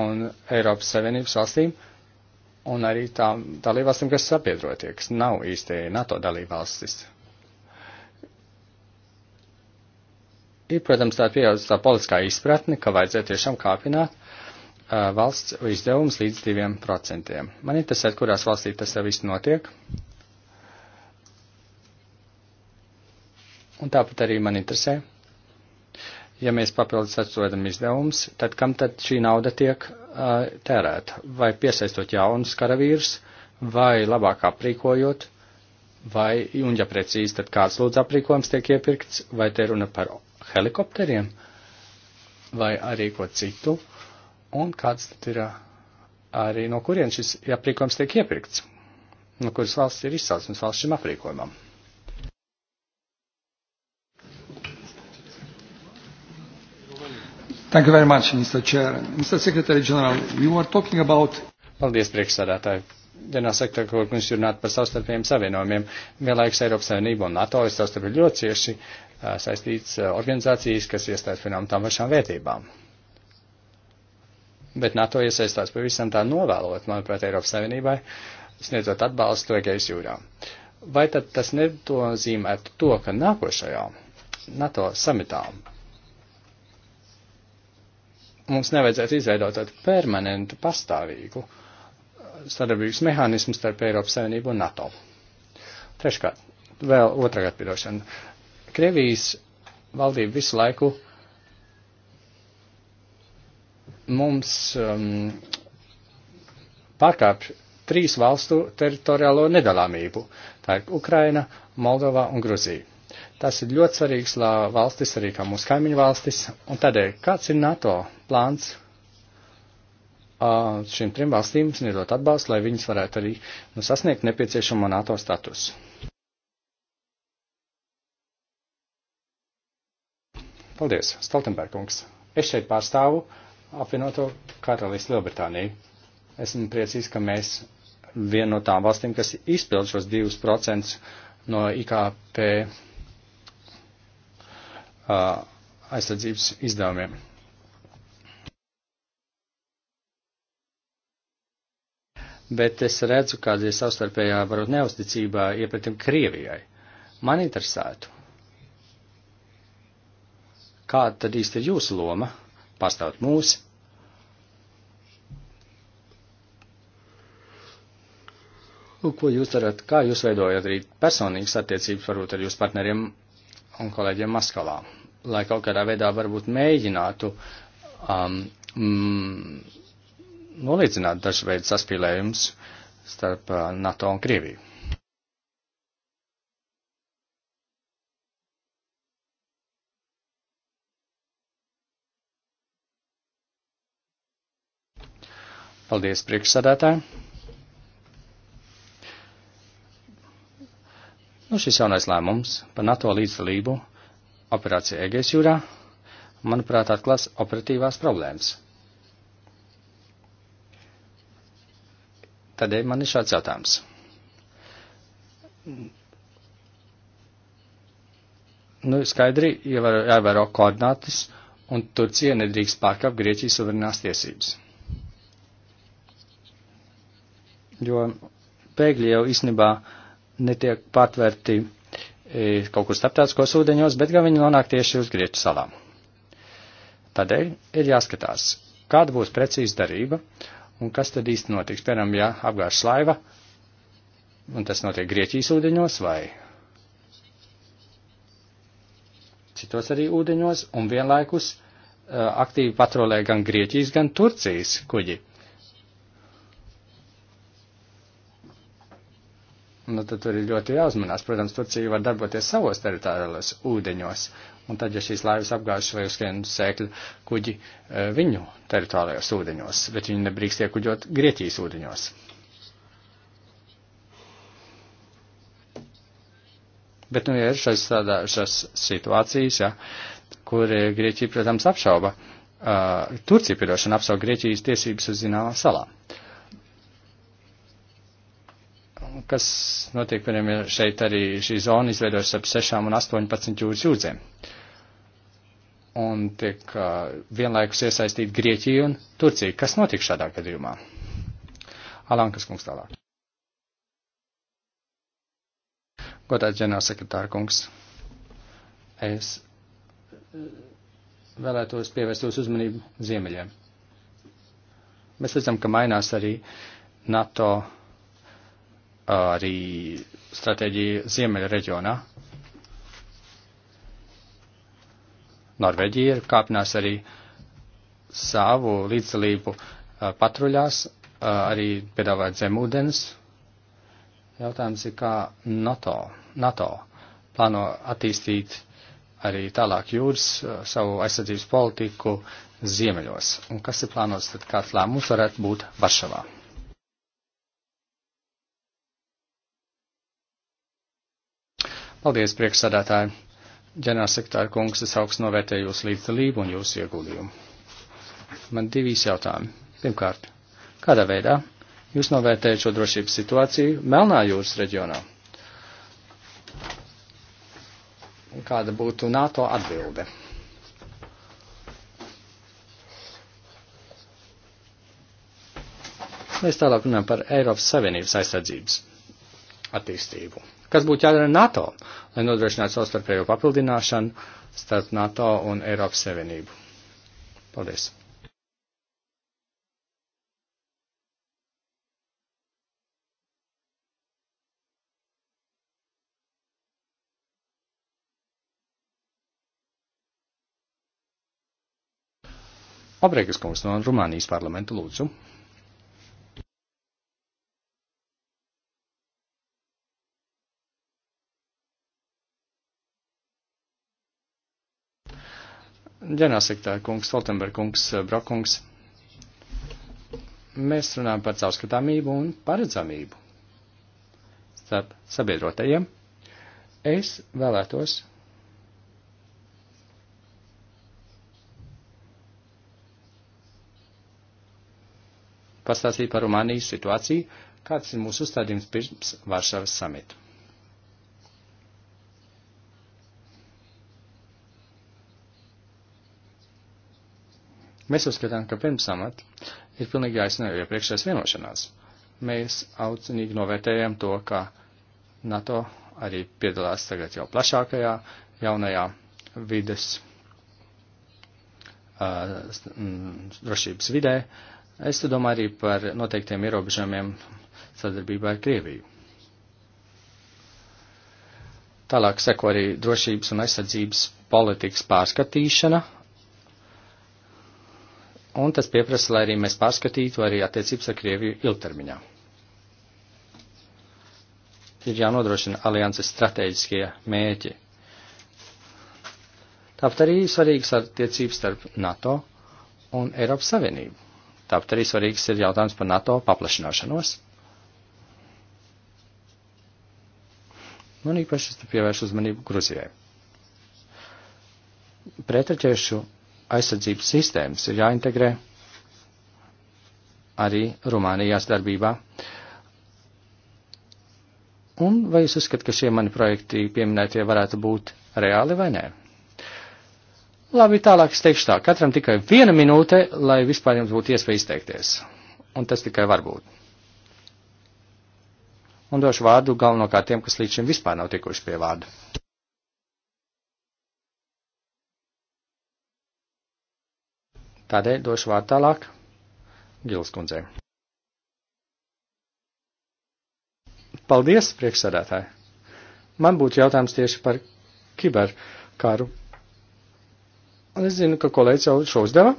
un Eiropas Savienības valstīm un arī tām dalībvalstīm, kas sabiedrotie, kas nav īsti NATO dalībvalstis. Ir, protams, tā pieaudz tā politiskā izpratne, ka vajadzētu tiešām kāpināt valsts izdevums līdz 2%. Man interesē, kurās valstī tas jau viss notiek. Un tāpat arī man interesē, ja mēs papildus atsodam izdevumus, tad kam tad šī nauda tiek uh, tērēta? Vai piesaistot jaunus karavīrus, vai labāk aprīkojot, vai, un ja precīzi, tad kāds lūdzu aprīkojums tiek iepirkts, vai te runa par helikopteriem, vai arī ko citu? Uh, Un kāds tad ir arī no kurien šis aprīkojums tiek iepirkts? No kuras valsts ir izcelsmes valsts šim aprīkojumam? Thank you very much, Mr. Chair. Mr. Secretary General, you were talking about. Paldies, priekšsādātāji. Dienā sekta, kur mums runāt par savstarpējiem savienojumiem. Vienlaikus Eiropas Savienība un NATO ir savstarpēji ļoti cieši saistīts organizācijas, kas iestājas vienām tam pašām vērtībām bet NATO iesaistās pavisam tā novēlot, manuprāt, Eiropas Savienībai, sniedzot atbalstu Egejas jūrā. Vai tad tas netozīmē to, ka nākošajā NATO samitā mums nevajadzētu izveidot tādu permanentu, pastāvīgu sadarbības mehānismu starp Eiropas Savienību un NATO? Treškārt, vēl otrā atpidošana. Krievijas valdība visu laiku mums um, pārkāpj trīs valstu teritoriālo nedalāmību. Tā ir Ukraina, Moldova un Gruzija. Tas ir ļoti svarīgs valstis arī kā mūsu kaimiņu valstis, un tādēļ kāds ir NATO plāns uh, šīm trim valstīm sniedot atbalstu, lai viņas varētu arī nu, sasniegt nepieciešamo NATO statusu. Paldies, Stoltenberg kungs. Es šeit pārstāvu uh, apvienoto karalistu Lielbritāniju. Esmu priecīgs, ka mēs viena no tām valstīm, kas izpild šos 2% no IKP uh, aizsardzības izdevumiem. Bet es redzu, kāda ir savstarpējā varbūt neusticībā iepratim Krievijai. Man interesētu, kāda tad īsti ir jūsu loma, pastāvot mūsu Nu, ko jūs darat, kā jūs veidojat arī personīgas attiecības varbūt ar jūsu partneriem un kolēģiem Maskavā, lai kaut kādā veidā varbūt mēģinātu um, mm, nolīdzināt dažu veidu saspīlējumus starp uh, NATO un Krieviju? Paldies priekšsādātāji! Nu, šis jaunais lēmums par NATO līdzdalību operācija Egejas jūrā, manuprāt, atklās operatīvās problēmas. Tādēļ man ir šāds jautājums. Nu, skaidri jāievēro koordinātas, un Turcija nedrīkst pārkāpt Grieķijas suverenās tiesības. Jo pēkļi jau īstenībā uh, netiek pārtverti e, kaut kur starptautiskos ūdeņos, bet gan viņi nonāk tieši uz Grieķu salām. Tādēļ ir jāskatās, kāda būs precīza darība un kas tad īsti notiks. Piemēram, ja apgāž laiva, un tas notiek Grieķijas ūdeņos vai citos arī ūdeņos, un vienlaikus e, aktīvi patrolē gan Grieķijas, gan Turcijas kuģi. Nu, tad tur ir ļoti jāuzmanās. Protams, Turcija var darboties savos teritoriālos ūdeņos, un tad, ja šīs laivas apgāž vai uzskrien sēkļu kuģi e, viņu teritoriālajos ūdeņos, bet viņi nebrīkst iekuģot Grieķijas ūdeņos. Bet, nu, ja ir šais, tādā, šas situācijas, ja, kur e, Grieķija, protams, apšauba, uh, e, Turcija, piedošana, apšauba Grieķijas tiesības uz zināmā salā. Uh, kas notiek, piemēram, šeit arī šī zona izveidojas ap 6 un 18 jūras jūdzēm. Un tiek uh, vienlaikus iesaistīt Grieķiju un Turciju. Kas notiek šādā gadījumā? Alankas kungs tālāk. Godāts ģenerālsekretāra kungs, es vēlētos pievērst jūsu uzmanību ziemeļiem. Mēs redzam, ka mainās arī NATO arī stratēģija Ziemeļa reģionā. Norvēģija ir kāpinās arī savu līdzdalību patruļās, arī piedāvājot zemūdens. Jautājums ir, kā NATO, NATO plāno attīstīt arī tālāk jūras savu aizsardzības politiku ziemeļos. Un kas ir plānots, tad kāds lēmums varētu būt Varšavā? Paldies, priekšsādātāji! ģenerālsektāra kungs, es augstu novērtēju jūsu līdzdalību un jūsu ieguldījumu. Man divīs jautājumi. Pirmkārt, kādā veidā jūs novērtējat šo drošības situāciju Melnā jūras reģionā? Kāda būtu NATO atbilde? Mēs tālāk runājam par Eiropas Savienības aizsardzības attīstību. Kas būtu jādara NATO, lai nodrošinātu savstarpējo papildināšanu starp NATO un Eiropas Savienību? Paldies! Obregas kungs no Rumānijas parlamenta lūdzu. ģenerālsektāra kungs, Stoltenberg kungs, Brokungs, mēs runājam par caurskatāmību un paredzamību starp sabiedrotajiem. Es vēlētos pastāstīt par Rumānijas situāciju, kāds ir mūsu uzstādījums pirms Varšavas samitu. Mēs uzskatām, ka pirms samat ir pilnīgi jāizsniedz iepriekšējās vienošanās. Mēs aucinīgi novērtējam to, ka NATO arī piedalās tagad jau plašākajā jaunajā vides uh, drošības vidē. Es domāju arī par noteiktiem ierobežojumiem sadarbībā ar Krieviju. Tālāk seko arī drošības un aizsardzības politikas pārskatīšana un tas pieprasa, lai arī mēs pārskatītu arī attiecības ar Krieviju ilgtermiņā. Ir jānodrošina alianses strateģiskie mēķi. Tāpat arī svarīgas attiecības starp NATO un Eiropas Savienību. Tāpat arī svarīgs ir jautājums par NATO paplašināšanos. Un īpaši es pievēršu uzmanību Gruzijai. Pretraķiešu aizsardzības sistēmas ir jāintegrē arī Rumānijas darbībā. Un vai jūs uzskatāt, ka šie mani projekti pieminētie varētu būt reāli vai nē? Labi, tālāk es teikšu tā, katram tikai viena minūte, lai vispār jums būtu iespēja izteikties. Un tas tikai var būt. Un došu vārdu galvenokārt tiem, kas līdz šim vispār nav tikuši pie vārdu. Tādēļ došu vārdu tālāk Gils kundzei. Paldies, priekšsēdētāji! Man būtu jautājums tieši par kiberkaru. Un es zinu, ka kolēģis jau šo uzdeva,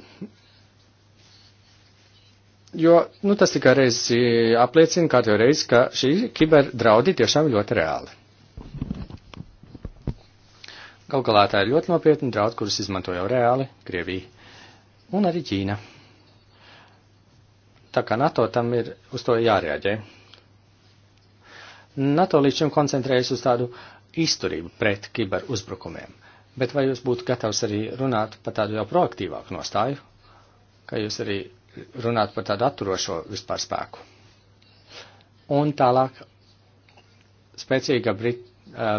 jo, nu, tas tikai reizi e, apliecina kārtējo reizi, ka šī kiberdraudi tiešām ir ļoti reāli. Gal galā tā ir ļoti nopietna draud, kurus izmanto jau reāli Krievija un arī Ķīna. Tā kā NATO tam ir uz to jārēģē. NATO līdz šim koncentrējas uz tādu izturību pret kiber uzbrukumiem, bet vai jūs būtu gatavs arī runāt par tādu jau proaktīvāku nostāju, ka jūs arī runāt par tādu atturošo vispār spēku? Un tālāk spēcīga Brit eh,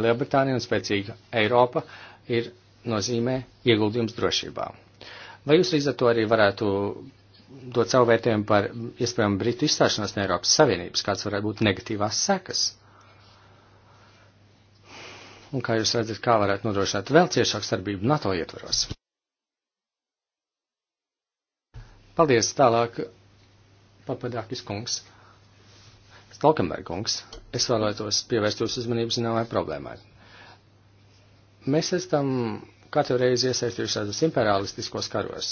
Lielbritānija un spēcīga Eiropa ir nozīmē ieguldījums drošībā. Vai jūs līdz ar to arī varētu dot savu vērtējumu par iespējamu Britu izstāšanos no Eiropas Savienības, kāds varētu būt negatīvās sekas? Un kā jūs redzat, kā varētu nodrošināt vēl ciešāku starpību NATO ietvaros? Paldies, tālāk, papadākis kungs. Stolkenberg kungs, es vēlētos pievērst jūsu uzmanību zināmai problēmai. Mēs esam katru reizi iesaistījušās imperialistiskos karos.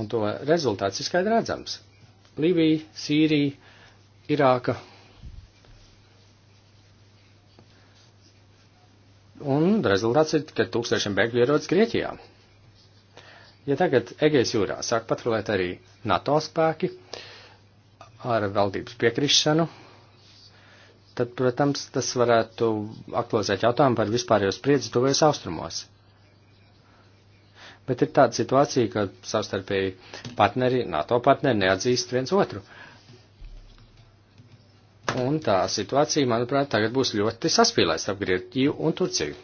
Un to rezultāts ir skaidri redzams. Libija, Sīrija, Irāka. Un rezultāts ir, ka tūkstošiem bēgļu ierodas Grieķijā. Ja tagad Egejas jūrā sāk patrulēt arī NATO spēki ar valdības piekrišanu, tad, protams, tas varētu aktualizēt jautājumu par vispārējo spriedzi tuvies austrumos. Bet ir tāda situācija, ka savstarpēji partneri, NATO partneri neatzīst viens otru. Un tā situācija, manuprāt, tagad būs ļoti saspīlēta starp Grieķiju un Turciju.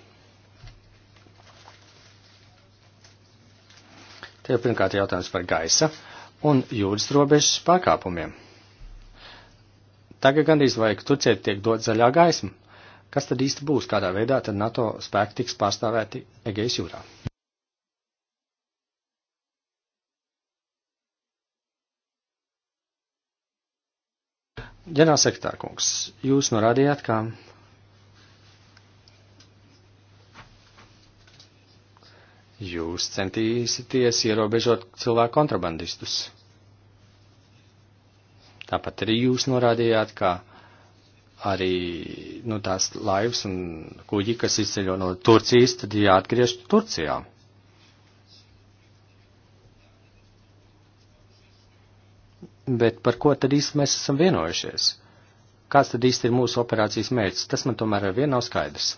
Te jau pirmkārt jautājums par gaisa un jūras robežas pārkāpumiem. Tagad gandrīz vajag Turcijai tiek dot zaļā gaisma. Kas tad īsti būs, kādā veidā tad NATO spēki tiks pārstāvēti Egejas jūrā? Ģenerāls sektārkungs, jūs norādījāt, ka jūs centīsieties ierobežot cilvēku kontrabandistus. Tāpat arī jūs norādījāt, ka arī nu, tās laivas un kuģi, kas izceļo no Turcijas, tad jāatgriež Turcijā. Bet par ko tad īsti mēs esam vienojušies? Kāds tad īsti ir mūsu operācijas mērķis? Tas man tomēr vien nav skaidrs.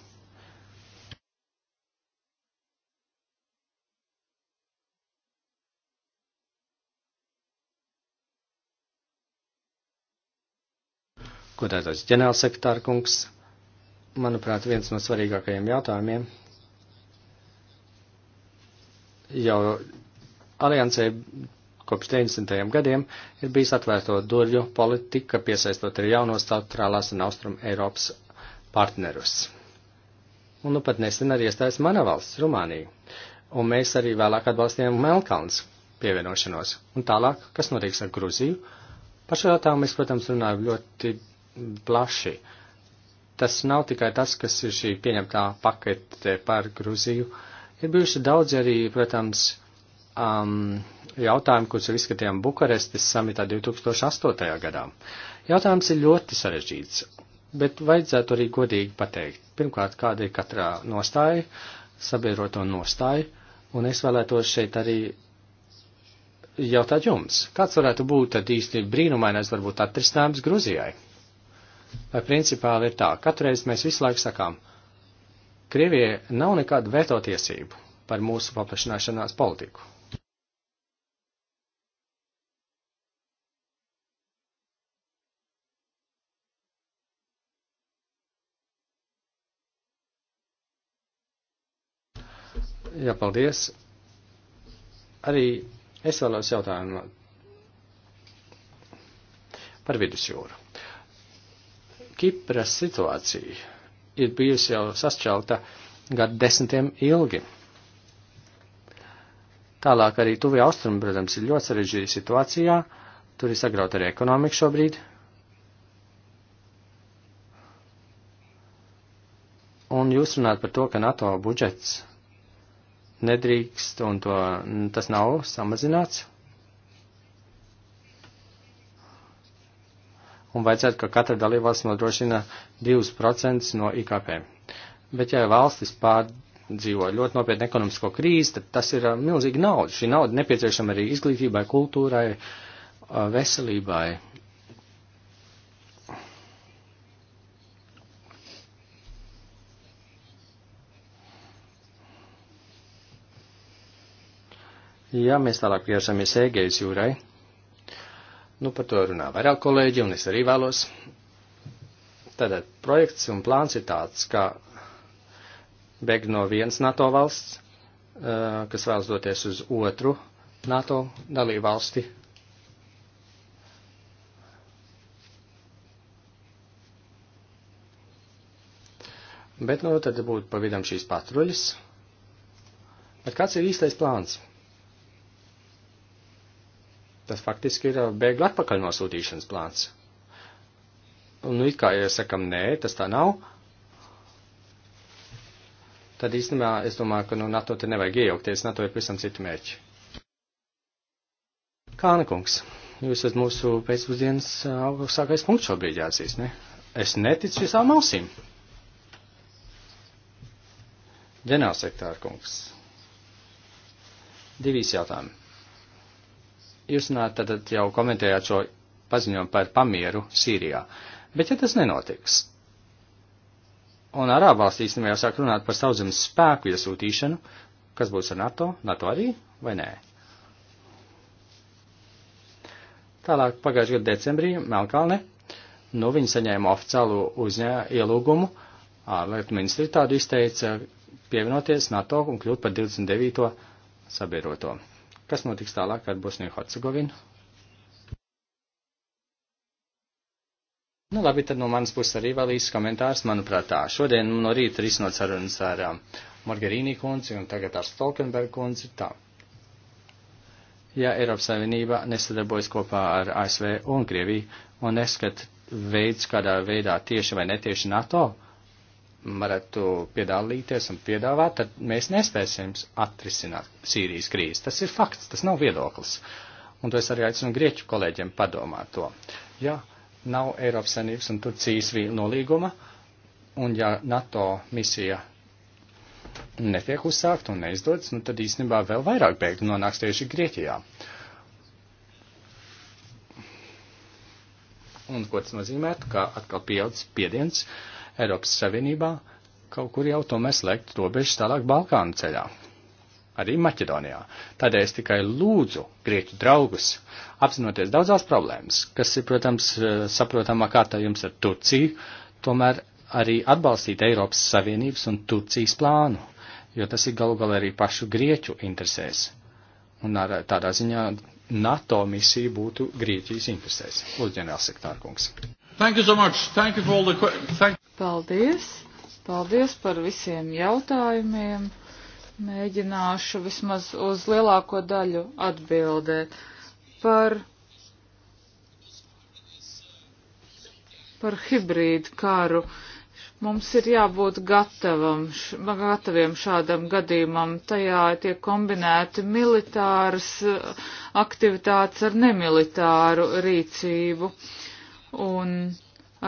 Godētais ģenerālsekretāra kungs, manuprāt, viens no svarīgākajiem jautājumiem jau aliansē kopš 90. gadiem ir bijis atvērto durvju politika, piesaistot arī jaunos centrālās un austrum Eiropas partnerus. Un nu pat nesen arī iestājas mana valsts, Rumānija. Un mēs arī vēlāk atbalstījām Melkalns pievienošanos. Un tālāk, kas notiks ar Gruziju? Par šo jautājumu mēs, protams, runājam ļoti plaši. Tas nav tikai tas, kas ir šī pieņemtā pakete par Gruziju. Ir bijuši daudz arī, protams, um, jautājumi, kurus ir izskatījām Bukarestes samitā 2008. gadā. Jautājums ir ļoti sarežģīts, bet vajadzētu arī godīgi pateikt. Pirmkārt, kāda ir katrā nostāja, sabiedroto nostāja, un es vēlētos šeit arī jautāt jums, kāds varētu būt tad īsti brīnumainais varbūt atrisinājums Gruzijai? vai principāli ir tā, katreiz mēs visu laiku sakām, Krievijai nav nekādu veto tiesību par mūsu paplašināšanās politiku. Jā, paldies. Arī es vēlos jautājumu par vidusjūru. Kipras situācija ir bijusi jau sašķelta gadu desmitiem ilgi. Tālāk arī tuvi austrumi, protams, ir ļoti sarežģīta situācijā. Tur ir sagrauta arī ekonomika šobrīd. Un jūs runājat par to, ka NATO budžets nedrīkst un to, tas nav samazināts. un vajadzētu, ka katra dalībvalsts nodrošina 2% no IKP. Bet ja valstis pārdzīvo ļoti nopietnu ekonomisko krīzi, tad tas ir uh, milzīgi nauda. Šī nauda nepieciešama arī izglītībai, kultūrai, uh, veselībai. Ja mēs tālāk pievēršamies Ēgejas jūrai, Nu, par to runā vairāk kolēģi, un es arī vēlos. Tātad projekts un plāns ir tāds, ka bēg no vienas NATO valsts, eh, kas vēlas doties uz otru NATO dalību valsti. Bet, nu, tad būtu pavidam šīs patruļas. Bet kāds ir īstais plāns? Tas faktiski ir uh, bēgļu atpakaļ nosūtīšanas plāns. Un, nu, it kā, ja sakam, nē, tas tā nav, tad īstenībā es domāju, ka, nu, NATO te nevajag iejaukties, NATO ir pavisam citu mērķi. Kāna kungs, jūs esat mūsu pēcpusdienas uh, augstākais punkts šobrīd jāsīs, ne? Es neticu visām ausīm. Ģenerālsektāra kungs. Divīs jautājumi jūs runājat, tad jau komentējāt šo paziņojumu par pamieru Sīrijā. Bet ja tas nenotiks, un Arābu valsts īstenībā jau sāk runāt par saudzemes spēku iesūtīšanu, kas būs ar NATO, NATO arī, vai nē? Tālāk pagājušajā gadā decembrī Melkalne, nu viņi saņēma oficiālu uzņē, ielūgumu, ārlietu ministri tādu izteica pievienoties NATO un kļūt par 29. sabiedroto. Kas notiks tālāk ar Bosniju Hercegovinu? Nu, labi, tad no manas puses arī vēl īsts komentārs. Manuprāt, tā šodien no rīta ir iznot sarunas ar um, Margarīnī kundzi un tagad ar Stolkenberg kundzi. Tā. Ja Eiropas Savienība nesadarbojas kopā ar ASV un Krieviju un neskat veids, kādā veidā tieši vai netieši NATO, uh, varētu piedalīties un piedāvāt, tad mēs nespēsim atrisināt Sīrijas krīzi. Tas ir fakts, tas nav viedoklis. Un to es arī aicinu grieķu kolēģiem padomāt to. Ja nav Eiropas Sanības un Turcijas nolīguma, un ja NATO misija netiek uzsākt un neizdodas, nu tad īstenībā vēl vairāk bēgļu nonāks tieši Grieķijā. Un ko tas nozīmē, ka atkal pieaudz spiediens uh, Eiropas Savienībā, kaut kur jau tomēr slēgt robežas tālāk Balkānu ceļā. Arī Maķedonijā. Tādēļ es tikai lūdzu grieķu draugus, apzinoties daudzās problēmas, kas ir, protams, eh, saprotamā kārtā jums ar Turciju, tomēr arī atbalstīt Eiropas Savienības un Turcijas plānu, jo tas ir galu galā arī pašu grieķu interesēs. Un ar, tādā ziņā NATO misija būtu Grieķijas interesēs. Lūdzu, ģenerālsektāra kungs. Thank you so much. Thank you for all the... Thank Paldies! Paldies par visiem jautājumiem. Mēģināšu vismaz uz lielāko daļu atbildēt. Par, par hibrīdu karu. Mums ir jābūt gatavam, š, gataviem šādam gadījumam. Tajā tiek kombinēti militāras eh, aktivitātes ar nemilitāru rīcību. Un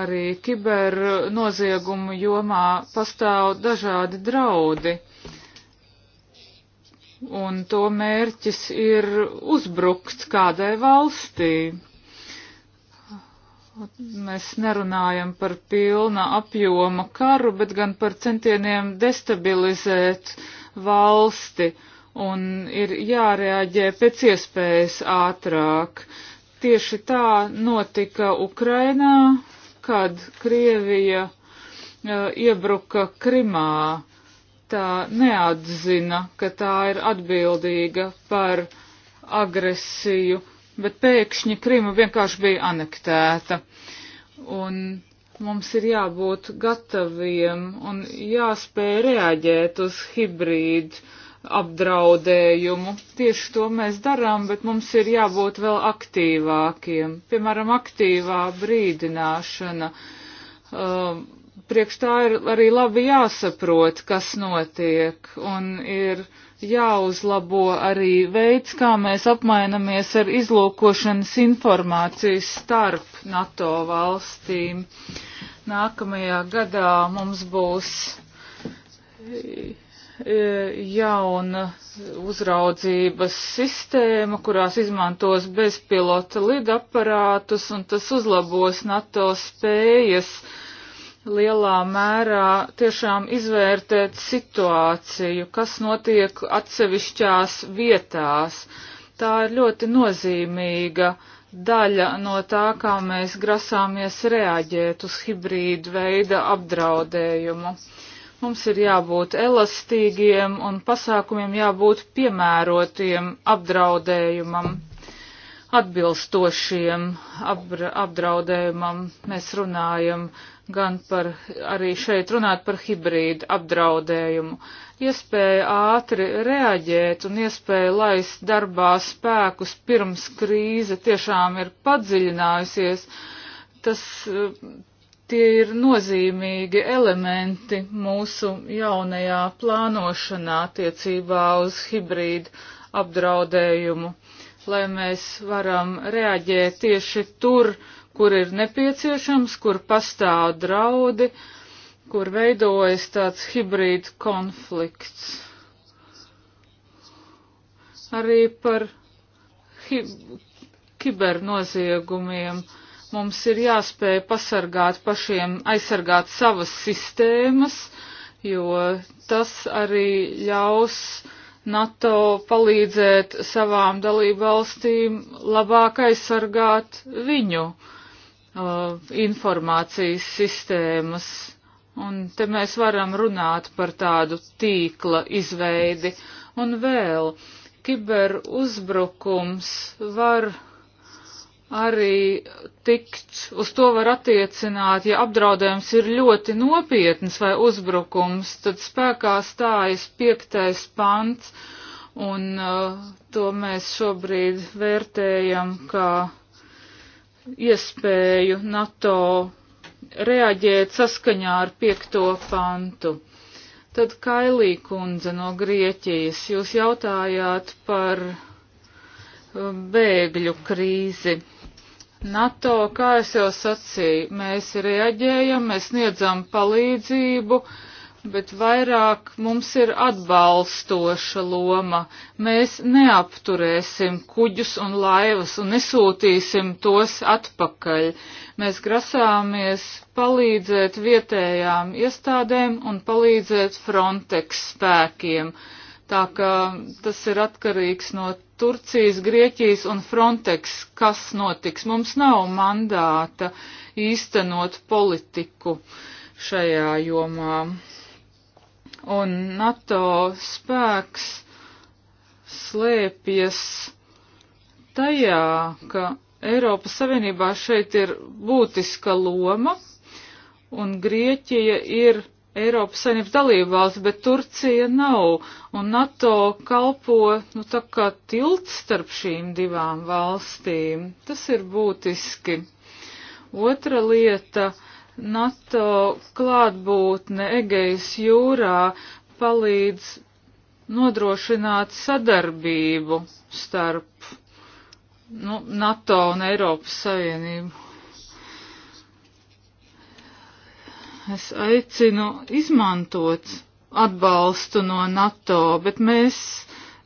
arī kibernoziegumu jomā pastāv dažādi draudi. Un to mērķis ir uzbrukt kādai valstī. Mēs nerunājam par pilna apjoma karu, bet gan par centieniem destabilizēt valsti un ir jārēģē pēc iespējas ātrāk. Tieši tā notika Ukrainā, kad Krievija uh, iebruka Krimā, tā neatzina, ka tā ir atbildīga par agresiju, bet pēkšņi Krima vienkārši bija anektēta. Un mums ir jābūt gataviem un jāspēj reaģēt uz hibrīdu apdraudējumu. Tieši to mēs darām, bet mums ir jābūt vēl aktīvākiem. Piemēram, aktīvā brīdināšana. Um, priekš tā ir arī labi jāsaprot, kas notiek, un ir jāuzlabo arī veids, kā mēs apmainamies ar izlūkošanas informāciju starp NATO valstīm. Nākamajā gadā mums būs E, jauna uzraudzības sistēma, kurās izmantos bezpilota lidaparātus, un tas uzlabos NATO spējas lielā mērā tiešām izvērtēt situāciju, kas notiek atsevišķās vietās. Tā ir ļoti nozīmīga daļa no tā, kā mēs grasāmies reaģēt uz hibrīdu veida apdraudējumu. Mums ir jābūt elastīgiem un pasākumiem jābūt piemērotiem apdraudējumam, atbilstošiem apdraudējumam. Mēs runājam gan par, arī šeit runāt par hibrīdu apdraudējumu. Iespēja ātri reaģēt un iespēja laist darbā spēkus pirms krīze tiešām ir padziļinājusies. Tas tie ir nozīmīgi elementi mūsu jaunajā plānošanā attiecībā uz hibrīdu apdraudējumu, lai mēs varam reaģēt tieši tur, kur ir nepieciešams, kur pastāv draudi, kur veidojas tāds hibrīdu konflikts. Arī par hi kibernoziegumiem. noziegumiem Mums ir jāspēj pasargāt pašiem, aizsargāt savas sistēmas, jo tas arī ļaus NATO palīdzēt savām dalību valstīm labāk aizsargāt viņu uh, informācijas sistēmas. Un te mēs varam runāt par tādu tīkla izveidi. Un vēl, kiberuzbrukums var arī tikt, uz to var attiecināt, ja apdraudējums ir ļoti nopietns vai uzbrukums, tad spēkā stājas piektais pants, un uh, to mēs šobrīd vērtējam kā iespēju NATO reaģēt saskaņā ar piekto pantu. Tad Kailī kundze no Grieķijas, jūs jautājāt par uh, bēgļu krīzi. NATO, kā es jau sacīju, mēs reaģējam, mēs sniedzam palīdzību, bet vairāk mums ir atbalstoša loma. Mēs neapturēsim kuģus un laivas un nesūtīsim tos atpakaļ. Mēs grasāmies palīdzēt vietējām iestādēm un palīdzēt Frontex spēkiem. Tā kā tas ir atkarīgs no Turcijas, Grieķijas un Frontex, kas notiks. Mums nav mandāta īstenot politiku šajā jomā. Un NATO spēks slēpjas tajā, ka Eiropas Savienībā šeit ir būtiska loma, un Grieķija ir Eiropas saimnības dalībvalsts, bet Turcija nav, un NATO kalpo, nu, tā kā tilts starp šīm divām valstīm. Tas ir būtiski. Otra lieta - NATO klātbūtne Egejas jūrā palīdz nodrošināt sadarbību starp nu, NATO un Eiropas Savienību. Es aicinu izmantot atbalstu no NATO, bet mēs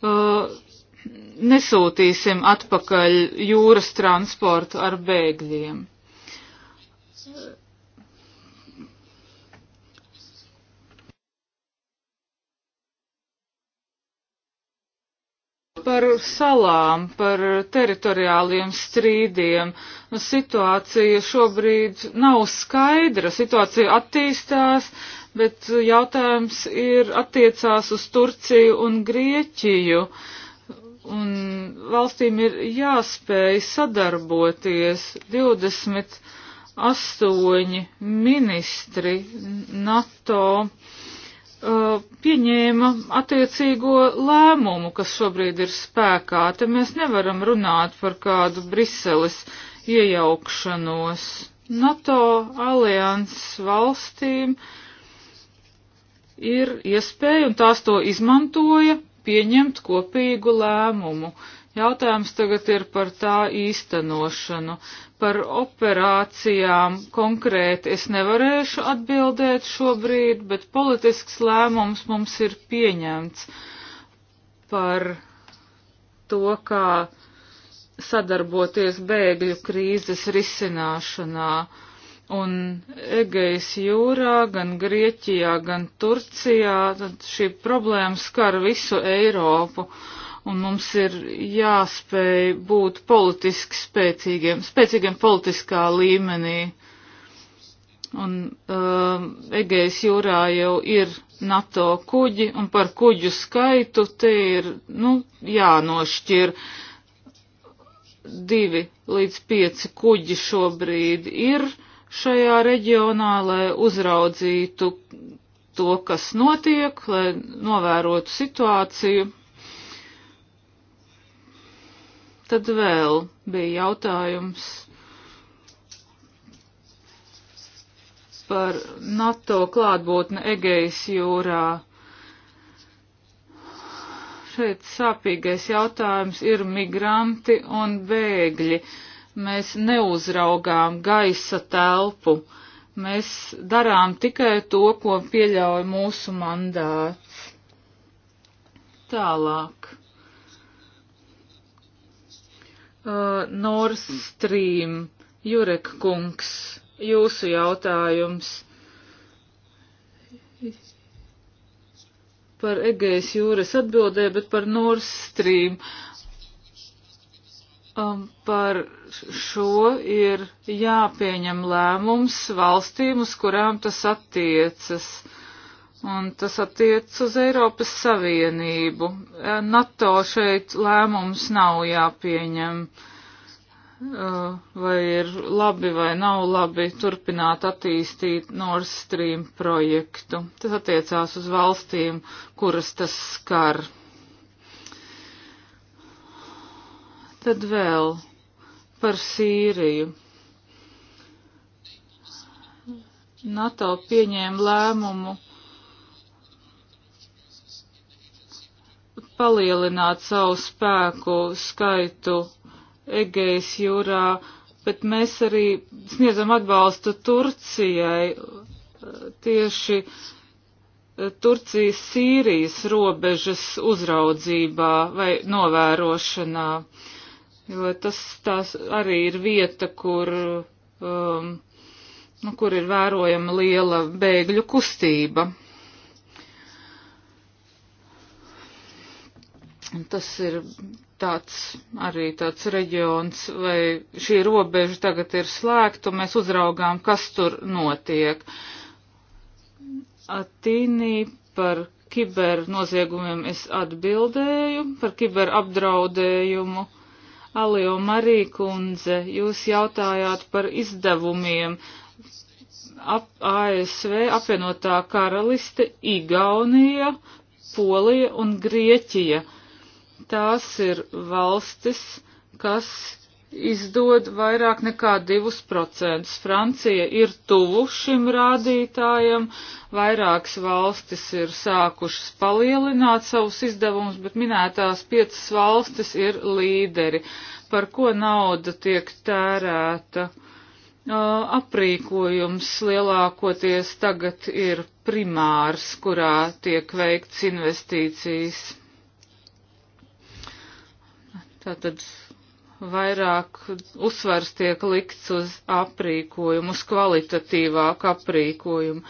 uh, nesūtīsim atpakaļ jūras transportu ar bēgļiem. par salām, par teritoriāliem strīdiem. Nu, situācija šobrīd nav skaidra, situācija attīstās, bet jautājums ir attiecās uz Turciju un Grieķiju. Un valstīm ir jāspēj sadarboties 28 ministri NATO Uh, pieņēma attiecīgo lēmumu, kas šobrīd ir spēkā. Te mēs nevaram runāt par kādu Briseles iejaukšanos. NATO alianses valstīm ir iespēja, un tās to izmantoja, pieņemt kopīgu lēmumu. Uh, Jautājums tagad ir par tā īstenošanu. Par operācijām konkrēti es nevarēšu atbildēt šobrīd, bet politisks lēmums mums ir pieņemts par to, kā sadarboties bēgļu krīzes risināšanā. Un Egejas jūrā, gan Grieķijā, gan Turcijā šī problēma skar visu Eiropu. Uh, un mums ir jāspēj būt politiski spēcīgiem, spēcīgiem politiskā līmenī. Un um, Egejas jūrā jau ir NATO kuģi, un par kuģu skaitu te ir, nu, jānošķir divi līdz pieci kuģi šobrīd ir šajā reģionā, lai uzraudzītu to, kas notiek, lai novērotu situāciju. Tad vēl bija jautājums par NATO klātbūtni Egejas jūrā. Šeit sāpīgais jautājums ir migranti un bēgļi. Mēs neuzraugām gaisa telpu. Mēs darām tikai to, ko pieļauj mūsu mandāts. Tālāk Uh, Nord Stream, Jurek kungs, jūsu jautājums par Egejas jūras atbildēju, bet par Nord Stream. Um, par šo ir jāpieņem lēmums valstīm, uz kurām tas attiecas. Uh, un tas attiec uz Eiropas Savienību. Eh, NATO šeit lēmums nav jāpieņem, eh, vai ir labi vai nav labi turpināt attīstīt Nord Stream projektu. Tas attiecās uz valstīm, kuras tas skar. Tad vēl par Sīriju. NATO pieņēma lēmumu palielināt savu spēku skaitu Egejas jūrā, bet mēs arī sniedzam atbalstu Turcijai tieši e, Turcijas Sīrijas robežas uzraudzībā vai novērošanā, jo tas tās arī ir vieta, kur, um, nu, kur ir vērojama liela bēgļu kustība. tas ir tāds arī tāds reģions, vai šī robeža tagad ir slēgta, un mēs uzraugām, kas tur notiek. Atīnī par kibernoziegumiem es atbildēju, par kiberapdraudējumu. Alio Marīkundze, jūs jautājāt par izdevumiem. Ap, ASV apvienotā karaliste, Igaunija, Polija un Grieķija tās ir valstis, kas izdod vairāk nekā 2%. Francija ir tuvu šim rādītājam, vairākas valstis ir sākušas palielināt savus izdevumus, bet minētās piecas valstis ir līderi, par ko nauda tiek tērēta. Aprīkojums lielākoties tagad ir primārs, kurā tiek veikts investīcijas. Tātad vairāk uzsvars tiek likts uz aprīkojumu, uz kvalitatīvāku aprīkojumu.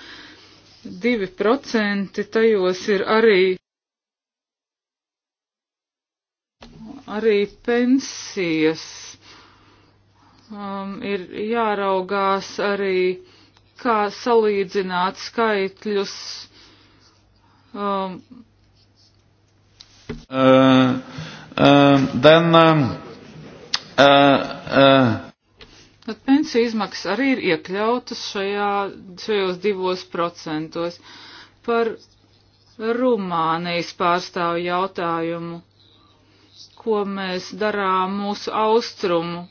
2% tajos ir arī, arī pensijas. Um, ir jāraugās arī, kā salīdzināt skaitļus. Um, uh. Ehm, then um, uh, uh, Tad pensiju izmaksas arī ir iekļautas šajā, šajos divos procentos. Par Rumānijas pārstāvu jautājumu, ko mēs darām mūsu austrumu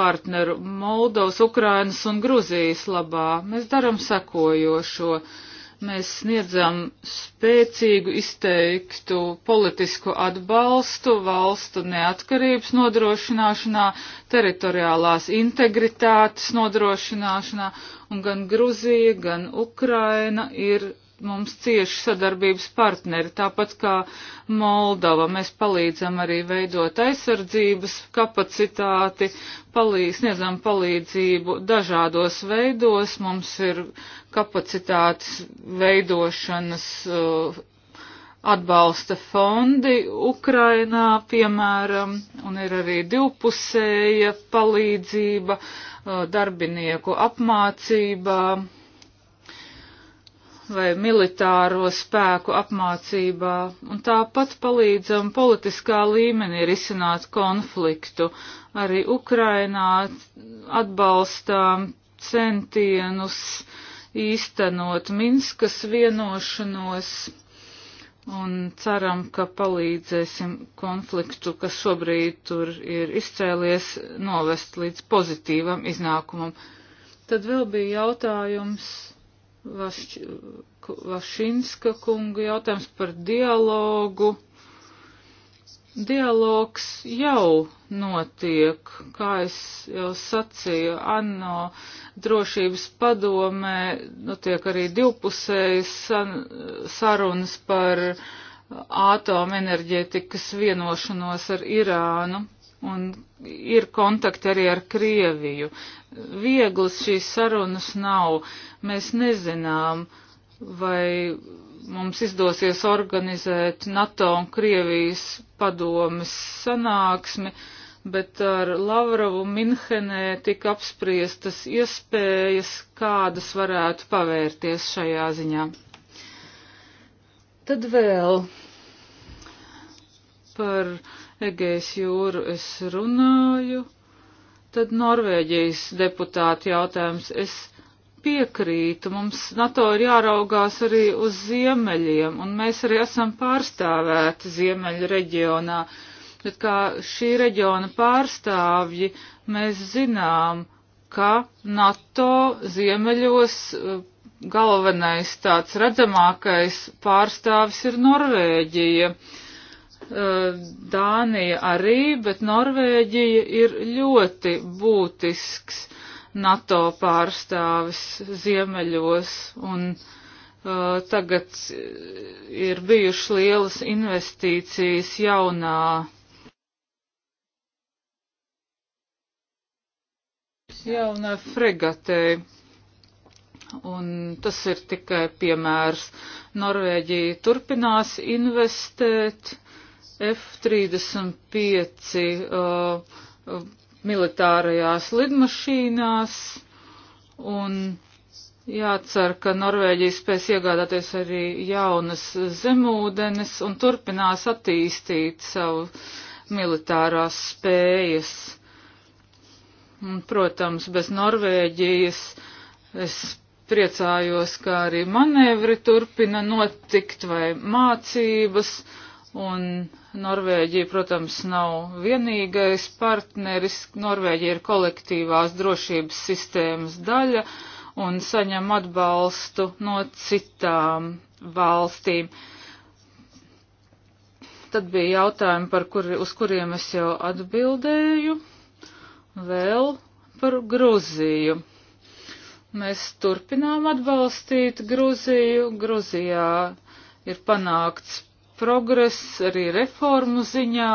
partneru Moldovas, Ukrainas un Gruzijas labā, mēs darām sekojošo. Uh, Mēs sniedzam spēcīgu izteiktu politisku atbalstu valstu neatkarības nodrošināšanā, teritoriālās integritātes nodrošināšanā, un gan Gruzija, gan Ukraina ir mums cieši sadarbības partneri, tāpat kā Moldova. Mēs palīdzam arī veidot aizsardzības kapacitāti, palīdz, sniedzam palīdzību dažādos veidos. Mums ir kapacitātes veidošanas uh, atbalsta fondi Ukrainā, piemēram, un ir arī divpusēja palīdzība uh, darbinieku apmācībā vai militāro spēku apmācībā, un tāpat palīdzam politiskā līmenī risināt konfliktu. Arī Ukrainā atbalstām centienus īstenot Minskas vienošanos un ceram, ka palīdzēsim konfliktu, kas šobrīd tur ir izcēlies, novest līdz pozitīvam iznākumam. Tad vēl bija jautājums Vašč, Vašinska kunga jautājums par dialogu. Dialogs jau notiek, kā es jau sacīju, ANO drošības padomē notiek arī divpusējas sarunas par ātomenerģētikas vienošanos ar Irānu un ir kontakti arī ar Krieviju. Vieglas šīs sarunas nav. Mēs nezinām, vai mums izdosies organizēt NATO un Krievijas padomes sanāksmi, bet ar Lavrovu Minhenē tika apspriestas iespējas, kādas varētu pavērties šajā ziņā. Tad vēl par uh, Egejas jūru es runāju, tad Norvēģijas deputāti jautājums es piekrītu, mums NATO ir jāraugās arī uz ziemeļiem, un mēs arī esam pārstāvēti ziemeļu reģionā, bet kā šī reģiona pārstāvji mēs zinām, ka NATO ziemeļos eh, galvenais tāds redzamākais pārstāvis ir Norvēģija. Uh, Eh, Dānija arī, bet Norvēģija ir ļoti būtisks NATO pārstāvis ziemeļos, un uh, tagad ir bijušas lielas investīcijas jaunā. Jaunā fregatē. Un tas ir tikai piemērs. Norvēģija turpinās investēt F-35 uh, militārajās lidmašīnās un jācer, ka Norvēģija spēs iegādāties arī jaunas zemūdenes un turpinās attīstīt savu militārās spējas. Un, protams, bez Norvēģijas es priecājos, ka arī manevri turpina notikt vai mācības Un Norvēģija, protams, nav vienīgais partneris. Norvēģija ir kolektīvās drošības sistēmas daļa un saņem atbalstu no citām valstīm. Tad bija jautājumi, par kur, uz kuriem es jau atbildēju. Vēl par Gruziju. Mēs turpinām atbalstīt Gruziju. Gruzijā ir panākts progress arī reformu ziņā.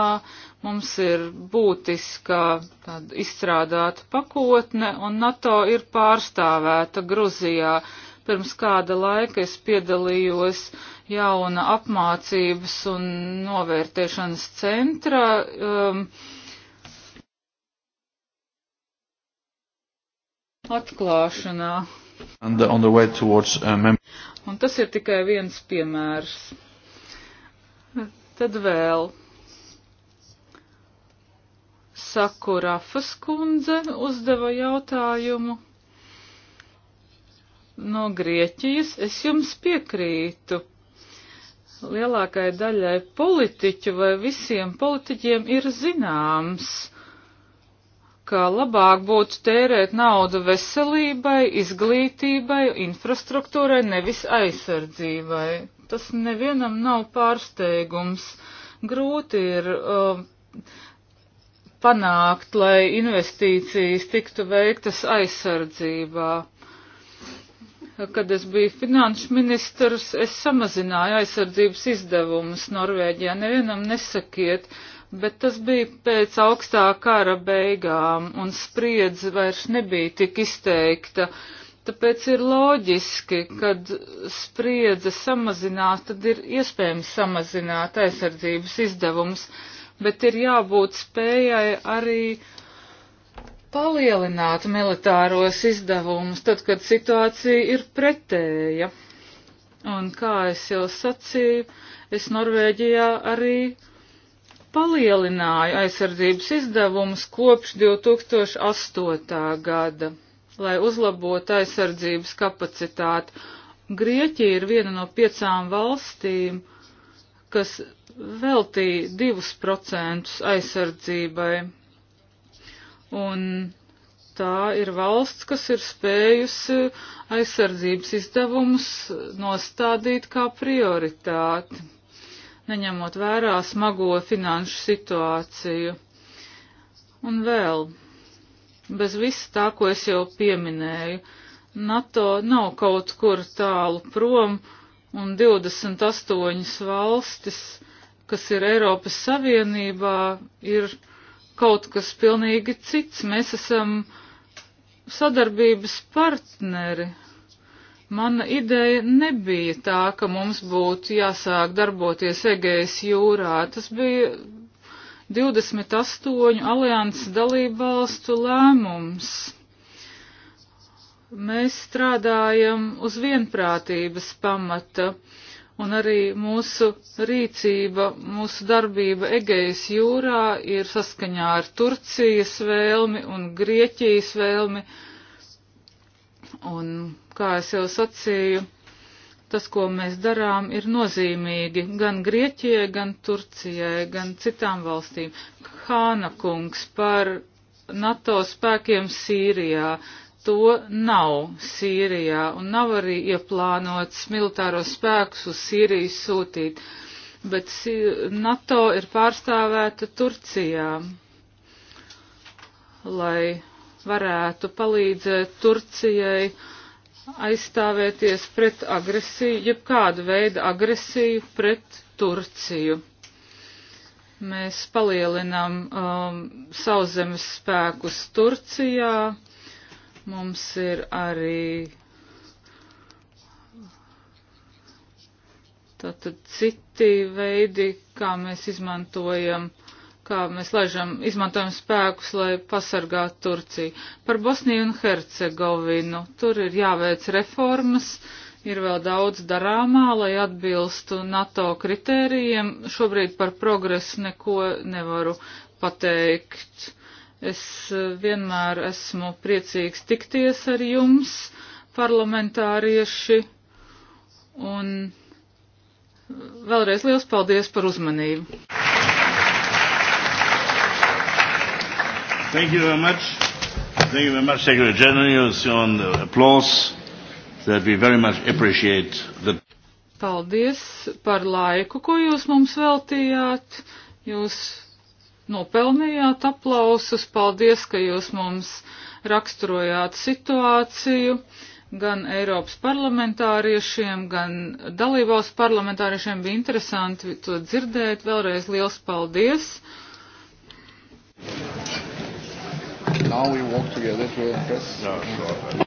Mums ir būtiska tāda izstrādāta pakotne, un NATO ir pārstāvēta Gruzijā. Pirms kāda laika es piedalījos jauna apmācības un novērtēšanas centra. Um, atklāšanā. And, uh, towards, um, un tas ir tikai viens piemērs. Tad vēl Sakurafas kundze uzdeva jautājumu no Grieķijas. Es jums piekrītu. Lielākai daļai politiķu vai visiem politiķiem ir zināms, ka labāk būtu tērēt naudu veselībai, izglītībai, infrastruktūrai, nevis aizsardzībai tas nevienam nav pārsteigums. Grūti ir uh, panākt, lai investīcijas tiktu veiktas aizsardzībā. Kad es biju finanšu ministrs, es samazināju aizsardzības izdevumus Norvēģijā. Nevienam nesakiet, bet tas bija pēc augstā kara beigām un spriedze vairs nebija tik izteikta. Uh, Tāpēc ir loģiski, kad spriedze samazinās, tad ir iespējams samazināt aizsardzības izdevumus, bet ir jābūt spējai arī palielināt militāros izdevumus, tad, kad situācija ir pretēja. Un kā es jau sacīju, es Norvēģijā arī palielināju aizsardzības izdevumus kopš 2008. gada lai uzlabotu aizsardzības kapacitāti. Grieķija ir viena no piecām valstīm, kas veltīja divus procentus aizsardzībai. Un tā ir valsts, kas ir spējusi aizsardzības izdevumus nostādīt kā prioritāti, neņemot vērā smago finanšu situāciju. Un vēl bez viss tā, ko es jau pieminēju. NATO nav kaut kur tālu prom, un 28 valstis, kas ir Eiropas Savienībā, ir kaut kas pilnīgi cits. Mēs esam sadarbības partneri. Mana ideja nebija tā, ka mums būtu jāsāk darboties Egejas jūrā. Tas bija 28 alianses dalību valstu lēmums. Mēs strādājam uz vienprātības pamata, un arī mūsu rīcība, mūsu darbība Egejas jūrā ir saskaņā ar Turcijas vēlmi un Grieķijas vēlmi. Un, kā es jau sacīju, tas, ko mēs darām, ir nozīmīgi gan Grieķijai, gan Turcijai, gan citām valstīm. Hāna kungs par NATO spēkiem Sīrijā. To nav Sīrijā un nav arī ieplānots militāros spēkus uz Sīriju sūtīt, bet NATO ir pārstāvēta Turcijā, lai varētu palīdzēt Turcijai uh, aizstāvēties pret agresiju, jebkādu veidu agresiju pret Turciju. Mēs palielinām um, sauszemes spēkus Turcijā, mums ir arī tātad citi veidi, kā mēs izmantojam uh, kā mēs laižam, izmantojam spēkus, lai pasargātu Turciju. Par Bosniju un Hercegovinu tur ir jāveic reformas, ir vēl daudz darāmā, lai atbilstu NATO kritērijiem. Šobrīd par progresu neko nevaru pateikt. Es eh, vienmēr esmu priecīgs tikties ar jums, parlamentārieši, un eh, vēlreiz liels paldies par uzmanību. Thank you very much. Thank you very much, Secretary General. It's on the applause that we very much appreciate the. Paldies par laiku, ko jūs mums veltījāt. Jūs nopelnījāt aplausus. Paldies, ka jūs mums raksturojāt situāciju gan Eiropas parlamentāriešiem, gan dalībvalsts parlamentāriešiem bija interesanti to dzirdēt. Vēlreiz liels paldies! now we walk together to a press. No, sure.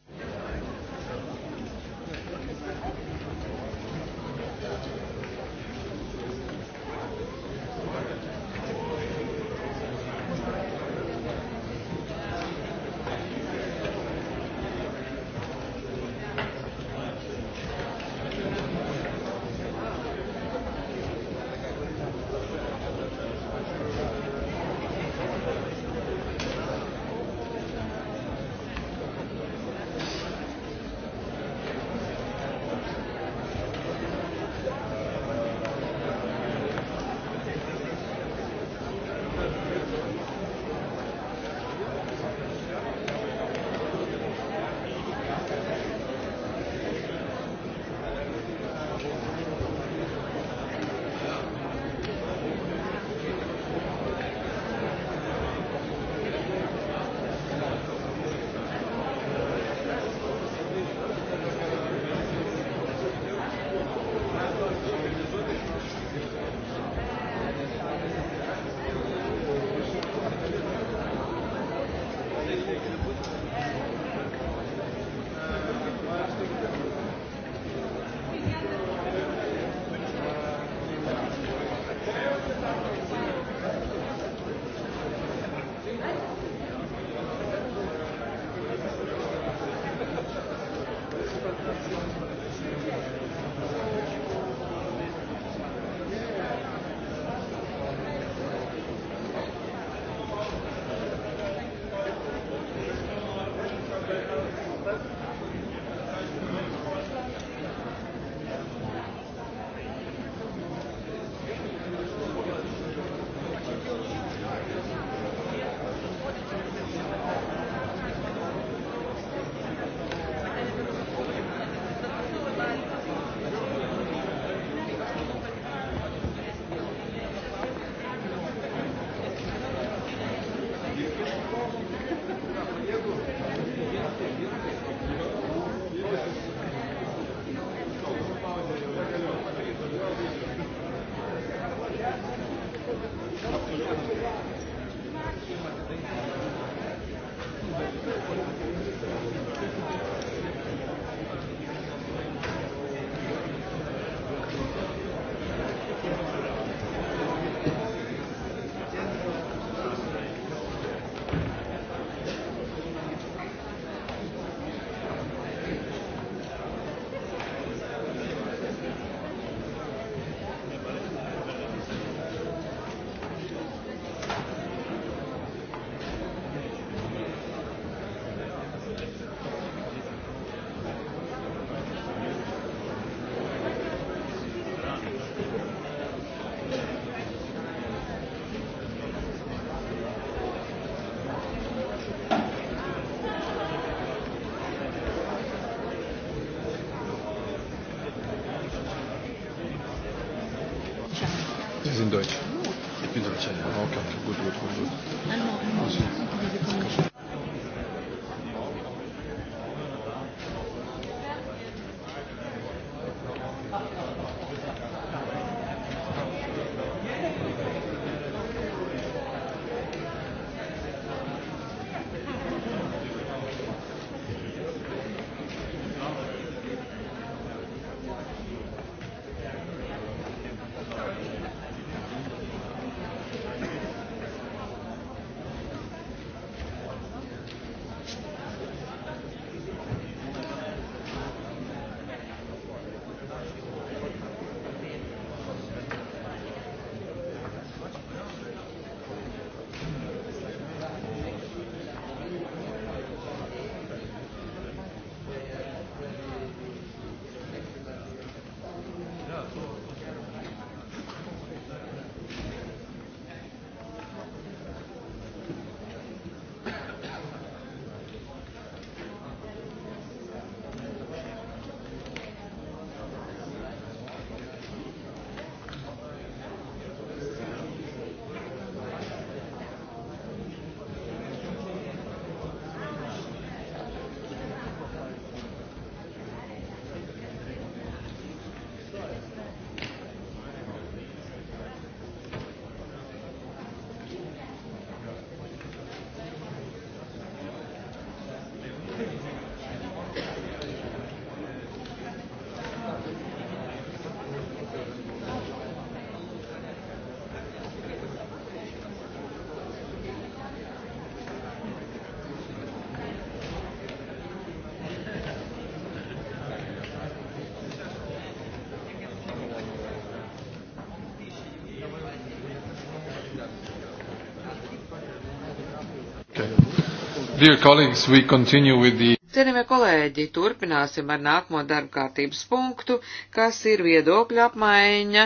The... Cienījamie kolēģi, turpināsim ar nākamo darba kārtības punktu, kas ir viedokļa apmaiņa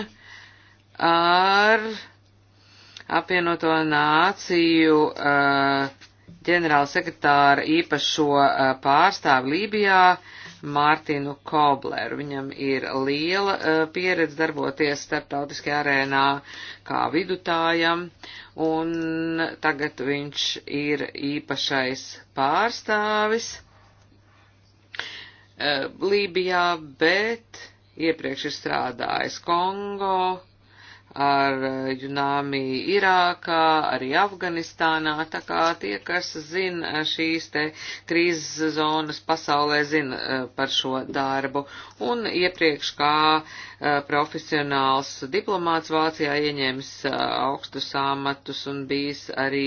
ar apvienoto nāciju ģenerāla sekretāra īpašo pārstāvu Lībijā Mārtinu Kobleru. Viņam ir liela uh, pieredze darboties starptautiskajā arēnā kā vidutājam, un tagad viņš ir īpašais pārstāvis uh, Lībijā, bet iepriekš ir strādājis Kongo ar eh, Junāmi Irākā, arī Afganistānā, tā kā tie, kas zina eh, šīs te krīzes zonas pasaulē, zina eh, par šo darbu. Un iepriekš kā profesionāls diplomāts Vācijā ieņēmis augstus amatus un bijis arī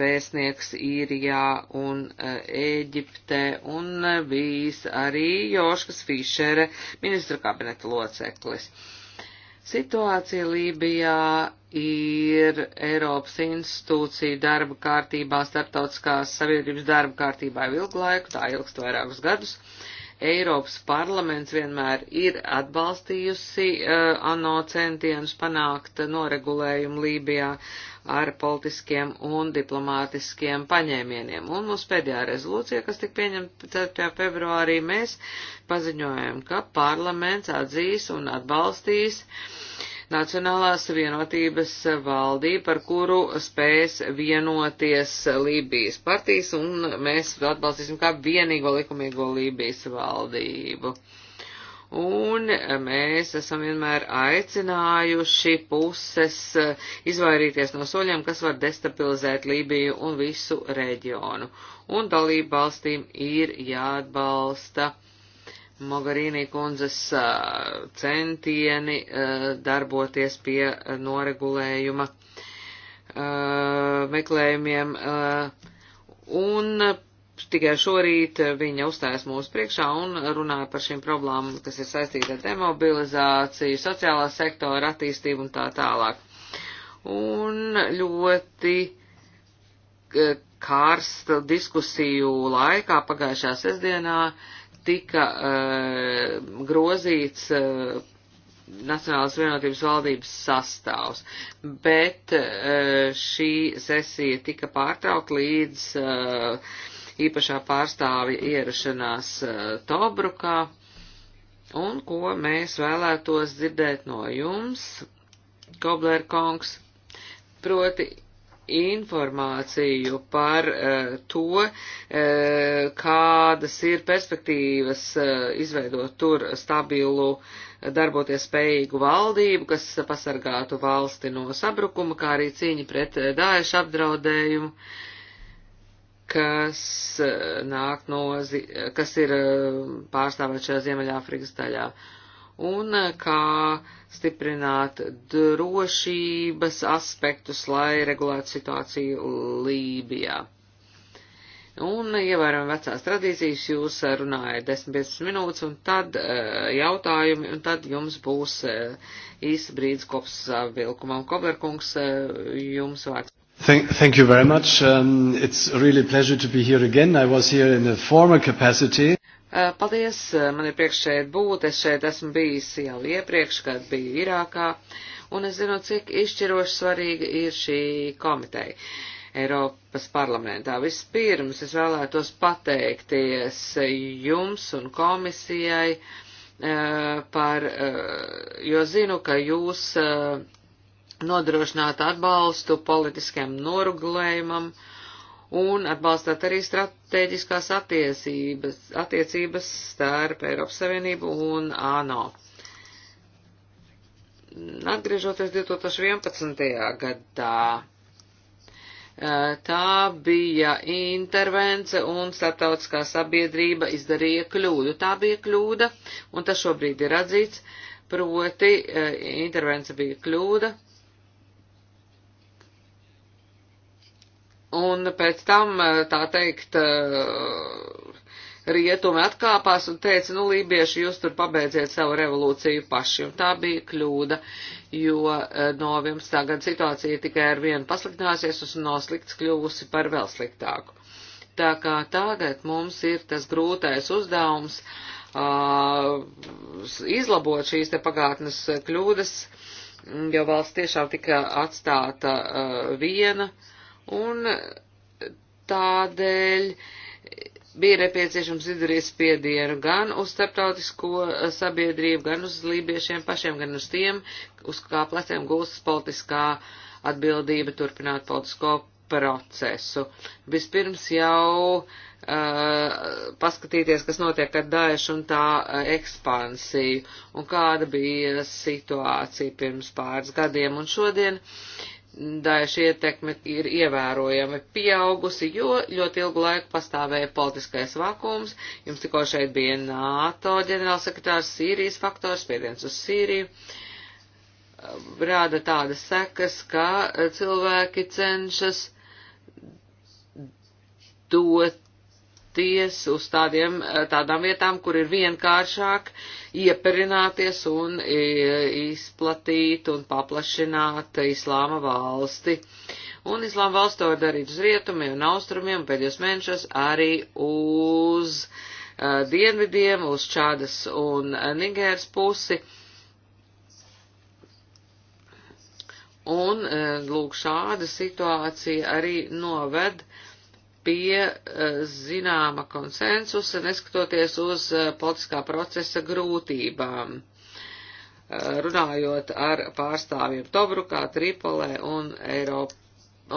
vēstnieks Īrijā un Ēģipte un bijis arī Joškas Fišere ministra kabineta loceklis. Uh, Situācija Lībijā ir Eiropas institūciju darba kārtībā, starptautiskās sabiedrības darba kārtībā jau ilgu laiku, tā ilgst vairākus gadus. Eiropas parlaments vienmēr ir atbalstījusi uh, ANO centienus panākt noregulējumu Lībijā, ar politiskiem un diplomātiskiem paņēmieniem. Un mūsu pēdējā rezolūcija, kas tika pieņemta 4. februārī, mēs paziņojam, ka parlaments atzīs un atbalstīs Nacionālās vienotības valdību, par kuru spēs vienoties Lībijas partijas, un mēs atbalstīsim kā vienīgo likumīgo Lībijas valdību. Un mēs esam vienmēr aicinājuši puses eh, izvairīties no soļiem, kas var destabilizēt Lībiju un visu reģionu. Un dalību valstīm ir jāatbalsta Mogarīnī kundzes eh, centieni eh, darboties pie noregulējuma meklējumiem un tikai šorīt eh, viņa uzstājas mūsu priekšā un runāja par šīm problēmām, kas ir saistīta ar demobilizāciju, sociālā sektora attīstību un tā tālāk. Un ļoti eh, kārsta diskusiju laikā pagājušā sestdienā tika uh, grozīts uh, Nacionālās vienotības valdības sastāvs, bet uh, šī sesija tika pārtraukta līdz uh, īpašā pārstāvja ierašanās eh, Tobrukā un ko mēs vēlētos dzirdēt no jums, Kobler kungs, proti informāciju par uh, to, uh, kādas ir perspektīvas uh, izveidot tur stabilu, darboties spējīgu valdību, kas pasargātu valsti no sabrukuma, kā arī cīņa pret dāiešu apdraudējumu. Uh, kas eh, nāk no, kas ir eh, pārstāvēt šajā Ziemeļāfrikas daļā. Un eh, kā stiprināt drošības aspektus, lai regulētu situāciju Lībijā. Un ievērojam vecās tradīcijas, jūs runājat 10-15 minūtes, un tad jautājumi, un tad jums būs īsa brīdis kops vilkumam. Koblerkungs, jums vārds. Thank, thank you very much. Um, it's really a pleasure to be here again. I was here in a former capacity. Uh, paldies, uh, man ir prieks šeit būt, es šeit esmu bijis jau iepriekš, kad biju Irākā, un es zinu, cik izšķiroši svarīga ir šī komiteja Eiropas parlamentā. Vispirms es vēlētos pateikties jums un komisijai uh, par, jo zinu, ka jūs nodrošināt atbalstu politiskajam noruglējumam un atbalstāt arī strateģiskās attiecības, attiecības starp Eiropas Savienību un ANO. Atgriežoties 2011. gadā, tā bija intervence un starptautiskā sabiedrība izdarīja kļūdu. Tā bija kļūda, un tas šobrīd ir atzīts, proti intervence bija kļūda, Un pēc tam, eh, tā teikt, eh, rietumi atkāpās un teica, nu, lībieši, jūs tur pabeidziet savu revolūciju paši. Un tā bija kļūda, jo eh, no 11. gada situācija tikai ar vienu pasliktināsies un noslikts kļūsi par vēl sliktāku. Tā kā tagad mums ir tas grūtais uzdevums uh, izlabot šīs te pagātnes kļūdas, jo valsts tiešām tika atstāta uh, viena. Uh, un tādēļ bija nepieciešams izdarīt spiedienu gan uz starptautisko eh, sabiedrību, gan uz lībiešiem pašiem, gan uz tiem, uz kā pleciem gulstas politiskā atbildība turpināt politisko procesu. Vispirms jau uh, paskatīties, kas notiek ar Daešu un tā uh, ekspansiju, un kāda bija situācija pirms pāris gadiem, un šodien uh, Daeša ietekme ir ievērojami pieaugusi, jo ļoti ilgu laiku pastāvēja politiskais vakums. Jums tikko šeit bija NATO ģenerālsekretārs, Sīrijas faktors, spiediens uz Sīriju. Rāda tādas sekas, ka cilvēki cenšas dot doties uz tādiem, eh, tādām vietām, kur ir vienkāršāk ieperināties un eh, izplatīt un paplašināt islāma valsti. Un islāma valsts to var darīt uz rietumiem un austrumiem, pēdējos mēnešos arī uz uh, dienvidiem, uz Čādas un Nigēras pusi. Un, uh, lūk, šāda situācija arī noved pie eh, zināma konsensusa, neskatoties uz eh, politiskā procesa grūtībām, eh, runājot ar pārstāvjiem Tobrukā, Tripolē un, Eiropa,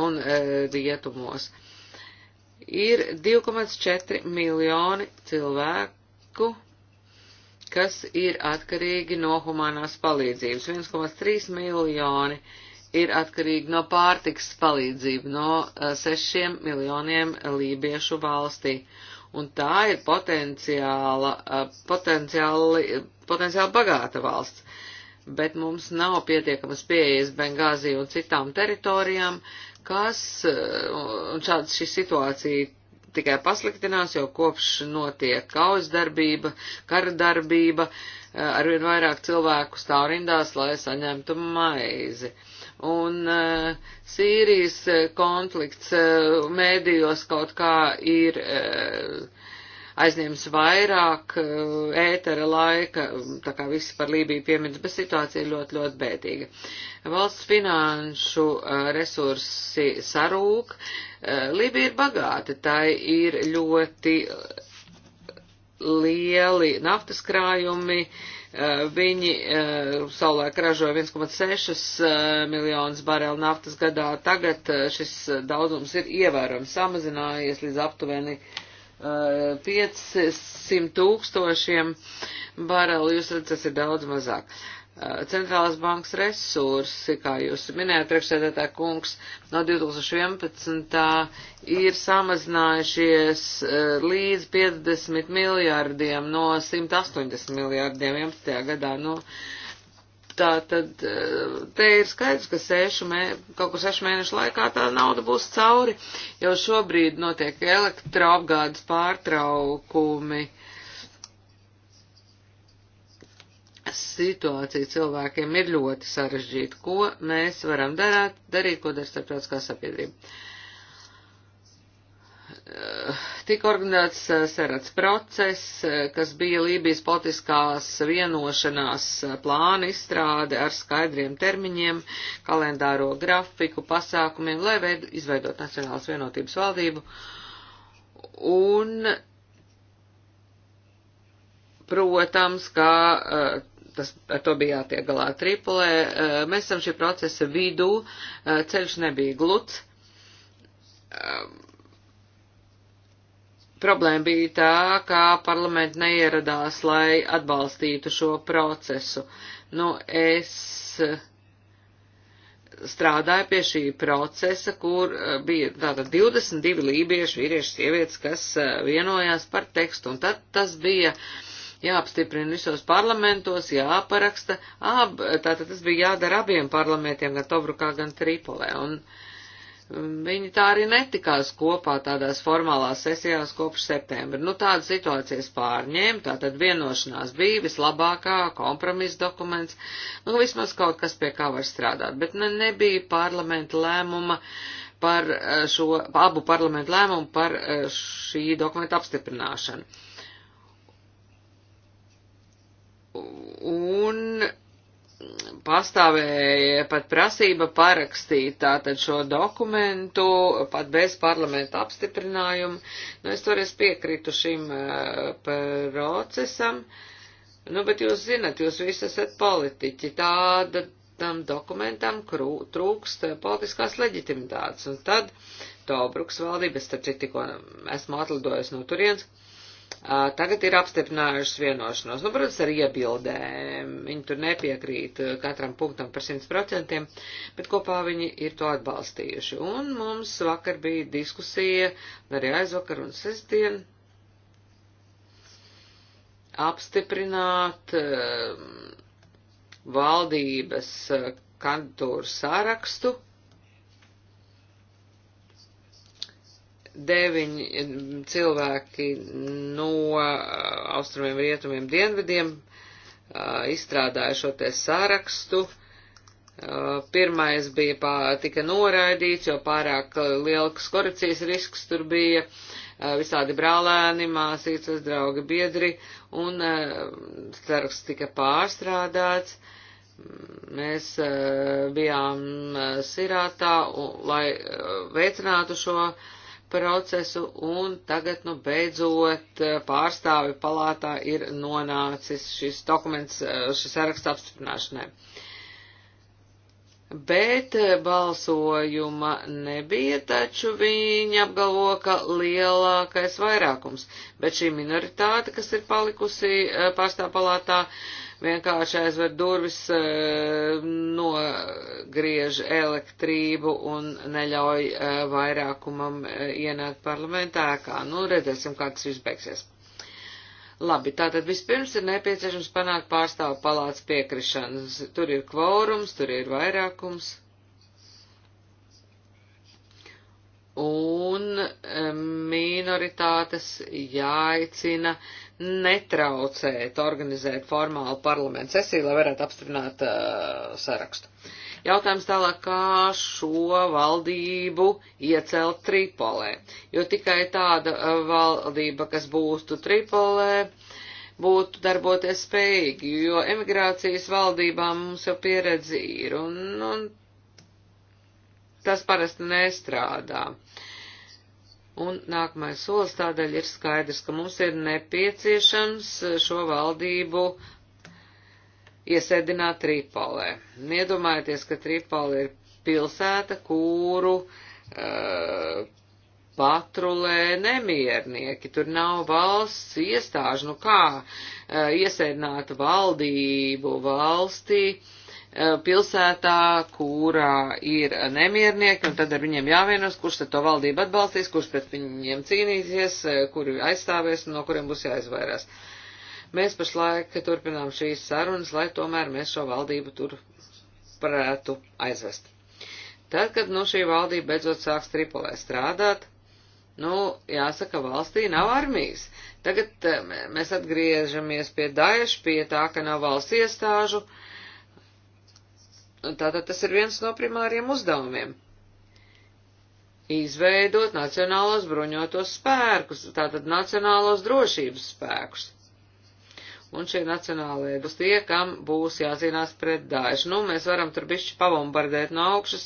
un Rietumos. Ir 2,4 miljoni cilvēku, kas ir atkarīgi no humanās palīdzības, 1,3 miljoni cilvēku ir atkarīgi no pārtiks palīdzību no 6 eh, miljoniem lībiešu valstī. Un tā ir potenciāla, eh, potenciāli, potenciāli bagāta valsts. Bet mums nav pietiekamas pieejas Bengāzī un citām teritorijām, kas, eh, un šāds šī situācija tikai pasliktinās, jo kopš notiek kaujas darbība, kara darbība, arvien vairāk cilvēku stāv rindās, lai saņemtu maizi. Un uh, Sīrijas eh, konflikts uh, mēdījos kaut kā ir uh, aizņems vairāk uh, ētera laika, tā kā visi par Lībiju piemins, bet situācija ir ļoti, ļoti bēdīga. Valsts finanšu uh, resursi sarūk, uh, Lībija ir bagāta, tai ir ļoti lieli naftas krājumi, uh, Eh, viņi eh, savulaik ražoja 1,6 eh, miljonus barelu naftas gadā. Tagad šis daudzums ir ievērojami samazinājies līdz aptuveni 500 tūkstošiem barelu. Jūs redzat, tas ir daudz mazāk. Uh, centrālās bankas resursi, kā jūs minējāt, priekšsēdētā kungs, no 2011. ir samazinājušies eh, līdz 50 miljārdiem no 180 miljārdiem 11. gadā. Nu, tā tad eh, te ir skaidrs, ka sešu mē, kaut kur sešu mēnešu laikā tā nauda būs cauri, jo šobrīd notiek elektroapgādes pārtraukumi situācija cilvēkiem ir ļoti sarežģīta. Ko mēs varam darāt, darīt, ko dara starptautiskā sabiedrība? Eh, tika organizēts eh, serats process, eh, kas bija Lībijas politiskās vienošanās plāna izstrāde ar skaidriem termiņiem, kalendāro grafiku, pasākumiem, lai veid, izveidot Nacionālas vienotības valdību. Un protams, ka uh, tas, ar to bija jātiek galā Tripolē. Eh, mēs esam šī procesa vidū, eh, ceļš nebija gluds. Eh, problēma bija tā, ka parlamenti neieradās, lai atbalstītu šo procesu. Nu, es strādāju pie šī procesa, kur bija tātad 22 lībiešu vīriešu sievietes, kas vienojās par tekstu, un tad tas bija uh, jāapstiprina visos parlamentos, jāparaksta, ab, tātad tas bija jādara abiem parlamentiem, gan Tobrukā, gan Tripolē. Un um, viņi tā arī netikās kopā tādās formālās sesijās kopš septembra. Nu, tādas situācijas pārņēma, tātad vienošanās bija vislabākā kompromisa dokuments, nu, vismaz kaut kas pie kā var strādāt, bet ne, nebija parlamenta lēmuma par uh, šo abu parlamentu lēmumu par uh, šī dokumenta apstiprināšanu. un pastāvēja pat prasība parakstīt tātad šo dokumentu, pat bez parlamenta apstiprinājuma. Nu, es toreiz piekritu šim uh, procesam. Nu, bet jūs zinat, jūs visi esat politiķi. Tāda tam dokumentam krū, trūkst politiskās leģitimitātes. Un tad Tobruks valdības, starp citu, tikko esmu atlidojis no turienes, uh, tagad ir apstiprinājušas vienošanos. Nu, protams, ar iebildēm. Viņi tur nepiekrīt katram punktam par 100%, bet kopā viņi ir to atbalstījuši. Un mums vakar bija diskusija, arī aizvakar un sestdien, apstiprināt valdības kandidatūru sārakstu deviņi eh, cilvēki no eh, austrumiem, rietumiem, dienvidiem eh, izstrādāja šo te sārakstu. Pirmais bija pā, tika noraidīts, jo pārāk liels korupcijas risks tur bija, visādi brālēni, māsīcas, draugi, biedri, un saraksts tika pārstrādāts. Mēs bijām Sirātā, lai veicinātu šo uh, procesu, un tagad, nu, beidzot, eh, pārstāvi palātā ir nonācis šis dokuments, eh, šis saraksts apstiprināšanai. Bet eh, balsojuma nebija, taču viņi apgalvo, ka lielākais vairākums, bet šī minoritāte, kas ir palikusi pārstāvpalātā, palātā, vienkārši aizver durvis, eh, nogriež elektrību un neļauj eh, vairākumam eh, ienākt parlamentā ēkā. Nu, redzēsim, kā tas viss beigsies. Labi, tātad vispirms ir nepieciešams panākt pārstāvu palāts piekrišanas. Tur ir kvorums, tur ir vairākums. Un minoritātes jāicina uh, netraucēt organizēt formālu parlamentu sesiju, lai varētu apstiprināt uh, sarakstu. Jautājums tālāk, kā šo valdību iecelt Tripolē, jo tikai tāda uh, valdība, kas būtu Tripolē, būtu darboties spējīgi, jo emigrācijas valdībām mums jau pieredze ir, un, un tas parasti nestrādā. Uh, Un nākamais solis tādēļ ir skaidrs, ka mums ir nepieciešams šo valdību iesēdināt Tripolē. Iedomājieties, ka Tripolē ir pilsēta, kuru uh, patrulē nemiernieki, tur nav valsts iestāžu, nu kā uh, iesēdināt valdību valstī, uh, Eh, pilsētā, kurā ir nemiernieki, un tad ar viņiem jāvienos, kurš tad to valdību atbalstīs, kurš pret viņiem cīnīsies, eh, kuri aizstāvēs un no kuriem būs jāizvairās. Mēs pašlaik turpinām šīs sarunas, lai tomēr mēs šo valdību tur varētu aizvest. Tad, kad nu šī valdība beidzot sāks Tripolē strādāt, nu, jāsaka, valstī nav armijas. Tagad eh, mēs atgriežamies pie Daesh, pie tā, ka nav valsts iestāžu, uh, Tātad tas ir viens no primāriem uzdevumiem. Izveidot nacionālos bruņotos spēkus, tātad nacionālos drošības spēkus. Un šie nacionālie būs tie, kam būs jācīnās pret dāšu. Nu, mēs varam tur bišķi pavombardēt no augšas,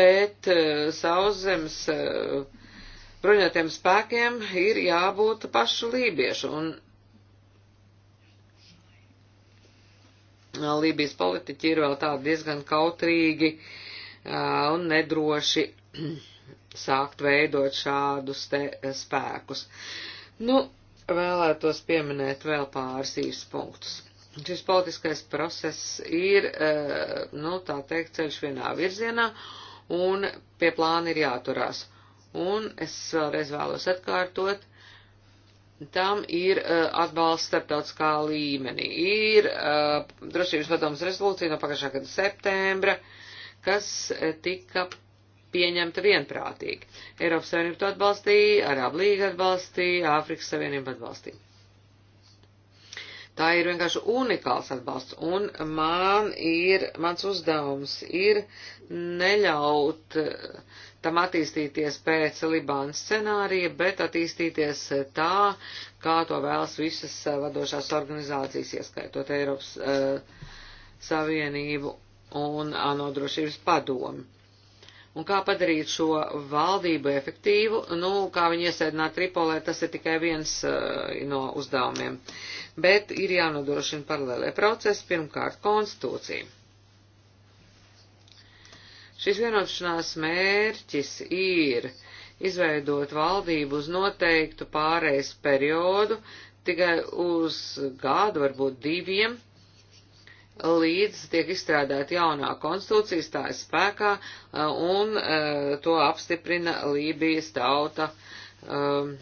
bet uh, sauszemes uh, eh, bruņotiem spēkiem ir jābūt pašu lībiešu. Un Lībijas politiķi ir vēl tādi diezgan kautrīgi un nedroši *clears throat* sākt veidot šādus te spēkus. Nu, vēlētos pieminēt vēl pāris īsus punktus. Šis politiskais process ir, nu, tā teikt, ceļš vienā virzienā, un pie plāna ir jāturās. Un es vēlreiz vēlos atkārtot, Tam ir uh, atbalsts starptautiskā līmenī. Ir uh, drošības padomas rezolūcija no pagājušā gada septembra, kas uh, tika pieņemta vienprātīgi. Eiropas Savienība to atbalstīja, Arābu līga atbalstīja, Āfrikas Savienība atbalstīja. Tā ir vienkārši unikāls atbalsts, un man ir, mans uzdevums ir neļaut uh, tam attīstīties pēc Libānas scenārija, bet attīstīties tā, kā to vēlas visas vadošās organizācijas, ieskaitot Eiropas uh, Savienību un ANO drošības padomu. Un kā padarīt šo valdību efektīvu, nu, kā viņi iesēdināt Tripolē, tas ir tikai viens uh, no uzdevumiem. Bet ir jānodrošina paralēlē procesi, pirmkārt, konstitūcija Šīs vienošanās mērķis ir izveidot valdību uz noteiktu pārējais periodu, tikai uz gadu, varbūt diviem, līdz tiek izstrādāta jaunā konstitūcija, stāja spēkā, eh, un eh, to apstiprina Lībijas tauta eh,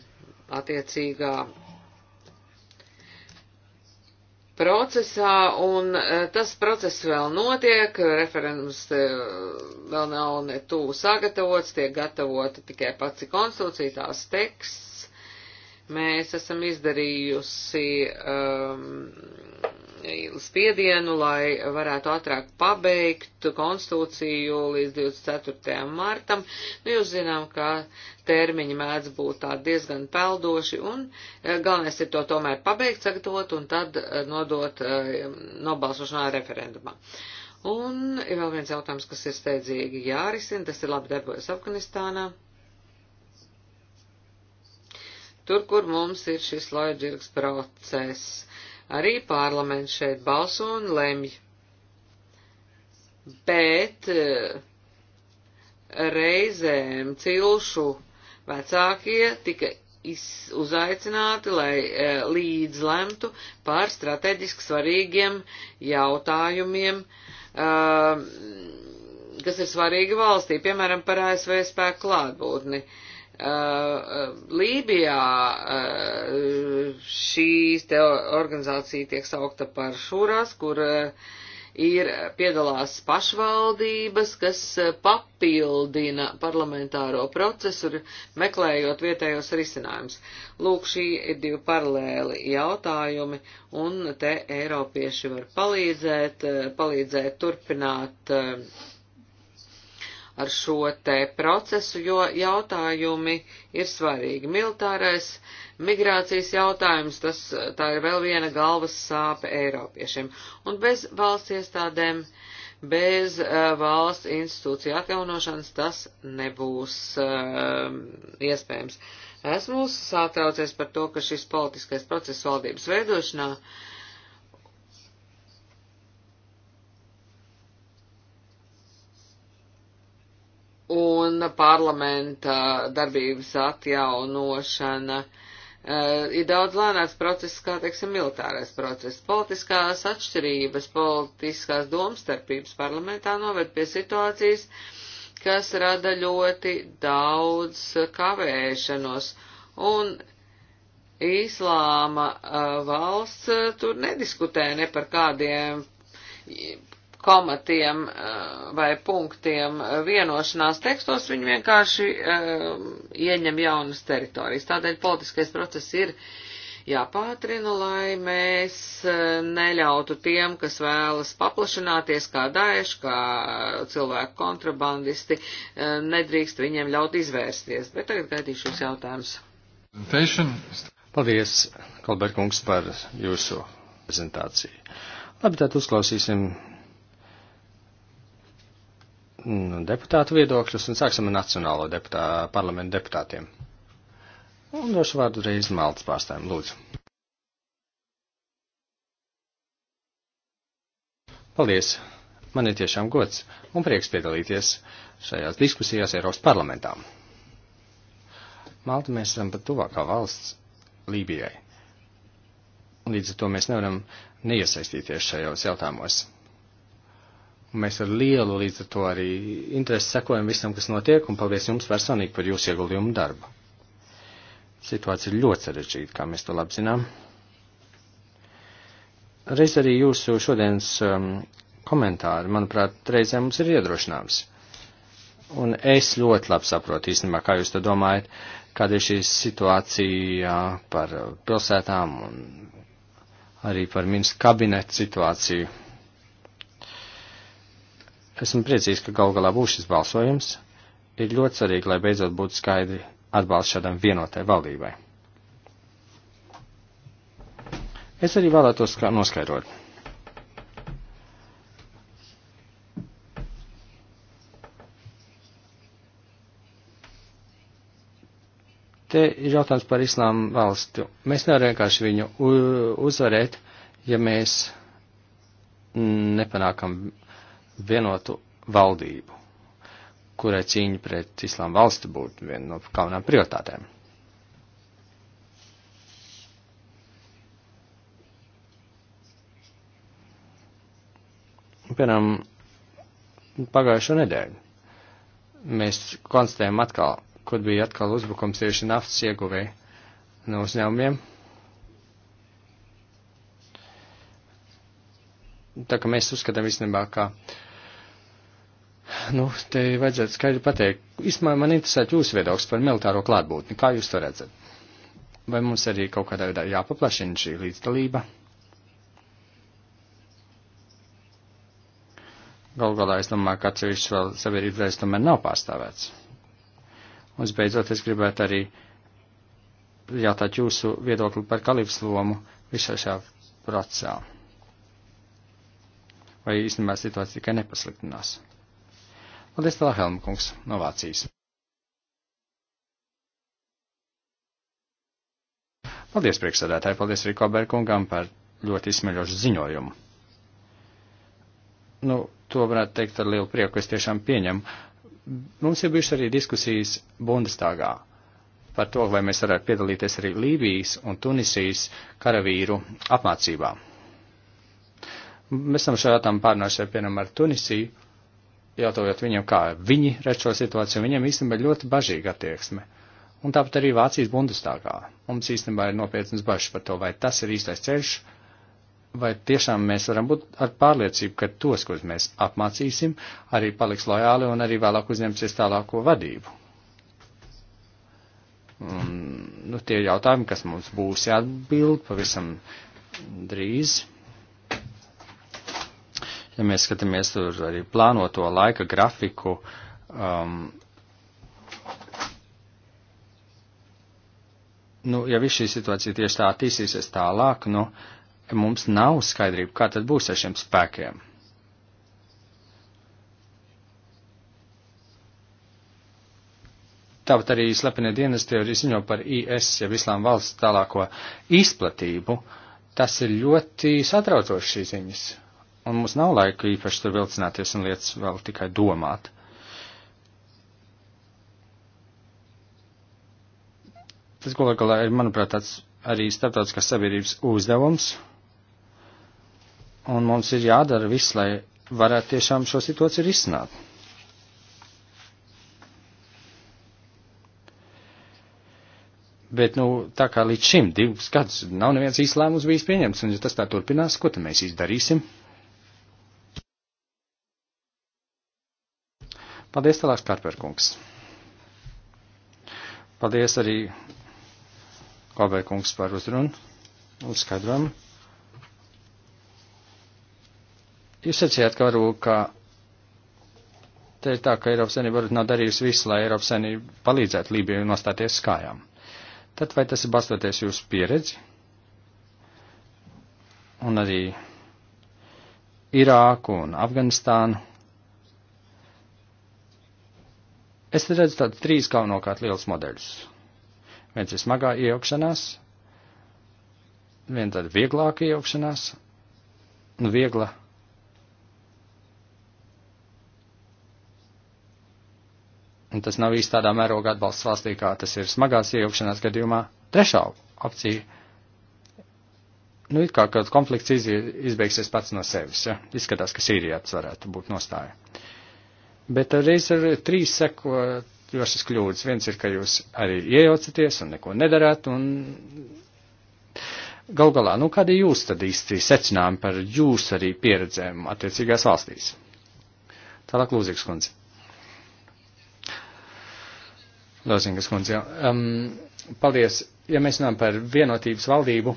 attiecīgā procesā, un e, tas process vēl notiek, referendums e, vēl nav ne tuvu sagatavots, tiek gatavota tikai pats konstitūcija, tās teksts. Mēs esam izdarījusi um, spiedienu, lai varētu ātrāk pabeigt konstitūciju līdz 24. martam. Nu, jūs zinām, ka termiņi mēdz būt tādi diezgan peldoši, un eh, galvenais ir to tomēr pabeigt, sagatavot un tad eh, nodot eh, nobalsošanā referendumā. Un ir vēl viens jautājums, kas ir steidzīgi jārisina, tas ir labi darbojas Afganistānā. Tur, kur mums ir šis loģisks process Arī parlaments šeit balso un lemj. Bet eh, reizēm cilšu vecākie tika uzaicināti, lai e, eh, līdzlemtu par strateģiski svarīgiem jautājumiem, e, kas ir svarīgi valstī, piemēram, par ASV spēku klātbūtni. E, Uh, Lībijā uh, šīs te organizācija tiek saukta par šūrās, kur uh, ir piedalās pašvaldības, kas papildina parlamentāro procesu, meklējot vietējos risinājumus. Lūk, šī ir divi paralēli jautājumi, un te Eiropieši var palīdzēt, palīdzēt turpināt uh, ar šo te procesu, jo jautājumi ir svarīgi. Militārais migrācijas jautājums, tas, tā ir vēl viena galvas sāpe Eiropiešiem. Un bez valsts iestādēm, bez uh, valsts institūcija atjaunošanas tas nebūs uh, iespējams. Esmu satraucies par to, ka šis politiskais process valdības veidošanā uh, un parlamenta darbības atjaunošana eh, ir daudz lēnāks process, kā, teiksim, militārais process. Politiskās atšķirības, politiskās domstarpības parlamentā noved pie situācijas, kas rada ļoti daudz kavēšanos, un Īslāma eh, valsts eh, tur nediskutē ne par kādiem komatiem eh, vai punktiem vienošanās tekstos, viņi vienkārši eh, ieņem jaunas teritorijas. Tādēļ politiskais process ir jāpātrina, lai mēs eh, neļautu tiem, kas vēlas paplašināties kā daeši, kā cilvēku kontrabandisti, nedrīkst viņiem ļaut izvērsties. Bet tagad gaidīšu jūs jautājumus. Paldies, Kalberkungs, par jūsu prezentāciju. Labi, tad uzklausīsim Mm, deputātu viedokļus un sāksim ar nacionālo deputā, parlamentu deputātiem. Un došu vārdu reiz Maltas pārstāvjiem, lūdzu. Paldies! Man ir tiešām gods un prieks piedalīties šajās diskusijās Eiropas parlamentā. Malta mēs esam pat tuvākā valsts Lībijai. Līdz ar to mēs nevaram neiesaistīties šajos jautājumos. Un mēs ar lielu līdz ar to arī interesi sekojam visam, kas notiek, un paldies jums personīgi par jūsu ieguldījumu darbu. Situācija ir ļoti sarežģīta, kā mēs to labi zinām. Reiz arī jūsu šodienas um, komentāri, manuprāt, reizē mums ir iedrošināms. Un es ļoti labi saprotu īstenībā, kā jūs to domājat, kāda ir šī situācija par pilsētām un arī par ministru kabinetu situāciju. Esmu priecīgs, ka gal galā būs šis balsojums. Ir ļoti svarīgi, lai beidzot būtu skaidri atbalsts šādam vienotai valdībai. Es arī vēlētos noskaidrot. Te ir jautājums par islāmu valstu. Mēs nevaram vienkārši viņu uzvarēt, ja mēs nepanākam vienotu valdību, kurai cīņa pret islāma valsti būtu viena no galvenām prioritātēm. Piemēram, pagājušo nedēļu mēs konstatējam atkal, kur bija atkal uzbrukums tieši naftas ieguvē no uzņēmumiem. Tā kā mēs uzskatām īstenībā, ka uh, Nu, te vajadzētu skaidri pateikt, īstenībā man interesētu jūsu viedoklis par militāro klātbūtni. Kā jūs to redzat? Vai mums arī kaut kādā veidā jāpaplašina šī līdzdalība? Galu galā es domāju, ka atsevišķi vēl sabiedrības daļas tomēr nav pārstāvēts. Un beidzot, es gribētu arī jautāt jūsu viedokli par kalifs lomu visā šajā procesā. Vai īstenībā situācija tikai nepasliktinās? Paldies, Tala Helmkungs no Vācijas. Paldies, priekšsēdētāji, paldies Riko Berkungam par ļoti izsmeļošu ziņojumu. Nu, to varētu teikt ar lielu prieku, es tiešām pieņemu. Mums ir bijušas arī diskusijas Bundestagā par to, vai mēs varētu piedalīties arī Lībijas un Tunisijas karavīru apmācībā. Mēs esam šajā jautājumu pārnājuši, piemēram, ar Tunisiju, jautājot viņiem, kā viņi redz šo situāciju, viņiem īstenībā ir ļoti bažīga attieksme. Un tāpat arī Vācijas bundestāgā. Mums īstenībā ir nopietnas bažas par to, vai tas ir īstais ceļš, vai tiešām mēs varam būt ar pārliecību, ka tos, kurus mēs apmācīsim, arī paliks lojāli un arī vēlāk uzņemsies tālāko vadību. Un, nu, tie jautājumi, kas mums būs jāatbild pavisam drīz, ja mēs skatāmies tur arī plānoto laika grafiku, um, nu, ja viss šī situācija tieši tā attīstīsies tālāk, nu, mums nav skaidrība, kā tad būs ar šiem spēkiem. Tāpat arī slepenie dienesti arī ziņo par IS, ja islām valsts tālāko izplatību. Tas ir ļoti satraucoši šīs ziņas un mums nav laika īpaši tur vilcināties un lietas vēl tikai domāt. Tas gulā galā ir, manuprāt, tāds arī starptautiskās sabiedrības uzdevums, un mums ir jādara viss, lai varētu tiešām šo situāciju risināt. Bet, nu, tā kā līdz šim divus gadus nav neviens īsts lēmums bijis pieņemts, un ja tas tā turpinās, ko tad mēs izdarīsim? Paldies, tālāk, Karperkungs. Paldies arī Koberkungs par uzrunu un skaidrojumu. Jūs sacījāt, ka varbūt, ka te ir tā, ka Eiropas Savienība varbūt nav darījusi visu, lai Eiropas Savienība palīdzētu Lībijai nostāties skājām. Tad vai tas ir balstoties jūsu pieredzi? Un arī Irāku un Afganistānu Es redzu tādus trīs galvenokārt lielus modeļus. Viens ir smagā iejaukšanās, viena tāda vieglāka iejaukšanās, nu viegla. Un tas nav īsti tādā mēroga atbalsts valstī, kā tas ir smagās iejaukšanās gadījumā. Trešā opcija, nu it kā, kad konflikts iz, izbeigsies pats no sevis, ja? izskatās, ka Sīrijā tas varētu būt nostāja. Uh, Bet reiz ir trīs sekojošas kļūdas. Viens ir, ka jūs arī iejaucaties un neko nedarāt, un gal galā, nu kādi jūs tad īsti secinājumi par jūsu arī pieredzēm attiecīgās valstīs? Tālāk Lūzīgas kundze. Lūzīgas kundze, jā. Um, paldies. Ja mēs runājam par vienotības valdību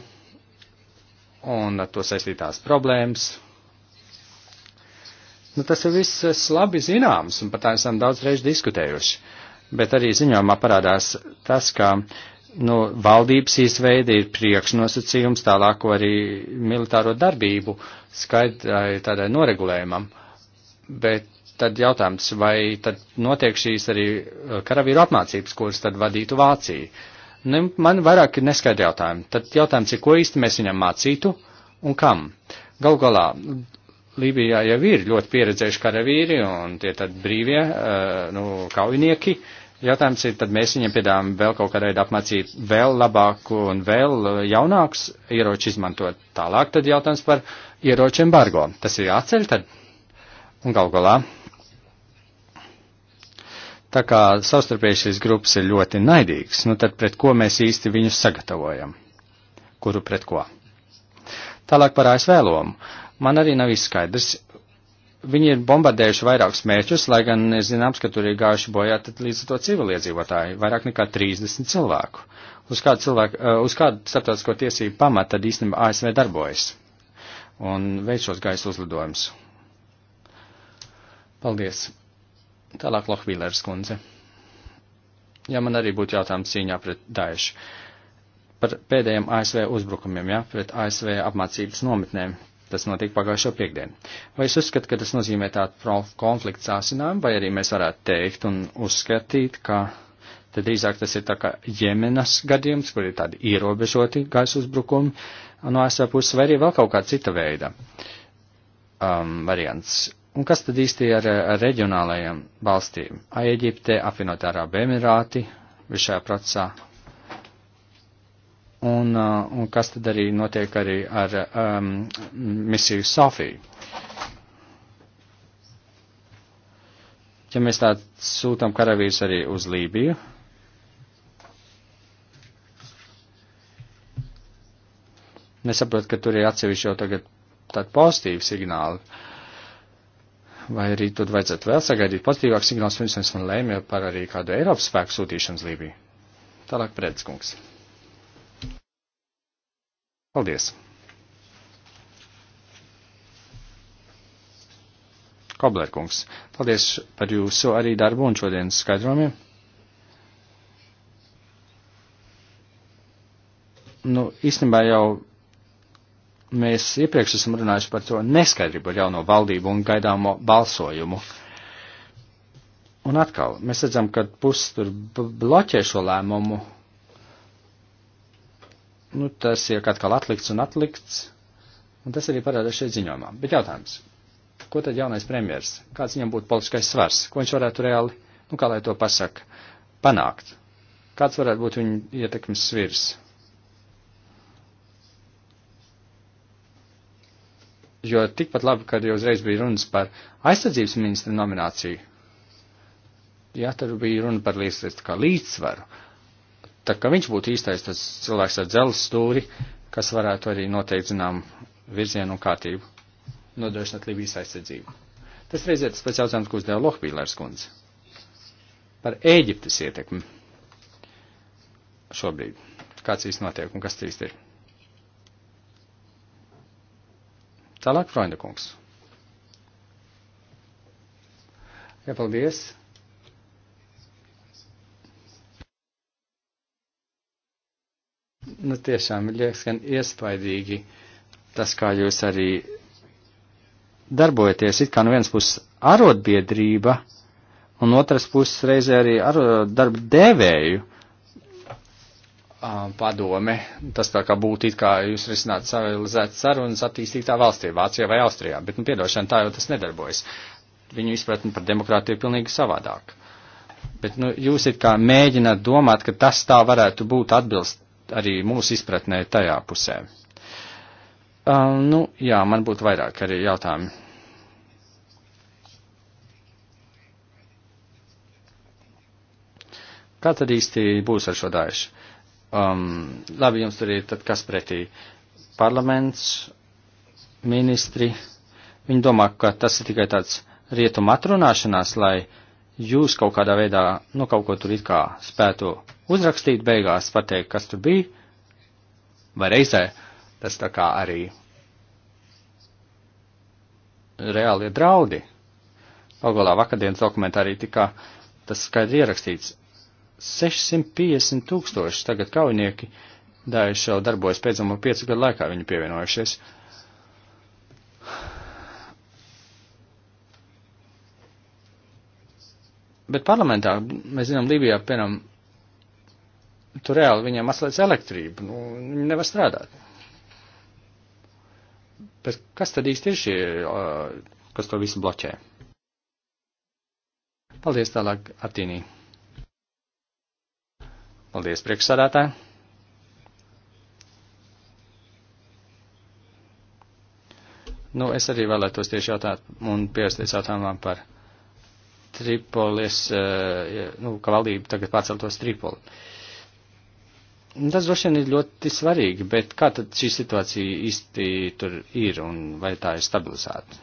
un ar to saistītās problēmas, Nu, tas ir viss labi zināms, un par tā esam daudz reiz diskutējuši. Bet arī ziņojumā parādās tas, ka nu, valdības izveide ir priekšnosacījums tālāko arī militāro darbību skaidrai tādai noregulējumam. Bet tad jautājums, vai tad notiek šīs arī uh, karavīru apmācības, kuras tad vadītu Vācija? Nu, man vairāk ir neskaidri jautājumi. Tad jautājums ir, ko īsti mēs viņam mācītu un kam? Galu galā, Lībijā jau ir ļoti pieredzējuši karavīri un tie tad brīvie, eh, nu, kaujinieki. Jautājums ir, tad mēs viņiem piedāvājam vēl kaut kādā veidā apmācīt vēl labāku un vēl eh, jaunāks ieroču izmantot. Tālāk tad jautājums par ieroču embargo. Tas ir jāceļ tad un gal galā. Tā kā savstarpēji šīs grupas ir ļoti naidīgas, nu tad pret ko mēs īsti viņus sagatavojam? Kuru pret ko? Tālāk par ASV lomu. Uh, man arī nav izskaidrs. Viņi ir bombardējuši vairākus mērķus, lai gan ir zināms, ka tur ir gājuši bojā līdz to civiliedzīvotāji, vairāk nekā 30 cilvēku. Uz kādu, cilvēku, eh, uz kādu starptautisko tiesību pamatu tad īstenībā ASV darbojas un veic šos gaisa uzlidojumus. Paldies. Tālāk Lohvīlers kundze. Ja man arī būtu jautājums cīņā pret Daešu. Par pēdējiem ASV uzbrukumiem, ja, pret ASV apmācības nometnēm, Tas notiek pagājušo piekdienu. Vai es uzskatu, ka tas nozīmē tādu konfliktu sāsinājumu, vai arī mēs varētu teikt un uzskatīt, ka tad drīzāk tas ir tā kā Jemenas gadījums, kur ir tādi ierobežoti gaisa uzbrukumi no ASV puses, vai arī vēl kaut kā cita veida um, variants. Un kas tad īsti ar, ar reģionālajiem valstīm? Eģipte, apvienotā Arābu Emirāti, visā procesā un, uh, un kas tad arī notiek arī ar um, misiju Sofiju. Ja mēs tā sūtām karavīrus arī uz Lībiju, nesaprot, ka tur ir atsevišķi jau tagad tādi pozitīvi signāli. Vai arī tur vajadzētu vēl sagaidīt pozitīvāks signāls, pirms mēs varam lēmēt par arī kādu Eiropas spēku sūtīšanu uz Lībiju. Tālāk, Prēdz kungs. Paldies! Koblerkungs, paldies par jūsu arī darbu un šodienas skaidrojumiem. Nu, īstenībā jau mēs iepriekš esam runājuši par to neskaidrību ar jauno valdību un gaidāmo balsojumu. Un atkal, mēs redzam, ka pusi tur bloķē šo lēmumu nu, tas ir atkal atlikts un atlikts, un tas arī parādās šeit ziņojumā. Bet jautājums, ko tad jaunais premjers, kāds viņam būtu politiskais svars, ko viņš varētu reāli, nu kā lai to pasaka, panākt? Kāds varētu būt viņa ietekmes svirs? Jo tikpat labi, kad jau uzreiz bija runas par aizsardzības ministra nomināciju, jā, tur bija runa par līdzsvaru, kā līdzsvaru. Uh, tā ka viņš būtu īstais tas cilvēks ar dzelzs stūri, kas varētu arī noteikt, zinām, virzienu un kārtību, nodrošināt Libijas aizsardzību. Tas reizē tas pats jautājums, ko uzdeva Lohbīlērs kundze. Par Ēģiptes ietekmi šobrīd. Kāds īsti notiek un kas īsti ir? Tālāk, Freunde kungs. Jā, paldies. Nu, tiešām, liekas, gan iespaidīgi tas, kā jūs arī darbojaties. It kā no nu vienas puses arotbiedrība, un otras puses reizē arī ar, darba devēju padome. Tas tā kā būtu it kā jūs risinātu civilizētas sarunas attīstītā valstī, Vācijā vai Austrijā, bet, nu, piedošana, tā jau tas nedarbojas. Viņu izpratni par demokrātiju ir pilnīgi savādāk. Bet, nu, jūs it kā mēģināt domāt, ka tas tā varētu būt atbilst arī mūsu izpratnē tajā pusē. Uh, nu, jā, man būtu vairāk arī jautājumi. Kā tad īsti būs ar šo daišu? Um, labi, jums tur ir tad kas pretī? Parlaments, ministri, viņi domā, ka tas ir tikai tāds rietuma atrunāšanās, lai jūs kaut kādā veidā, nu, kaut ko tur it kā spētu uzrakstīt beigās, pateikt, kas tur bija, vai reizē tas tā kā arī reāli ir draudi. Pagolā vakardienas dokumentā arī tika tas skaidri ierakstīts. 650 tūkstoši tagad kaujinieki Daiši jau darbojas pēdējo piecu gadu laikā viņi pievienojušies. Bet parlamentā, mēs zinām, Lībijā, piemēram, tur reāli viņiem atslēdz elektrību, nu, viņi nevar strādāt. Bet kas tad īsti ir šie, uh, kas to visu bloķē? Paldies tālāk, Atīnī. Paldies, priekšsādātāji. Nu, es arī vēlētos tieši jautāt un pierasties jautājumā par Tripolis, uh, nu, ka valdība tagad pārceltos Tripoli. Tas droši vien ir ļoti svarīgi, bet kā tad šī situācija īsti tur ir un vai tā ir stabilizēta?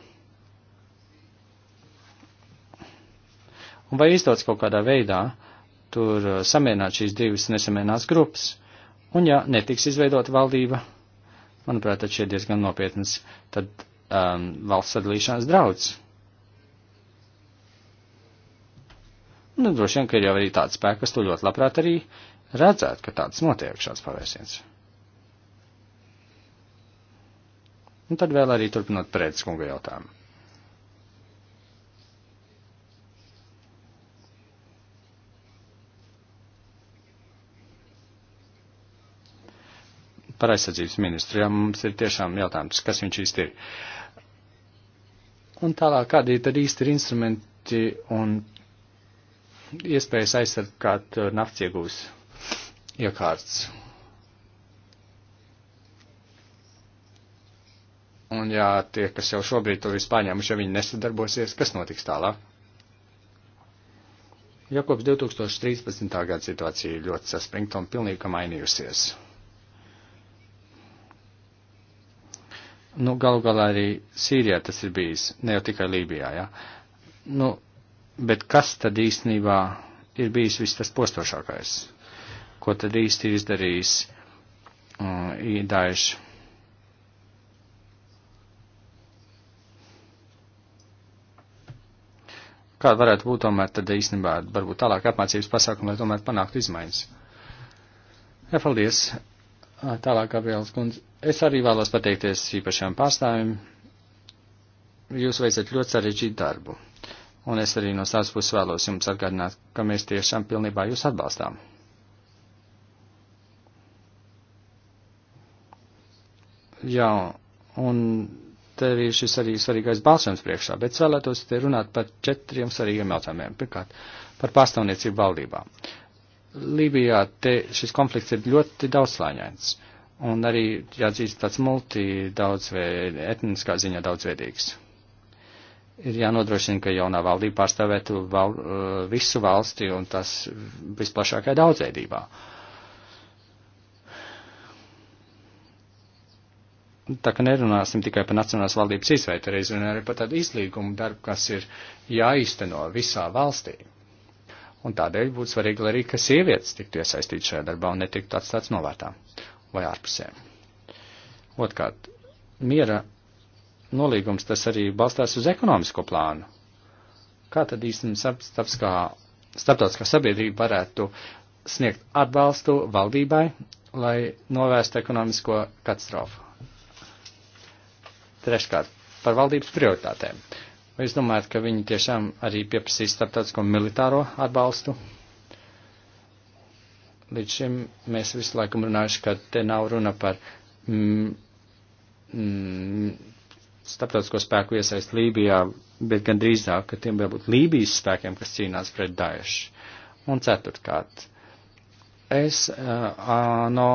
Un vai izdodas kaut kādā veidā tur uh, samierināt šīs divas nesamierinās grupas? Un ja netiks izveidota valdība, manuprāt, tad šie diezgan nopietnas tad um, valsts sadalīšanās draudz. Nu, droši vien, ka ir jau arī tāds spēks, kas to ļoti labprāt arī uh, redzēt, ka tāds notiek šāds pavērsiens. Un tad vēl arī turpinot pretskunga jautājumu. Par aizsardzības ministru, jā, mums ir tiešām jautājums, kas viņš īsti ir. Un tālāk, kādi tad īsti ir instrumenti un iespējas aizsargāt nafts iegūs iekārts. Un jā, tie, kas jau šobrīd to visu paņēmuši, ja viņi nesadarbosies, kas notiks tālāk? Ja kopš 2013. gada situācija ir ļoti saspringta un pilnīgi mainījusies. Nu, galu galā arī Sīrijā tas ir bijis, ne jau tikai Lībijā, jā. Ja? Nu, bet kas tad īstenībā ir bijis viss tas postošākais? ko tad īsti izdarīs uh, īdaiši. Kāda varētu būt tomēr tad īstenībā, varbūt tālāk apmācības pasākumi, lai tomēr panāktu izmaiņas? Jā, paldies. Uh, tālāk, Gabriels kundze. Es arī vēlos pateikties īpašiem pārstāvjiem. Jūs veicat ļoti sarežģītu darbu. Un es arī no savas puses vēlos jums atgādināt, ka mēs tiešām pilnībā jūs atbalstām. jā, un te ir šis arī svarīgais balsojums priekšā, bet vēlētos te runāt par četriem svarīgiem jautājumiem. Pirmkārt, par pārstāvniecību valdībā. Lībijā te šis konflikts ir ļoti daudzslāņains un arī jāatzīst tāds multi daudzveid, etniskā ziņā daudzveidīgs. Ir jānodrošina, ka jaunā valdība pārstāvētu val, uh, visu valsti un tas visplašākajā daudzveidībā. Uh, tā ka nerunāsim tikai par nacionālās valdības izveidu, arī runājam arī par tādu izlīgumu darbu, kas ir jāizteno visā valstī. Un tādēļ būtu svarīgi, lai arī, ka sievietes tiktu iesaistītas šajā darbā un netiktu atstāts novērtā vai ārpusē. Otkārt, miera nolīgums tas arī balstās uz ekonomisko plānu. Kā tad īstenībā starptautiskā sabiedrība varētu sniegt atbalstu valdībai, lai novērstu ekonomisko katastrofu? Treškārt, par valdības prioritātēm. Vai jūs domājat, ka viņi tiešām arī pieprasīs starptautisko militāro atbalstu? Līdz šim mēs visu laiku runājuši, ka te nav runa par mm, mm, starptautisko spēku iesaist Lībijā, bet gan drīzāk, ka tiem jābūt Lībijas spēkiem, kas cīnās pret Daešu. Un ceturtkārt, es, uh, no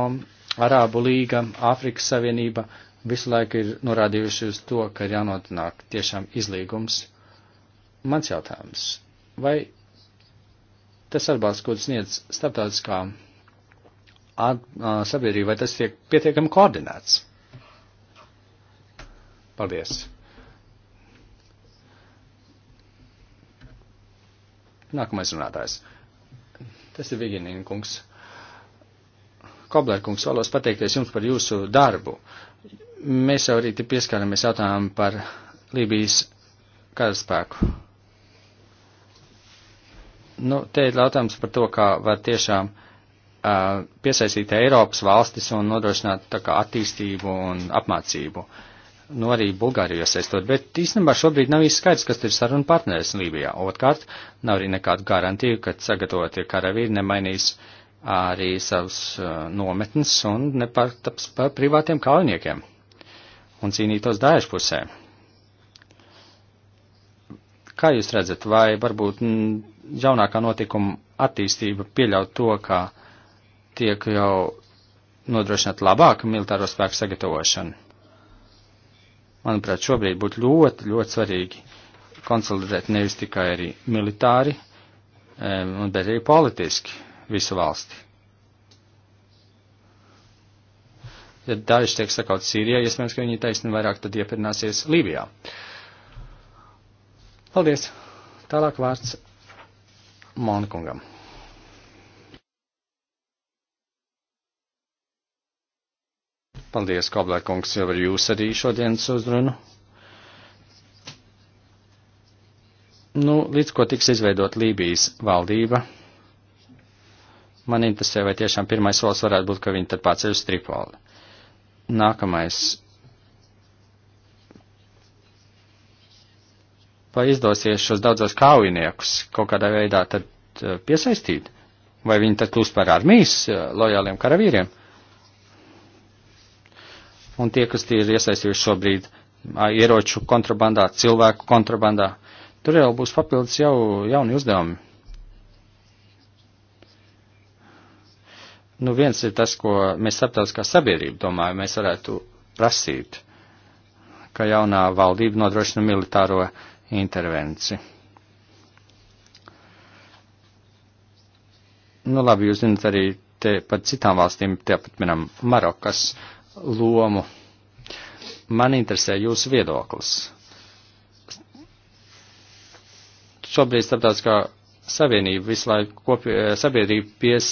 Arābu līga, Āfrikas Savienība, uh, visu laiku ir norādījuši uz to, ka ir jānotināk tiešām izlīgums. Mans jautājums, vai tas atbalsts, ko sniedz starptautiskā sabiedrība, vai tas tiek pietiekami koordinēts? Paldies! Nākamais runātājs. Tas ir Viginīna kungs. Koblēr kungs, vēlos pateikties jums par jūsu darbu. Mēs jau arī te pieskaramies jautājumu par Lībijas karaspēku. Nu, te ir jautājums par to, kā var tiešām uh, piesaistīt Eiropas valstis un nodrošināt tā kā attīstību un apmācību. Nu, arī Bulgāriju iesaistot, bet īstenībā šobrīd nav īsti skaidrs, kas ir saruna partneris Lībijā. Otkārt, nav arī nekādu garantiju, ka sagatavotie karavīri nemainīs arī savus uh, nometnes un nepārtaps par privātiem kaujiniekiem un cīnītos Daesh pusē. Kā jūs redzat, vai varbūt jaunākā notikuma attīstība pieļaut to, ka tiek jau nodrošināt labāku militāro spēku sagatavošanu? Manuprāt, šobrīd būtu ļoti, ļoti svarīgi konsolidēt nevis tikai arī militāri, bet arī politiski visu valsti. Ja daži tiek sakaut Sīrijā, iespējams, ka viņi taisni vairāk tad iepirināsies Lībijā. Paldies! Tālāk vārds Monikungam. Paldies, Koblēkungs, jau ar jūs arī šodienas uzrunu. Nu, līdz ko tiks izveidot Lībijas valdība, man interesē, vai tiešām pirmais solis varētu būt, ka viņi tad pārceļ uz Tripoli. Nākamais. Vai izdosies šos daudzos kaujiniekus kaut kādā veidā tad eh, piesaistīt? Vai viņi tad kļūst par armijas eh, lojāliem karavīriem? Un tie, kas tie ir iesaistījuši šobrīd ieroču kontrabandā, cilvēku kontrabandā, tur jau būs papildus jau jauni uzdevumi. Nu, viens ir tas, ko mēs starptautiskā sabiedrība domāju, mēs varētu prasīt, ka jaunā valdība nodrošina militāro intervenciju. Nu, labi, jūs zinat arī te par citām valstīm, te pat minam Marokas lomu. Man interesē jūsu viedoklis. Šobrīd starptautiskā Savienība visu laiku kopie, sabiedrība pies,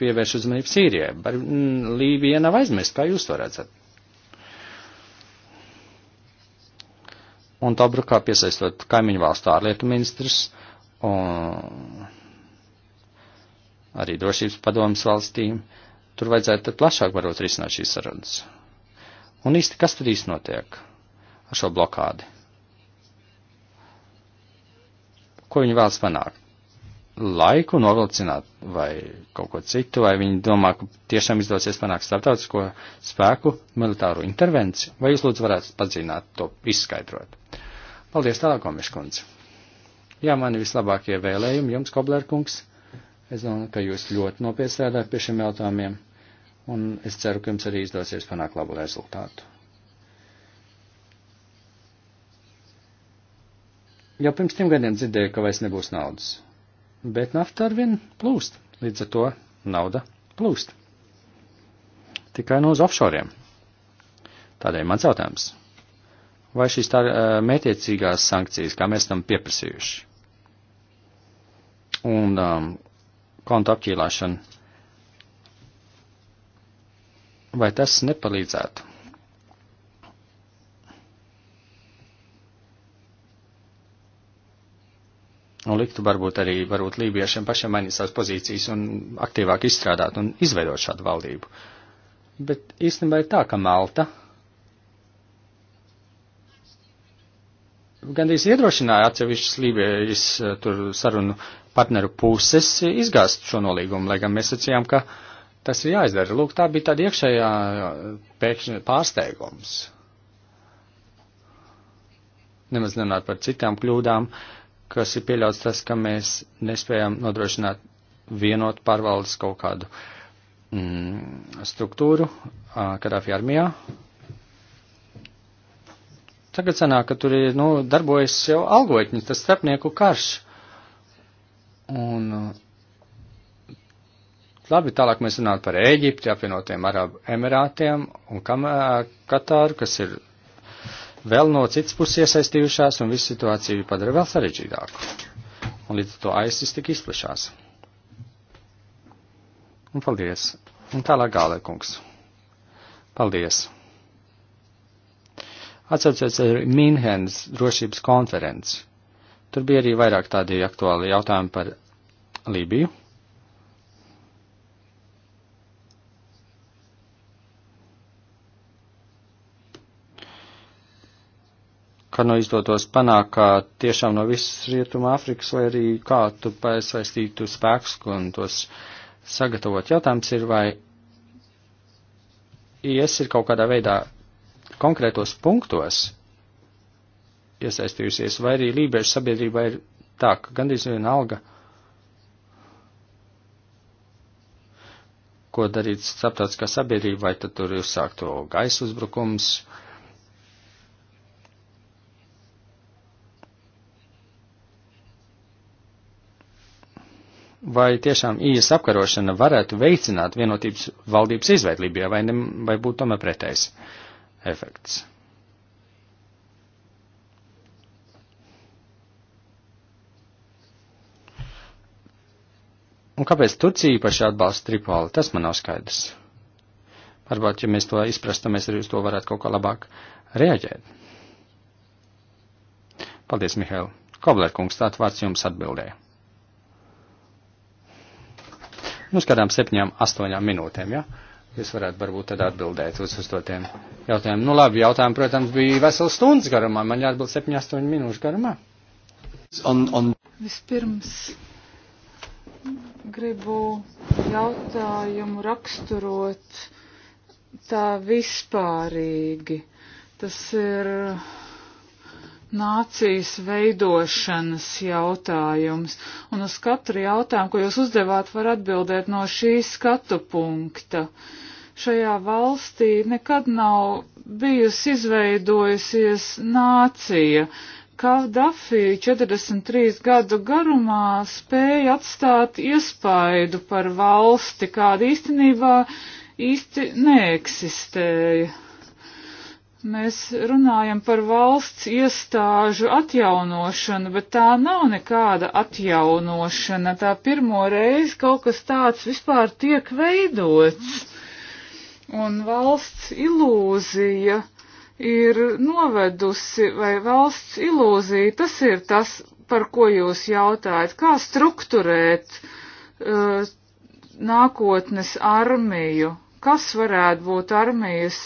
pievērš uzmanību Sīrijai. Bar, m, Lībija nav aizmirst, kā jūs to redzat. Un Tobrukā piesaistot kaimiņu valstu ārlietu ministrs un arī drošības padomas valstīm, tur vajadzētu plašāk varot risināt šīs sarunas. Un īsti, kas tad īsti notiek ar šo blokādi? Ko viņi vēlas panākt? laiku novilcināt vai kaut ko citu, vai viņi domā, ka tiešām izdosies panākt starptautisko spēku militāru intervenciju, vai jūs lūdzu varētu padzīnāt to izskaidrot. Paldies tālāk, Omiškundze. Jā, mani vislabākie vēlējumi jums, Koblerkungs. Es domāju, ka jūs ļoti nopietni strādājat pie šiem jautājumiem, un es ceru, ka jums arī izdosies panākt labu rezultātu. Jau pirms trim gadiem dzirdēju, ka vairs nebūs naudas bet nafta arvien plūst, līdz ar to nauda plūst. Tikai no uz offshoriem. Tādēļ mans jautājums. Vai šīs tā mētiecīgās sankcijas, kā mēs tam pieprasījuši, un um, konta apķīlāšana, vai tas nepalīdzētu un liktu varbūt arī varbūt lībiešiem pašiem mainīt savas pozīcijas un aktīvāk izstrādāt un izveidot šādu valdību. Bet īstenībā ir tā, ka Malta gandrīz iedrošināja atsevišķas Lībijas eh, tur sarunu partneru puses izgāzt šo nolīgumu, lai gan mēs sacījām, ka tas ir jāizdara. Lūk, tā bija tāda iekšējā eh, pēkšņa pārsteigums. Nemaz nenāt par citām kļūdām, uh, kas ir pieļauts tas, ka mēs nespējam nodrošināt vienot pārvaldes kaut kādu mm, struktūru Kadāfi armijā. Tagad sanāk, ka tur ir, nu, darbojas jau algoitņi, tas starpnieku karš. Un Labi, tālāk mēs runājam par Ēģipti, apvienotiem Arabu Emirātiem un Katāru, kas ir vēl no citas puses iesaistījušās un visu situāciju padara vēl sarežģītāku. Un līdz to aizsis tik izplešās. Un paldies. Un tālāk gālē, kungs. Paldies. Atcaucies ar Minhenes drošības konferenci. Tur bija arī vairāk tādi aktuāli jautājumi par Lībiju. ka nu izdotos panākt, ka tiešām no visas rietuma Āfrikas vai arī kā tu piesaistītu spēkus un tos sagatavot. Jautājums ir, vai IS ir kaut kādā veidā konkrētos punktos iesaistījusies, vai arī lībiešu sabiedrība ir tā, ka gandrīz viena alga, ko darīt starptautiskā sabiedrība, vai tad tur ir uzsākto gaisa uzbrukums, uh, vai tiešām ījas apkarošana varētu veicināt vienotības valdības izveidu Libijā, vai, ne, vai būtu tomēr pretējs efekts? Un kāpēc Turcija īpaši atbalsta Tripoli? Tas man nav skaidrs. Varbūt, ja mēs to izprastu, mēs arī uz to varētu kaut kā labāk reaģēt. Paldies, Mihail. Kobler kungs, tāds vārds jums atbildēja. nu, uz kādām septiņām, astoņām minūtēm, ja? Jūs varētu varbūt tad atbildēt uz uzdotiem jautājumiem. Nu labi, jautājumi, protams, bija vesels stundas garumā, man jāatbild septiņ, astoņu minūšu garumā. On, on. Vispirms gribu jautājumu raksturot tā vispārīgi. Tas ir nācijas veidošanas jautājums, un uz katru jautājumu, ko jūs uzdevāt, var atbildēt no šī skatu punkta. Šajā valstī nekad nav bijusi izveidojusies nācija. Kavdafī 43 gadu garumā spēja atstāt iespaidu par valsti, kāda īstenībā īsti neeksistēja. Mēs runājam par valsts iestāžu atjaunošanu, bet tā nav nekāda atjaunošana. Tā pirmo reizi kaut kas tāds vispār tiek veidots. Un valsts ilūzija ir novedusi, vai valsts ilūzija, tas ir tas, par ko jūs jautājat, kā strukturēt uh, nākotnes armiju, kas varētu būt armijas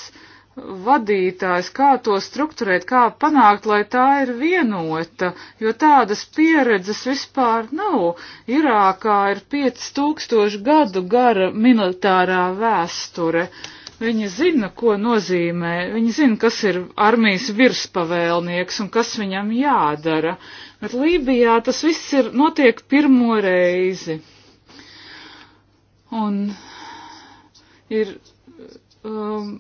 vadītājs, kā to strukturēt, kā panākt, lai tā ir vienota, jo tādas pieredzes vispār nav. Irākā ir 5000 gadu gara militārā vēsture. Viņi zina, ko nozīmē, viņi zina, kas ir armijas virspavēlnieks un kas viņam jādara. Bet Lībijā tas viss ir notiek pirmo reizi. Un ir um,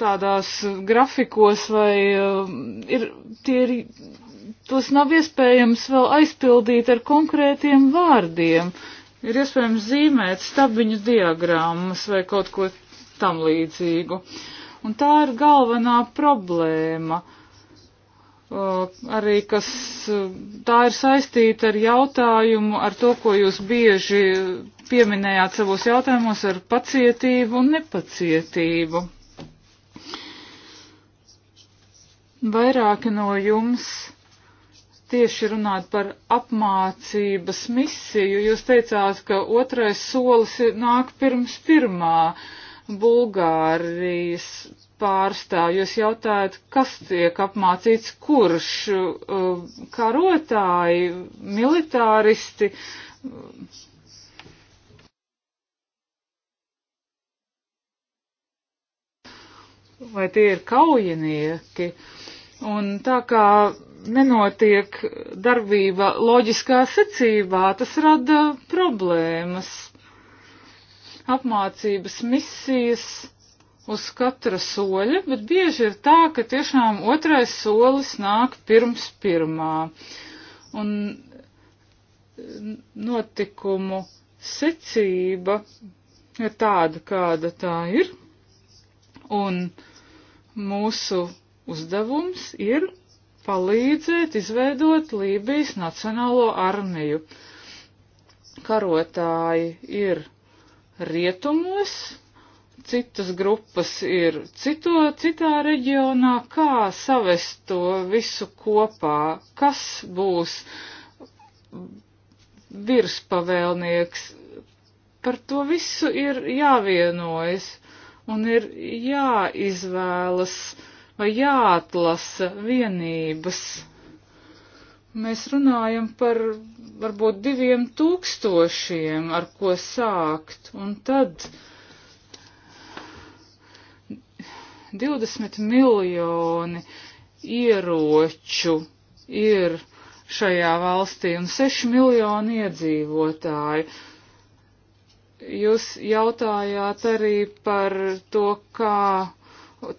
tādās grafikos vai um, ir, tie ir, tos nav iespējams vēl aizpildīt ar konkrētiem vārdiem. Ir iespējams zīmēt stabiņu diagrammas vai kaut ko tam līdzīgu. Un tā ir galvenā problēma. Uh, arī kas uh, tā ir saistīta ar jautājumu, ar to, ko jūs bieži pieminējāt savos jautājumos ar pacietību un nepacietību. Vairāki no jums tieši runāt par apmācības misiju. Jūs teicāt, ka otrais solis nāk pirms pirmā Bulgārijas pārstāvja. Jūs jautājat, kas tiek apmācīts, kurš uh, karotāji, militāristi, vai tie ir kaujinieki. Un tā kā nenotiek darbība loģiskā secībā, tas rada problēmas. Apmācības misijas uz katra soļa, bet bieži ir tā, ka tiešām otrais solis nāk pirms pirmā. Un notikumu secība ir tāda, kāda tā ir. Un uh, Mūsu uzdevums ir palīdzēt izveidot Lībijas nacionālo armiju. Karotāji ir rietumos, citas grupas ir cito, citā reģionā, kā savest to visu kopā, kas būs virspavēlnieks. Par to visu ir jāvienojas un ir jāizvēlas vai jāatlasa vienības. Mēs runājam par varbūt diviem tūkstošiem, ar ko sākt, un tad 20 miljoni ieroču ir šajā valstī un 6 miljoni iedzīvotāji. Jūs jautājāt arī par to, kā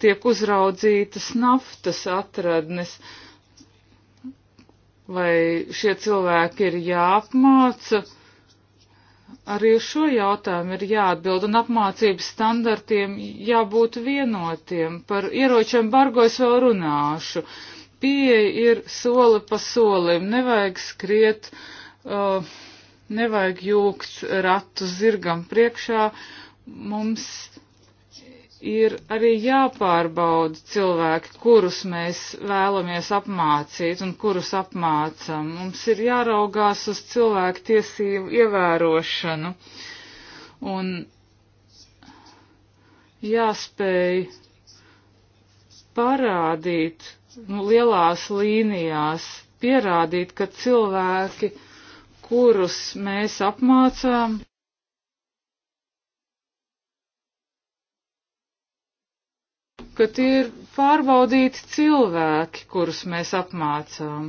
tiek uzraudzītas naftas atradnes. Vai šie cilvēki ir jāapmāca? Arī uz šo jautājumu ir jāatbild, un apmācības standartiem jābūt vienotiem. Par ieroču embargo es vēl runāšu. Pieeja ir soli pa solim, nevajag skriet. Uh, nevajag jūgt ratu zirgam priekšā, mums ir arī jāpārbauda cilvēki, kurus mēs vēlamies apmācīt un kurus apmācam. Mums ir jāraugās uz cilvēku tiesību ievērošanu un jāspēj parādīt nu, lielās līnijās, pierādīt, ka cilvēki kurus mēs apmācām. ka tie ir pārbaudīti cilvēki, kurus mēs apmācām.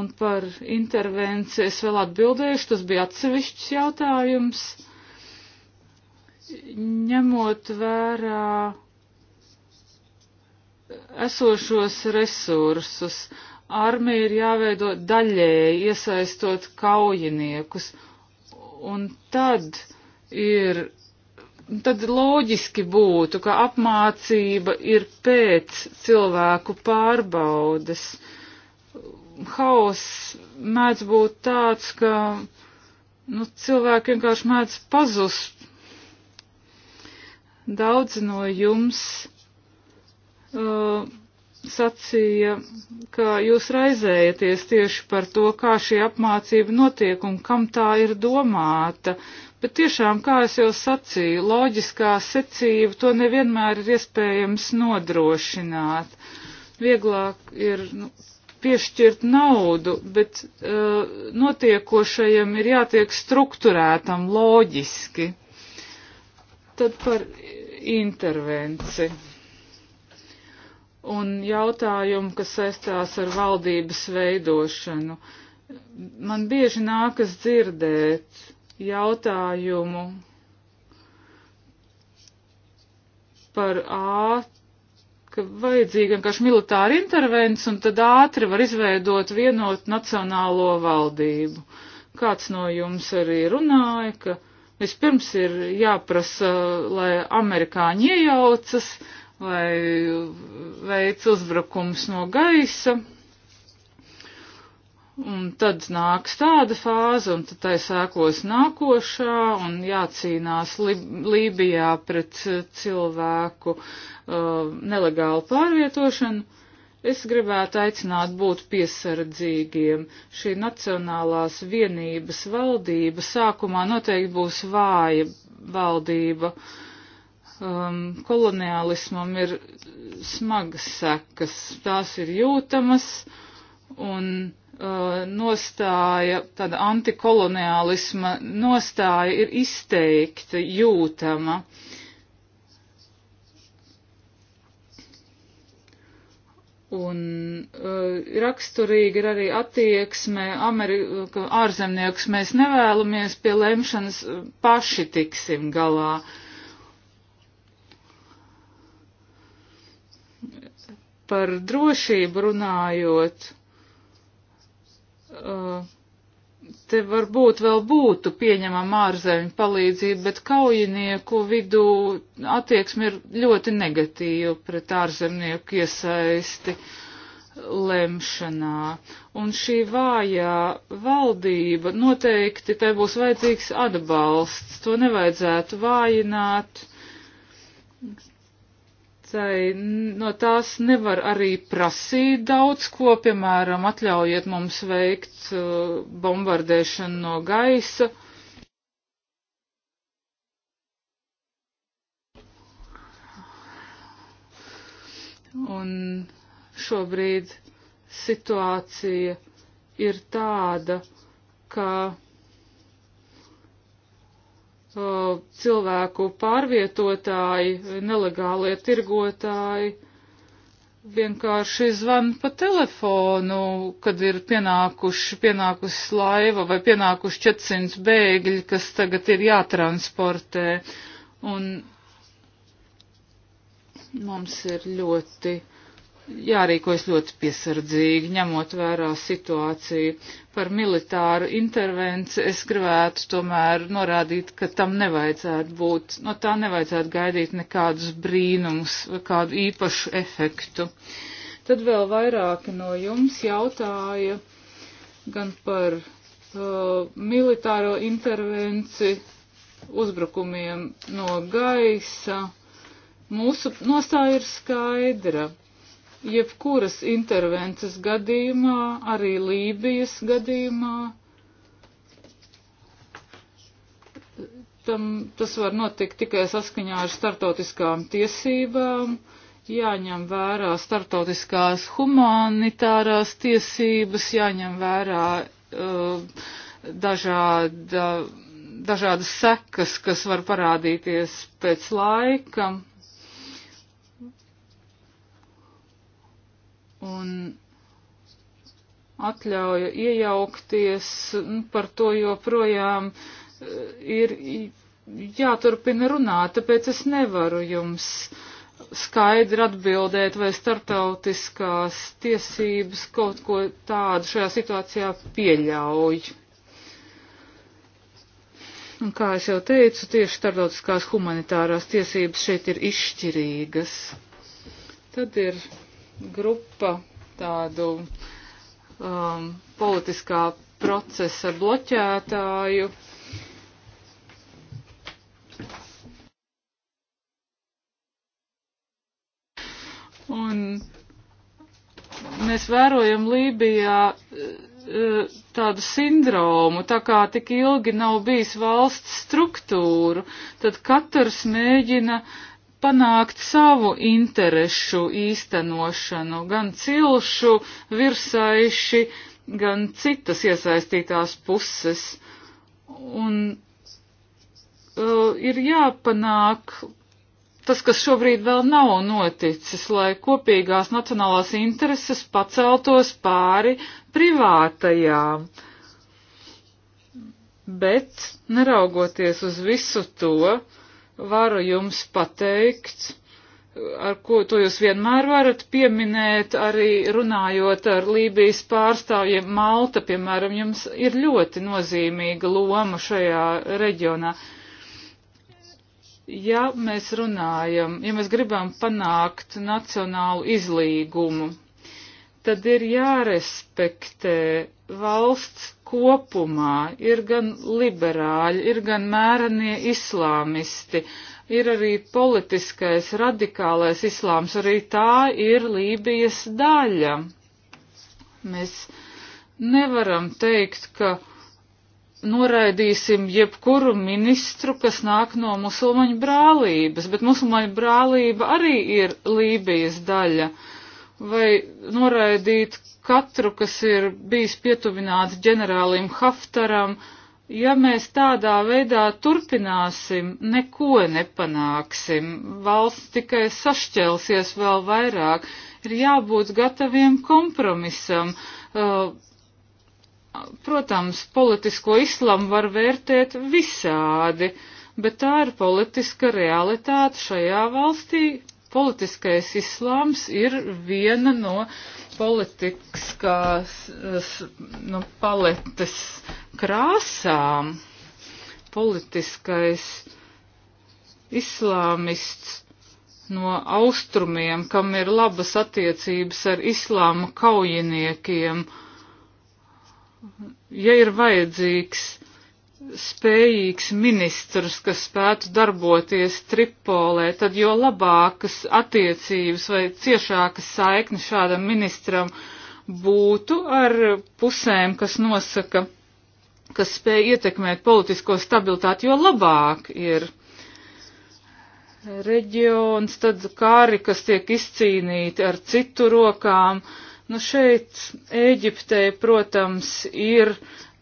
Un par intervenciju es vēl atbildēšu, tas bija atsevišķs jautājums. Ņemot vērā esošos resursus, uh, armija ir jāveido daļēji, iesaistot kaujiniekus, un tad ir, tad loģiski būtu, ka apmācība ir pēc cilvēku pārbaudes. Haus mēdz būt tāds, ka, nu, cilvēki vienkārši mēdz pazust. Daudz no jums uh, sacīja, ka jūs raizējaties tieši par to, kā šī apmācība notiek un kam tā ir domāta. Bet tiešām, kā es jau sacīju, loģiskā secība to nevienmēr ir iespējams nodrošināt. Vieglāk ir nu, piešķirt naudu, bet uh, notiekošajam ir jātiek strukturētam loģiski. Tad par intervenciju un jautājumu, kas saistās ar valdības veidošanu. Man bieži nākas dzirdēt jautājumu par ātrumu ka vajadzīga vienkārši militāra intervence, un tad ātri var izveidot vienotu nacionālo valdību. Kāds no jums arī runāja, ka vispirms ir jāprasa, lai amerikāņi iejaucas, uh, vai veic uzbrukums no gaisa. Un tad nāks tāda fāze, un tad tai sākos nākošā, un jācīnās Lib Lībijā pret cilvēku uh, nelegālu pārvietošanu. Es gribētu aicināt būt piesardzīgiem. Šī Nacionālās vienības valdība sākumā noteikti būs vāja valdība. Uh, um, koloniālismam ir smagas sekas, tās ir jūtamas un uh, nostāja, tāda antikoloniālisma nostāja ir izteikta, jūtama. Un uh, raksturīgi ir arī attieksme, Ameri ka ārzemnieks mēs nevēlamies pie lemšanas uh, paši tiksim galā. Uh, par drošību runājot, uh, te varbūt vēl būtu pieņemama ārzemju palīdzība, bet kaujinieku vidū attieksme ir ļoti negatīva pret ārzemnieku iesaisti lemšanā. Un šī vājā valdība noteikti tai būs vajadzīgs atbalsts. To nevajadzētu vājināt tai no tās nevar arī prasīt daudz ko, piemēram, atļaujiet mums veikt uh, bombardēšanu no gaisa. Un šobrīd situācija ir tāda, ka cilvēku pārvietotāji, nelegālie tirgotāji vienkārši zvan pa telefonu, kad ir pienākuši, pienākusi laiva vai pienākuši 400 bēgļi, kas tagad ir jātransportē. Un mums ir ļoti jārīkojas ļoti piesardzīgi, ņemot vērā situāciju. Par militāru intervenciju es gribētu tomēr norādīt, ka tam nevajadzētu būt, no tā nevajadzētu gaidīt nekādus brīnumus vai kādu īpašu efektu. Tad vēl vairāki no jums jautāja gan par uh, militāro intervenciju, uzbrukumiem no gaisa. Mūsu nostāja ir skaidra jebkuras intervences gadījumā, arī Lībijas gadījumā. Tam, tas var notikt tikai saskaņā ar startautiskām tiesībām, jāņem vērā startautiskās humanitārās tiesības, jāņem vērā uh, dažāda, dažādas sekas, kas var parādīties pēc laika, un atļauja iejaukties, nu, par to joprojām eh, ir jāturpina runāt, tāpēc es nevaru jums skaidri atbildēt, vai startautiskās tiesības kaut ko tādu šajā situācijā pieļauj. Un kā es jau teicu, tieši starptautiskās humanitārās tiesības šeit ir izšķirīgas. Tad ir grupa tādu um, politiskā procesa bloķētāju. Un mēs vērojam Lībijā uh, tādu sindromu, tā kā tik ilgi nav bijis valsts struktūru, tad katrs mēģina panākt savu interešu īstenošanu, gan cilšu, virsaiši, gan citas iesaistītās puses. Un uh, ir jāpanāk tas, kas šobrīd vēl nav noticis, lai kopīgās nacionālās intereses paceltos pāri privātajām. Bet, neraugoties uz visu to, uh, varu jums pateikt, ar ko to jūs vienmēr varat pieminēt, arī runājot ar Lībijas pārstāvjiem. Malta, piemēram, jums ir ļoti nozīmīga loma šajā reģionā. Ja mēs runājam, ja mēs gribam panākt nacionālu izlīgumu, tad ir jārespektē valsts kopumā ir gan liberāļi, ir gan mērenie islāmisti, ir arī politiskais radikālais islāms, arī tā ir Lībijas daļa. Mēs nevaram teikt, ka noraidīsim jebkuru ministru, kas nāk no musulmaņu brālības, bet musulmaņu brālība arī ir Lībijas daļa. Vai noraidīt katru, kas ir bijis pietuvināts ģenerālim Haftaram, ja mēs tādā veidā turpināsim, neko nepanāksim. Valsts tikai sašķelsies vēl vairāk. Ir jābūt gataviem kompromisam. Uh, protams, politisko islamu var vērtēt visādi, bet tā ir politiska realitāte šajā valstī Politiskais islāms ir viena no politiskās nu, paletes krāsām. Politiskais islāmists no austrumiem, kam ir labas attiecības ar islāma kaujiniekiem, ja ir vajadzīgs spējīgs ministrs, kas spētu darboties Tripolē, tad jo labākas attiecības vai ciešākas saiknes šādam ministram būtu ar pusēm, kas nosaka, kas spēj ietekmēt politisko stabilitāti, jo labāk ir reģions, tad kāri, kas tiek izcīnīti ar citu rokām. Nu šeit Ēģiptei, protams, ir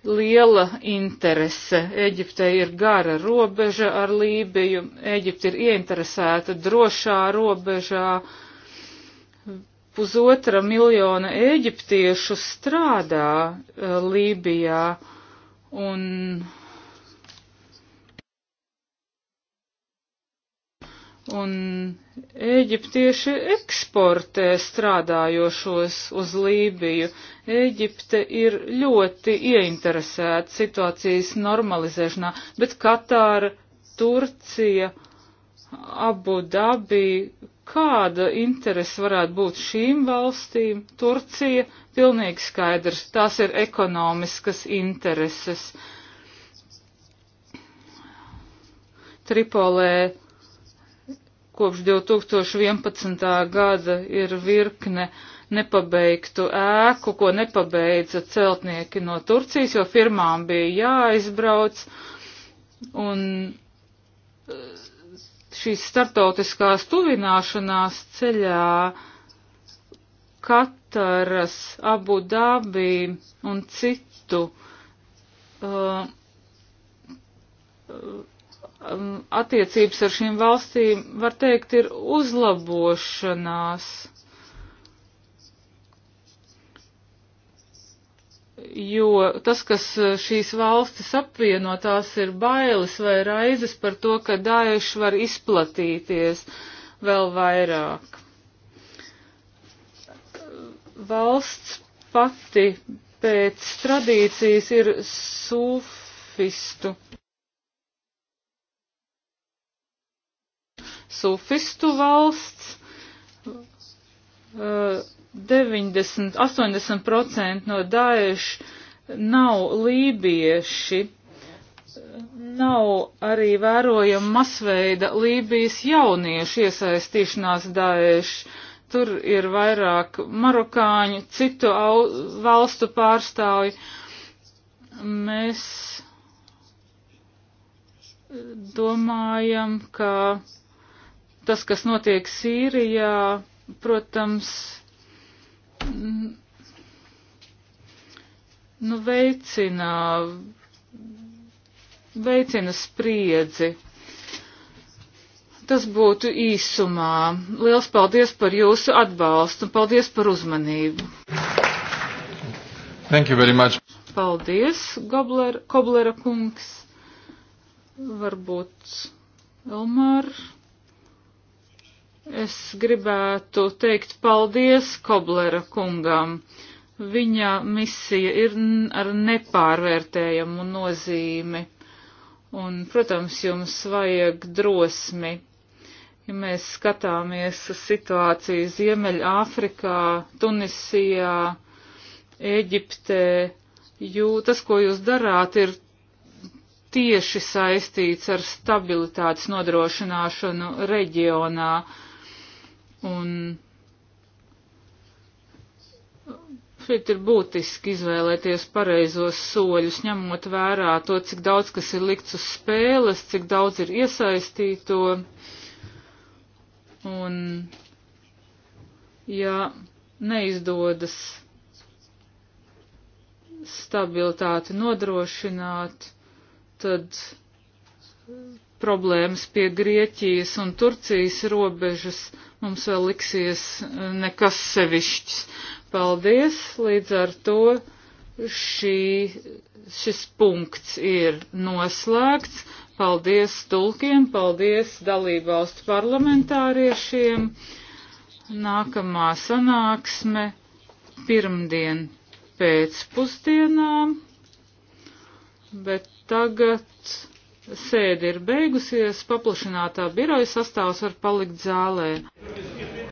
liela interese. Eģipte ir gara robeža ar Lībiju, Eģipte ir ieinteresēta drošā robežā. Pusotra miljona eģiptiešu strādā eh, Lībijā un Un Ēģiptieši eksportē strādājošos uz Lībiju. Ēģipte ir ļoti ieinteresēta situācijas normalizēšanā, bet Katāra, Turcija, Abu Dabi, kāda interese varētu būt šīm valstīm? Turcija, pilnīgi skaidrs, tās ir ekonomiskas intereses. Tripolē Kopš 2011. gada ir virkne nepabeigtu ēku, ko nepabeidza celtnieki no Turcijas, jo firmām bija jāaizbrauc. Un eh, šīs startautiskās tuvināšanās ceļā Kataras, Abu Dabī un citu uh, um, attiecības ar šīm valstīm, var teikt, ir uzlabošanās. Jo tas, kas uh, šīs valstis apvieno, tās ir bailes vai raizes par to, ka daeši var izplatīties vēl vairāk. Valsts pati pēc tradīcijas ir sufistu sufistu valsts. 90, eh, 80% no daiešu nav lībieši. Nav arī vērojama masveida Lībijas jauniešu iesaistīšanās daiešu. Tur ir vairāk marokāņu, citu au, valstu pārstāvju. Mēs domājam, ka Tas, kas notiek Sīrijā, protams, nu, veicina, veicina spriedzi. Tas būtu īsumā. Liels paldies par jūsu atbalstu un paldies par uzmanību. Thank you very much. Paldies, Gobler, Koblera kungs. Varbūt Elmārs. Es gribētu teikt paldies Koblera kungam. Viņa misija ir ar nepārvērtējumu nozīmi. Un, protams, jums vajag drosmi. Ja mēs skatāmies uz situāciju Ziemeļāfrikā, Tunisijā, Eģiptē, jū, tas, ko jūs darāt, ir tieši saistīts ar stabilitātes nodrošināšanu reģionā Un šeit ir būtiski izvēlēties pareizos soļus, ņemot vērā to, cik daudz kas ir likts uz spēles, cik daudz ir iesaistīto. Un, ja neizdodas stabilitāti nodrošināt, tad problēmas pie Grieķijas un Turcijas robežas mums vēl liksies e, nekas sevišķs. Paldies, līdz ar to šī, šis punkts ir noslēgts. Paldies tulkiem, paldies dalībvalstu parlamentāriešiem. Nākamā sanāksme pirmdien pēc pusdienām, bet tagad. Sēde ir beigusies, paplašinātā biroja sastāvs var palikt zālē.